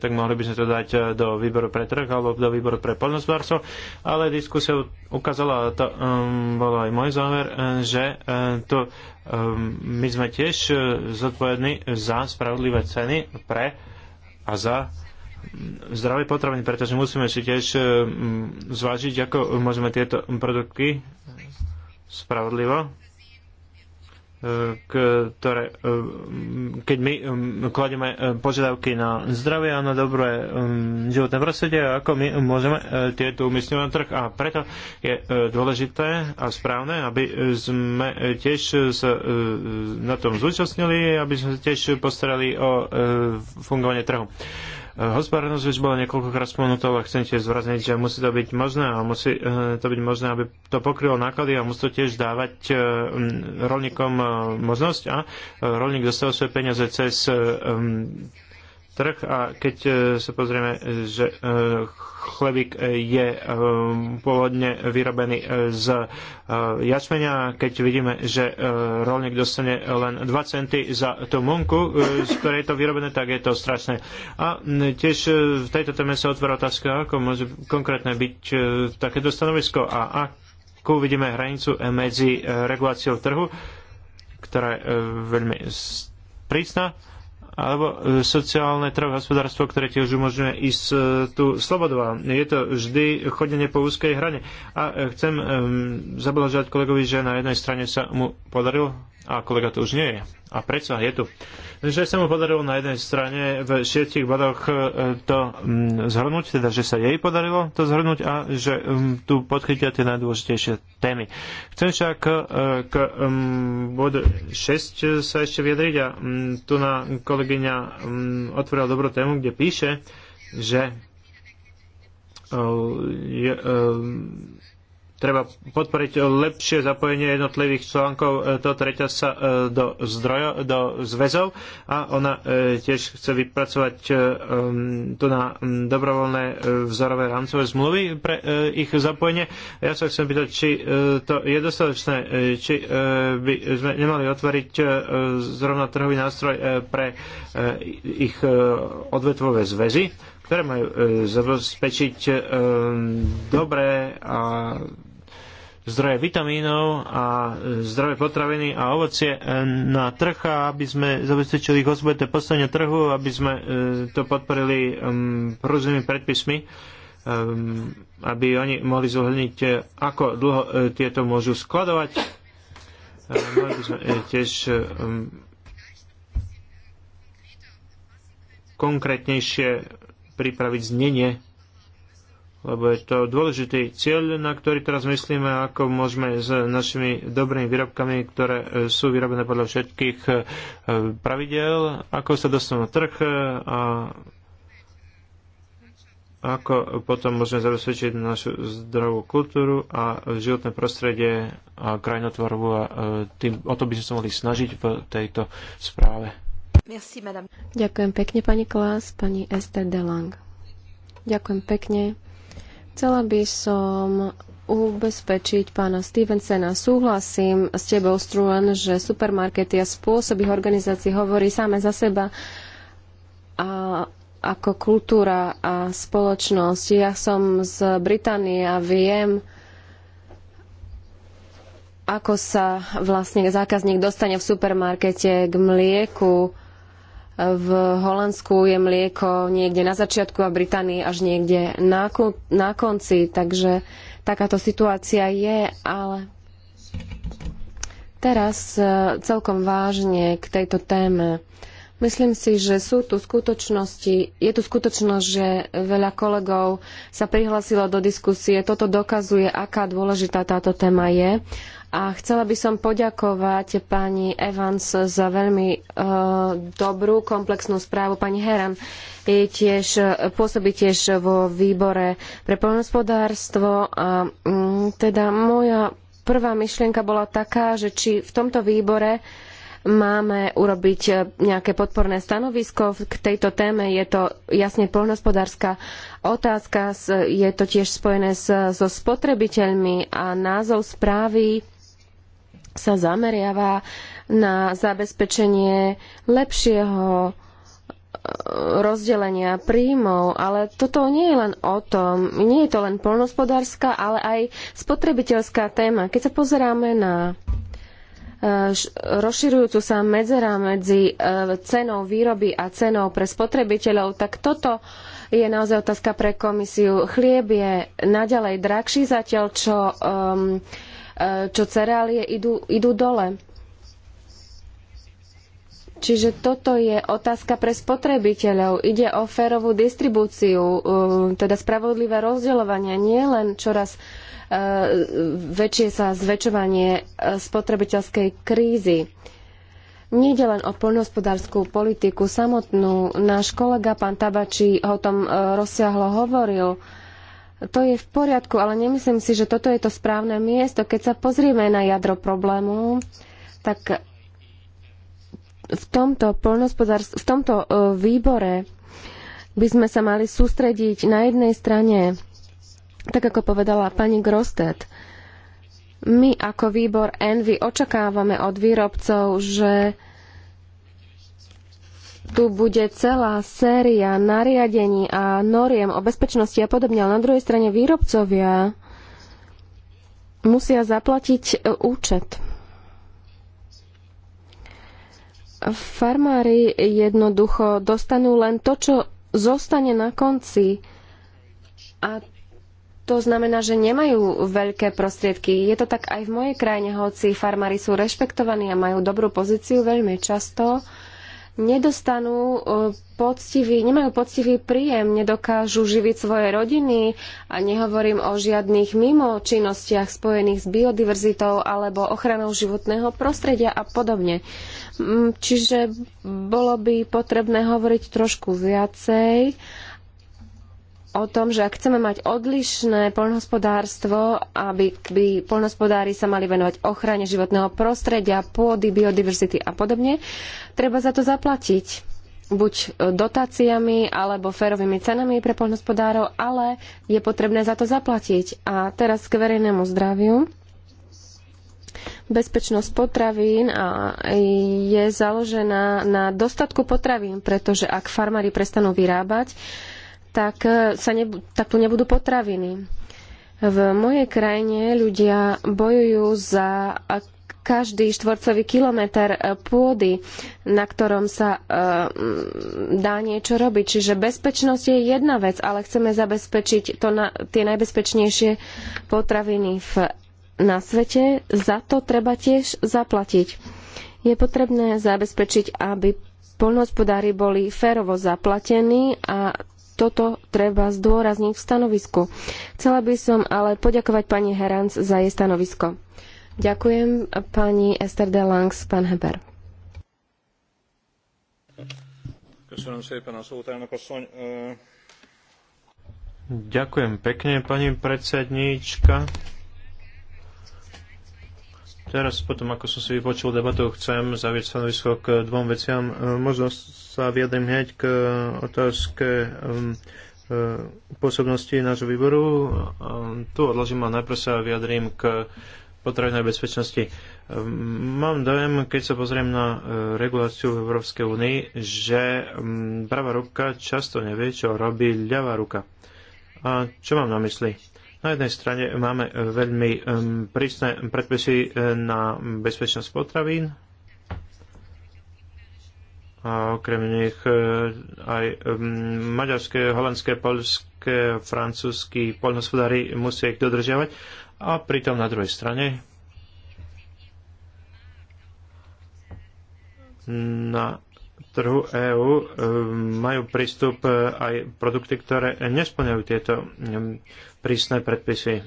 tak mohli by sme to dať do výboru pre trh alebo do výboru pre poľnohospodárstvo. Ale diskusia ukázala, a to bol aj môj záver, že to Ehm, my sme tiež e, zodpovední za spravodlivé ceny pre a za mm, zdravé potraviny, pretože musíme si tiež e, zvážiť, ako môžeme tieto produkty spravodlivo ktoré, e, keď my e, kladieme e, požiadavky na zdravie a na dobré životné prostredie, ako my môžeme tieto umiestňovať na trh. A preto je dôležité a správne, aby sme tiež sa na tom zúčastnili, aby sme tiež postarali o fungovanie trhu. Hospodárnosť už bola niekoľkokrát spomenutá, ale chcem tiež zvrazniť, že musí to byť možné a musí eh, to byť možné, aby to pokrylo náklady a musí to tiež dávať eh, rolníkom eh, možnosť a rolník dostal svoje peniaze cez trh a keď e, sa pozrieme, e, že e, chlebík je pôvodne vyrobený z jačmenia, keď vidíme, že rolník dostane len 2 centy za tú munku, z ktorej je to vyrobené, tak je to strašné. A tiež v tejto téme sa otvára otázka, ako môže konkrétne byť takéto stanovisko a akú vidíme hranicu medzi reguláciou trhu, ktorá je veľmi prísna alebo e, sociálne trhohospodárstvo, ktoré tiež umožňuje ísť e, tú slobodu. A je to vždy chodenie po úzkej hrane. A e, chcem um, zablažať kolegovi, že na jednej strane sa mu podarilo, a kolega to už nie je. A predsa je tu že sa mu podarilo na jednej strane v šiestich bodoch e, to mm, zhrnúť, teda že sa jej podarilo to zhrnúť a že mm, tu podchytia tie najdôležitejšie témy. Chcem však e, k mm, bodu 6 sa ešte vyjadriť a tu na kolegyňa otvorila dobrú tému, kde píše, že e, je treba podporiť lepšie zapojenie jednotlivých článkov tohto e, treťasa e, do zdrojo, do zväzov a ona e, tiež chce vypracovať tu na dobrovoľné vzorové rámcové zmluvy pre ich zapojenie. Ja sa chcem pýtať, či to je dostatočné, či by sme nemali otvoriť zrovna trhový nástroj pre ich odvetvové zväzy, ktoré majú zabezpečiť dobré a zdroje vitamínov a e, zdravé potraviny a ovocie e, na trh a aby sme zabezpečili ich osobité postavenie trhu, aby sme e, to podporili rôznymi predpismi, aby oni mohli zohľadniť, ako dlho tieto môžu skladovať. Mali by sme tiež konkrétnejšie pripraviť znenie lebo je to dôležitý cieľ, na ktorý teraz myslíme, ako môžeme s našimi dobrými výrobkami, ktoré e, sú vyrobené podľa všetkých e, pravidel, ako sa dostanú na trh e, a ako potom môžeme zabezpečiť našu zdravú kultúru a životné prostredie a krajinotvorbu a tým, o to by sme sa mohli snažiť v tejto správe. Merci, Ďakujem pekne, pani Klás, pani Esther Delang. Ďakujem pekne. Chcela by som ubezpečiť pána Stevensena. Súhlasím s tebou, Struan, že supermarkety a spôsoby organizácií hovorí same za seba a ako kultúra a spoločnosť. Ja som z Británie a viem, ako sa vlastne zákazník dostane v supermarkete k mlieku, v Holandsku je mlieko niekde na začiatku a Británii až niekde na, na konci, takže takáto situácia je, ale teraz e, celkom vážne k tejto téme. Myslím si, že sú tu skutočnosti, je tu skutočnosť, že veľa kolegov sa prihlásilo do diskusie. Toto dokazuje, aká dôležitá táto téma je. A chcela by som poďakovať pani Evans za veľmi e, dobrú komplexnú správu. Pani Heran je tiež, pôsobí tiež vo výbore pre poľnohospodárstvo a mm, teda moja prvá myšlienka bola taká, že či v tomto výbore máme urobiť nejaké podporné stanovisko k tejto téme. Je to jasne poľnohospodárska otázka, je to tiež spojené so spotrebiteľmi a názov správy sa zameriava na zabezpečenie lepšieho eh, rozdelenia príjmov, ale toto nie je len o tom, nie je to len polnospodárska, ale aj spotrebiteľská téma. Keď sa pozeráme na eh, rozširujúcu sa medzera medzi eh, cenou výroby a cenou pre spotrebiteľov, tak toto je naozaj otázka pre komisiu. Chlieb je naďalej drahší, zatiaľ čo um, Eh, čo cereálie idú, idú dole. Čiže toto je otázka pre spotrebiteľov. Ide o férovú distribúciu, eh, teda spravodlivé rozdeľovanie, nie len čoraz eh, väčšie sa zväčšovanie spotrebiteľskej krízy. Nejde len o poľnohospodárskú politiku samotnú. Náš kolega pán Tabači o tom rozsiahlo hovoril. Uh, to je v poriadku, ale nemyslím si, že toto je to správne miesto. Keď sa pozrieme na jadro problému, tak v tomto, v tomto e, výbore by sme sa mali sústrediť na jednej strane, tak ako povedala pani Grostet, my ako výbor Envy očakávame od výrobcov, že tu bude celá séria nariadení a noriem o bezpečnosti a podobne, ale na druhej strane výrobcovia musia zaplatiť e, účet. Farmári jednoducho dostanú len to, čo zostane na konci. A to znamená, že nemajú veľké prostriedky. Je to tak aj v mojej krajine, hoci farmári sú rešpektovaní a majú dobrú pozíciu veľmi často nedostanú e, poctivý, nemajú poctivý príjem, nedokážu živiť svoje rodiny a nehovorím o žiadnych mimo činnostiach spojených s biodiverzitou alebo ochranou životného prostredia a podobne. Mm, čiže bolo by potrebné hovoriť trošku viacej o tom, že ak chceme mať odlišné poľnohospodárstvo, aby by poľnohospodári sa mali venovať ochrane životného prostredia, pôdy, biodiverzity a podobne, treba za to zaplatiť buď dotáciami alebo férovými cenami pre poľnohospodárov, ale je potrebné za to zaplatiť. A teraz k verejnému zdraviu. Bezpečnosť potravín je založená na dostatku potravín, pretože ak farmári prestanú vyrábať, tak, e, sa tak tu nebudú potraviny. V mojej krajine ľudia bojujú za e, každý štvorcový kilometr e, pôdy, na ktorom sa e, dá niečo robiť. Čiže bezpečnosť je jedna vec, ale chceme zabezpečiť to na, tie najbezpečnejšie potraviny v, na svete. Za to treba tiež zaplatiť. Je potrebné zabezpečiť, aby poľnohospodári boli férovo zaplatení a toto treba zdôrazniť v stanovisku. Chcela by som ale poďakovať pani Heranc za jej stanovisko. Ďakujem pani Esther de Langs, pán Heber. Ďakujem pekne, pani predsedníčka. Teraz potom, ako som si vypočul debatu, chcem zavieť stanovisko k dvom veciam. E, možno sa vyjadrím hneď k e, otázke e, pôsobnosti nášho výboru. Tu odložím a najprv sa vyjadrím k potravinovej bezpečnosti. Mám dojem, keď sa pozriem na reguláciu v Európskej únii, že pravá ruka často nevie, čo robí ľavá ruka. A čo mám na mysli? Na jednej strane máme veľmi prísne predpisy na bezpečnosť potravín, a okrem nich e, aj maďarské, holandské, polské, francúzskí poľnospodári musia ich dodržiavať. A pritom na druhej strane na trhu EÚ e, majú prístup e, aj produkty, ktoré nesplňajú tieto e, prísne predpisy.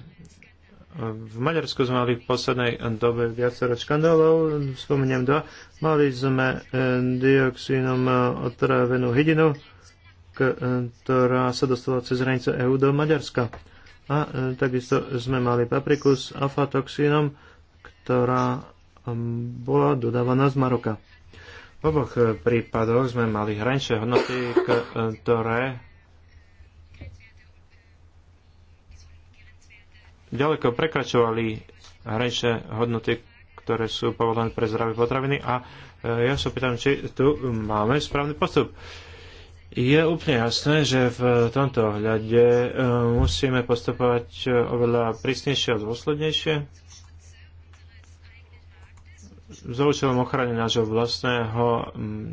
V Maďarsku sme mali v poslednej dobe viacero škandálov, spomeniem dva. Mali sme dioxínom otrávenú hydinu, ktorá sa dostala cez hranice EÚ do Maďarska. A takisto sme mali papriku s afatoxínom, ktorá bola dodávaná z Maroka. V oboch eh, prípadoch sme mali hraničné hodnoty, ktoré ďaleko prekračovali hraničné hodnoty, ktoré sú povolené pre zdravé potraviny a eh, ja sa pýtam, či tu máme správny postup. Je úplne jasné, že v tomto ohľade eh, musíme postupovať oveľa prísnejšie a dôslednejšie za účelom ochrany nášho vlastného mm,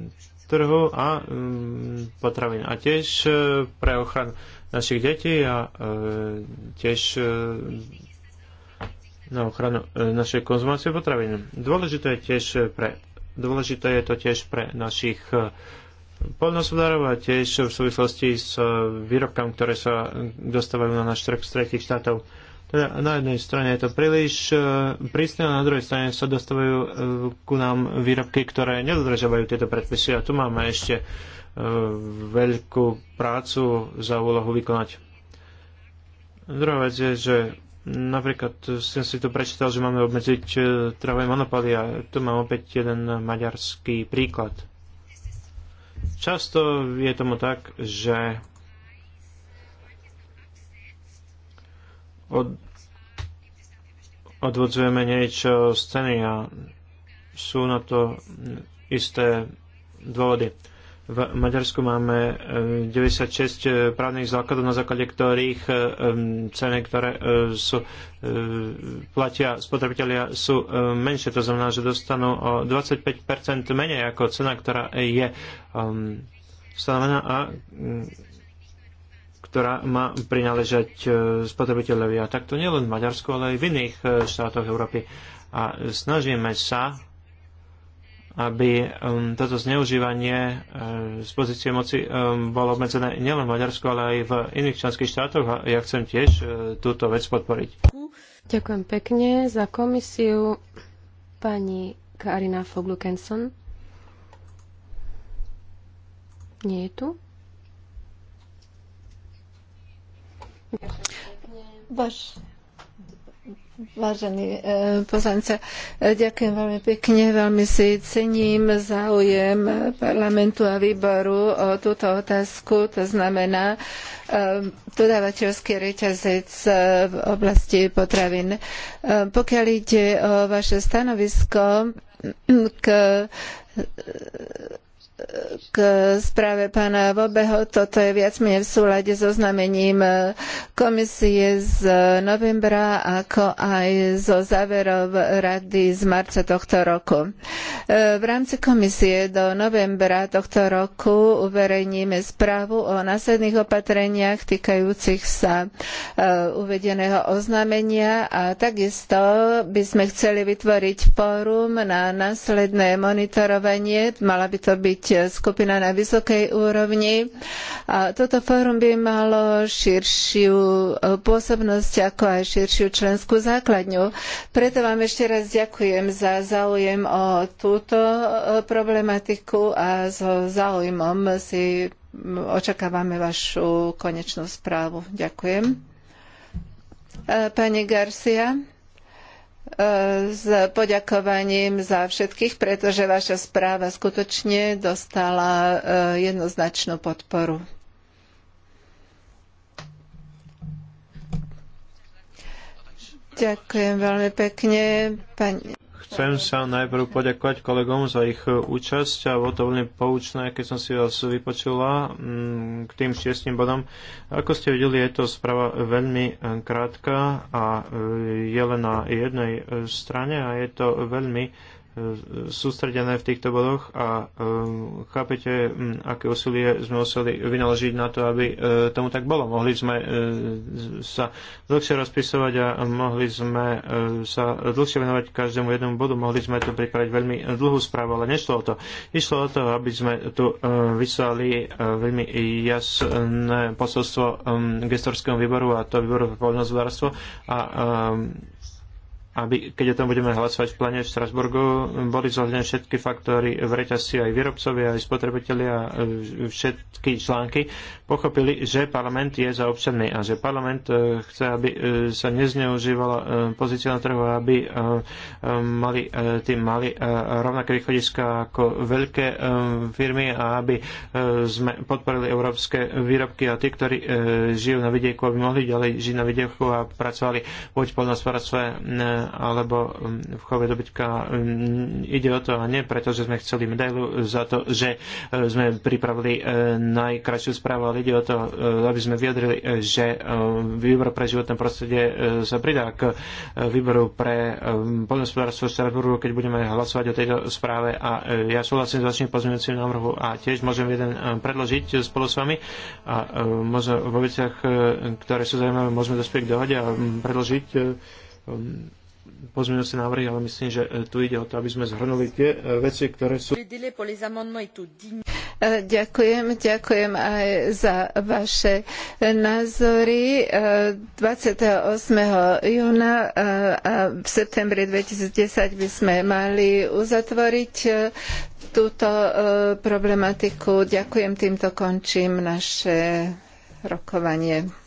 trhu a mm, potravín. A tiež e, pre ochranu našich detí a e, tiež e, na ochranu našej konzumácie potravín. Dôležité je, tiež pre, dôležité je to tiež pre našich poľnohospodárov a tiež v súvislosti s výrobkami, ktoré sa dostávajú na náš trh z tretich štátov. Teda na jednej strane je to príliš e, prísne a na druhej strane sa dostávajú e, ku nám výrobky, ktoré nedodržiavajú tieto predpisy a tu máme ešte e, veľkú prácu za úlohu vykonať. Druhá vec je, že napríklad som si to prečítal, že máme obmedziť trhové monopoly a tu mám opäť jeden maďarský príklad. Často je tomu tak, že od, odvodzujeme niečo z ceny a sú na to isté dôvody. V Maďarsku máme 96 eh, eh, právnych základov, na základe ktorých eh, ceny, ktoré sú, platia spotrebitelia, sú menšie. To znamená, že dostanú o 25 menej ako cena, ktorá je stanovená a mm, ktorá má prináležať e, spotrebiteľovi. A takto nielen v Maďarsku, ale aj v iných e, štátoch Európy. A snažíme sa, aby e, toto zneužívanie z pozície moci bolo obmedzené nielen v Maďarsku, ale aj v iných členských štátoch. A ja chcem tiež túto vec podporiť. Ďakujem pekne za komisiu pani Karina Foglukenson. Nie je tu. Váš, vážený e, poslance, e, ďakujem veľmi pekne, veľmi si cením záujem parlamentu a výboru o túto otázku, to znamená e, dodávateľský reťazec v oblasti potravín. Pokiaľ ide o vaše stanovisko k k správe pána Vobeho. Toto je viac menej v súlade so znamením komisie z novembra, ako aj zo záverov rady z marca tohto roku. V rámci komisie do novembra tohto roku uverejníme správu o následných opatreniach týkajúcich sa e, uvedeného oznámenia a takisto by sme chceli vytvoriť fórum na následné monitorovanie. Mala by to byť skupina na vysokej úrovni. A toto fórum by malo širšiu pôsobnosť, ako aj širšiu členskú základňu. Preto vám ešte raz ďakujem za záujem o túto problematiku a so záujmom si očakávame vašu konečnú správu. Ďakujem. Pani Garcia s poďakovaním za všetkých, pretože vaša správa skutočne dostala e, jednoznačnú podporu. Ďakujem veľmi pekne, pani. Chcem sa najprv poďakovať kolegom za ich e, účasť a bolo to veľmi poučné, keď som si vás vypočula mm, k tým šiestim bodom. Ako ste videli, je to správa veľmi e, krátka a e, je len na jednej strane a je to veľmi E, sústredené v týchto bodoch a e, chápete, aké úsilie sme museli vynaložiť na to, aby e, tomu tak bolo. Mohli sme sa dlhšie rozpisovať a mohli sme sa dlhšie venovať každému jednomu bodu, mohli sme tu pripraviť veľmi dlhú správu, ale nešlo o to. Išlo o to, aby sme tu vyslali veľmi jasné posolstvo gestorskému výboru a to výboru pre poľnohospodárstvo a aby, keď o tom budeme hlasovať v plane v Strasburgu, boli zohľadené všetky faktory v reťazci, aj výrobcovia, aj spotrebitelia, e, všetky články, pochopili, že parlament je za občanmi a že parlament e, chce, aby e, sa nezneužívala pozícia na trhu, aby mali, tým mali rovnaké východiska ako veľké firmy a aby sme podporili európske výrobky a tí, ktorí žijú na vidieku, aby mohli ďalej žiť na vidieku a pracovali buď v alebo um, v chove dobytka. Um, ide o to a nie preto, že sme chceli medailu za to, že uh, sme pripravili uh, najkrajšiu správu, ale ide o to, uh, aby sme vyjadrili, že výbor pre životné prostredie sa pridá k výboru pre um, poľnohospodárstvo Štrasburgu, keď budeme hlasovať o tejto správe a ja súhlasím s vašim pozmeňujúcim návrhu a tiež môžem jeden predložiť spolu s vami a možno vo veciach, ktoré sú zaujímavé, môžeme dospieť k dohode a predložiť pozmeňujúce návrhy, ale myslím, že e, tu ide o to, aby sme zhrnuli tie e, veci, ktoré sú. E, ďakujem, ďakujem aj za vaše názory. 28. júna a v septembri 2010 by sme mali uzatvoriť túto problematiku. Ďakujem, týmto končím naše rokovanie.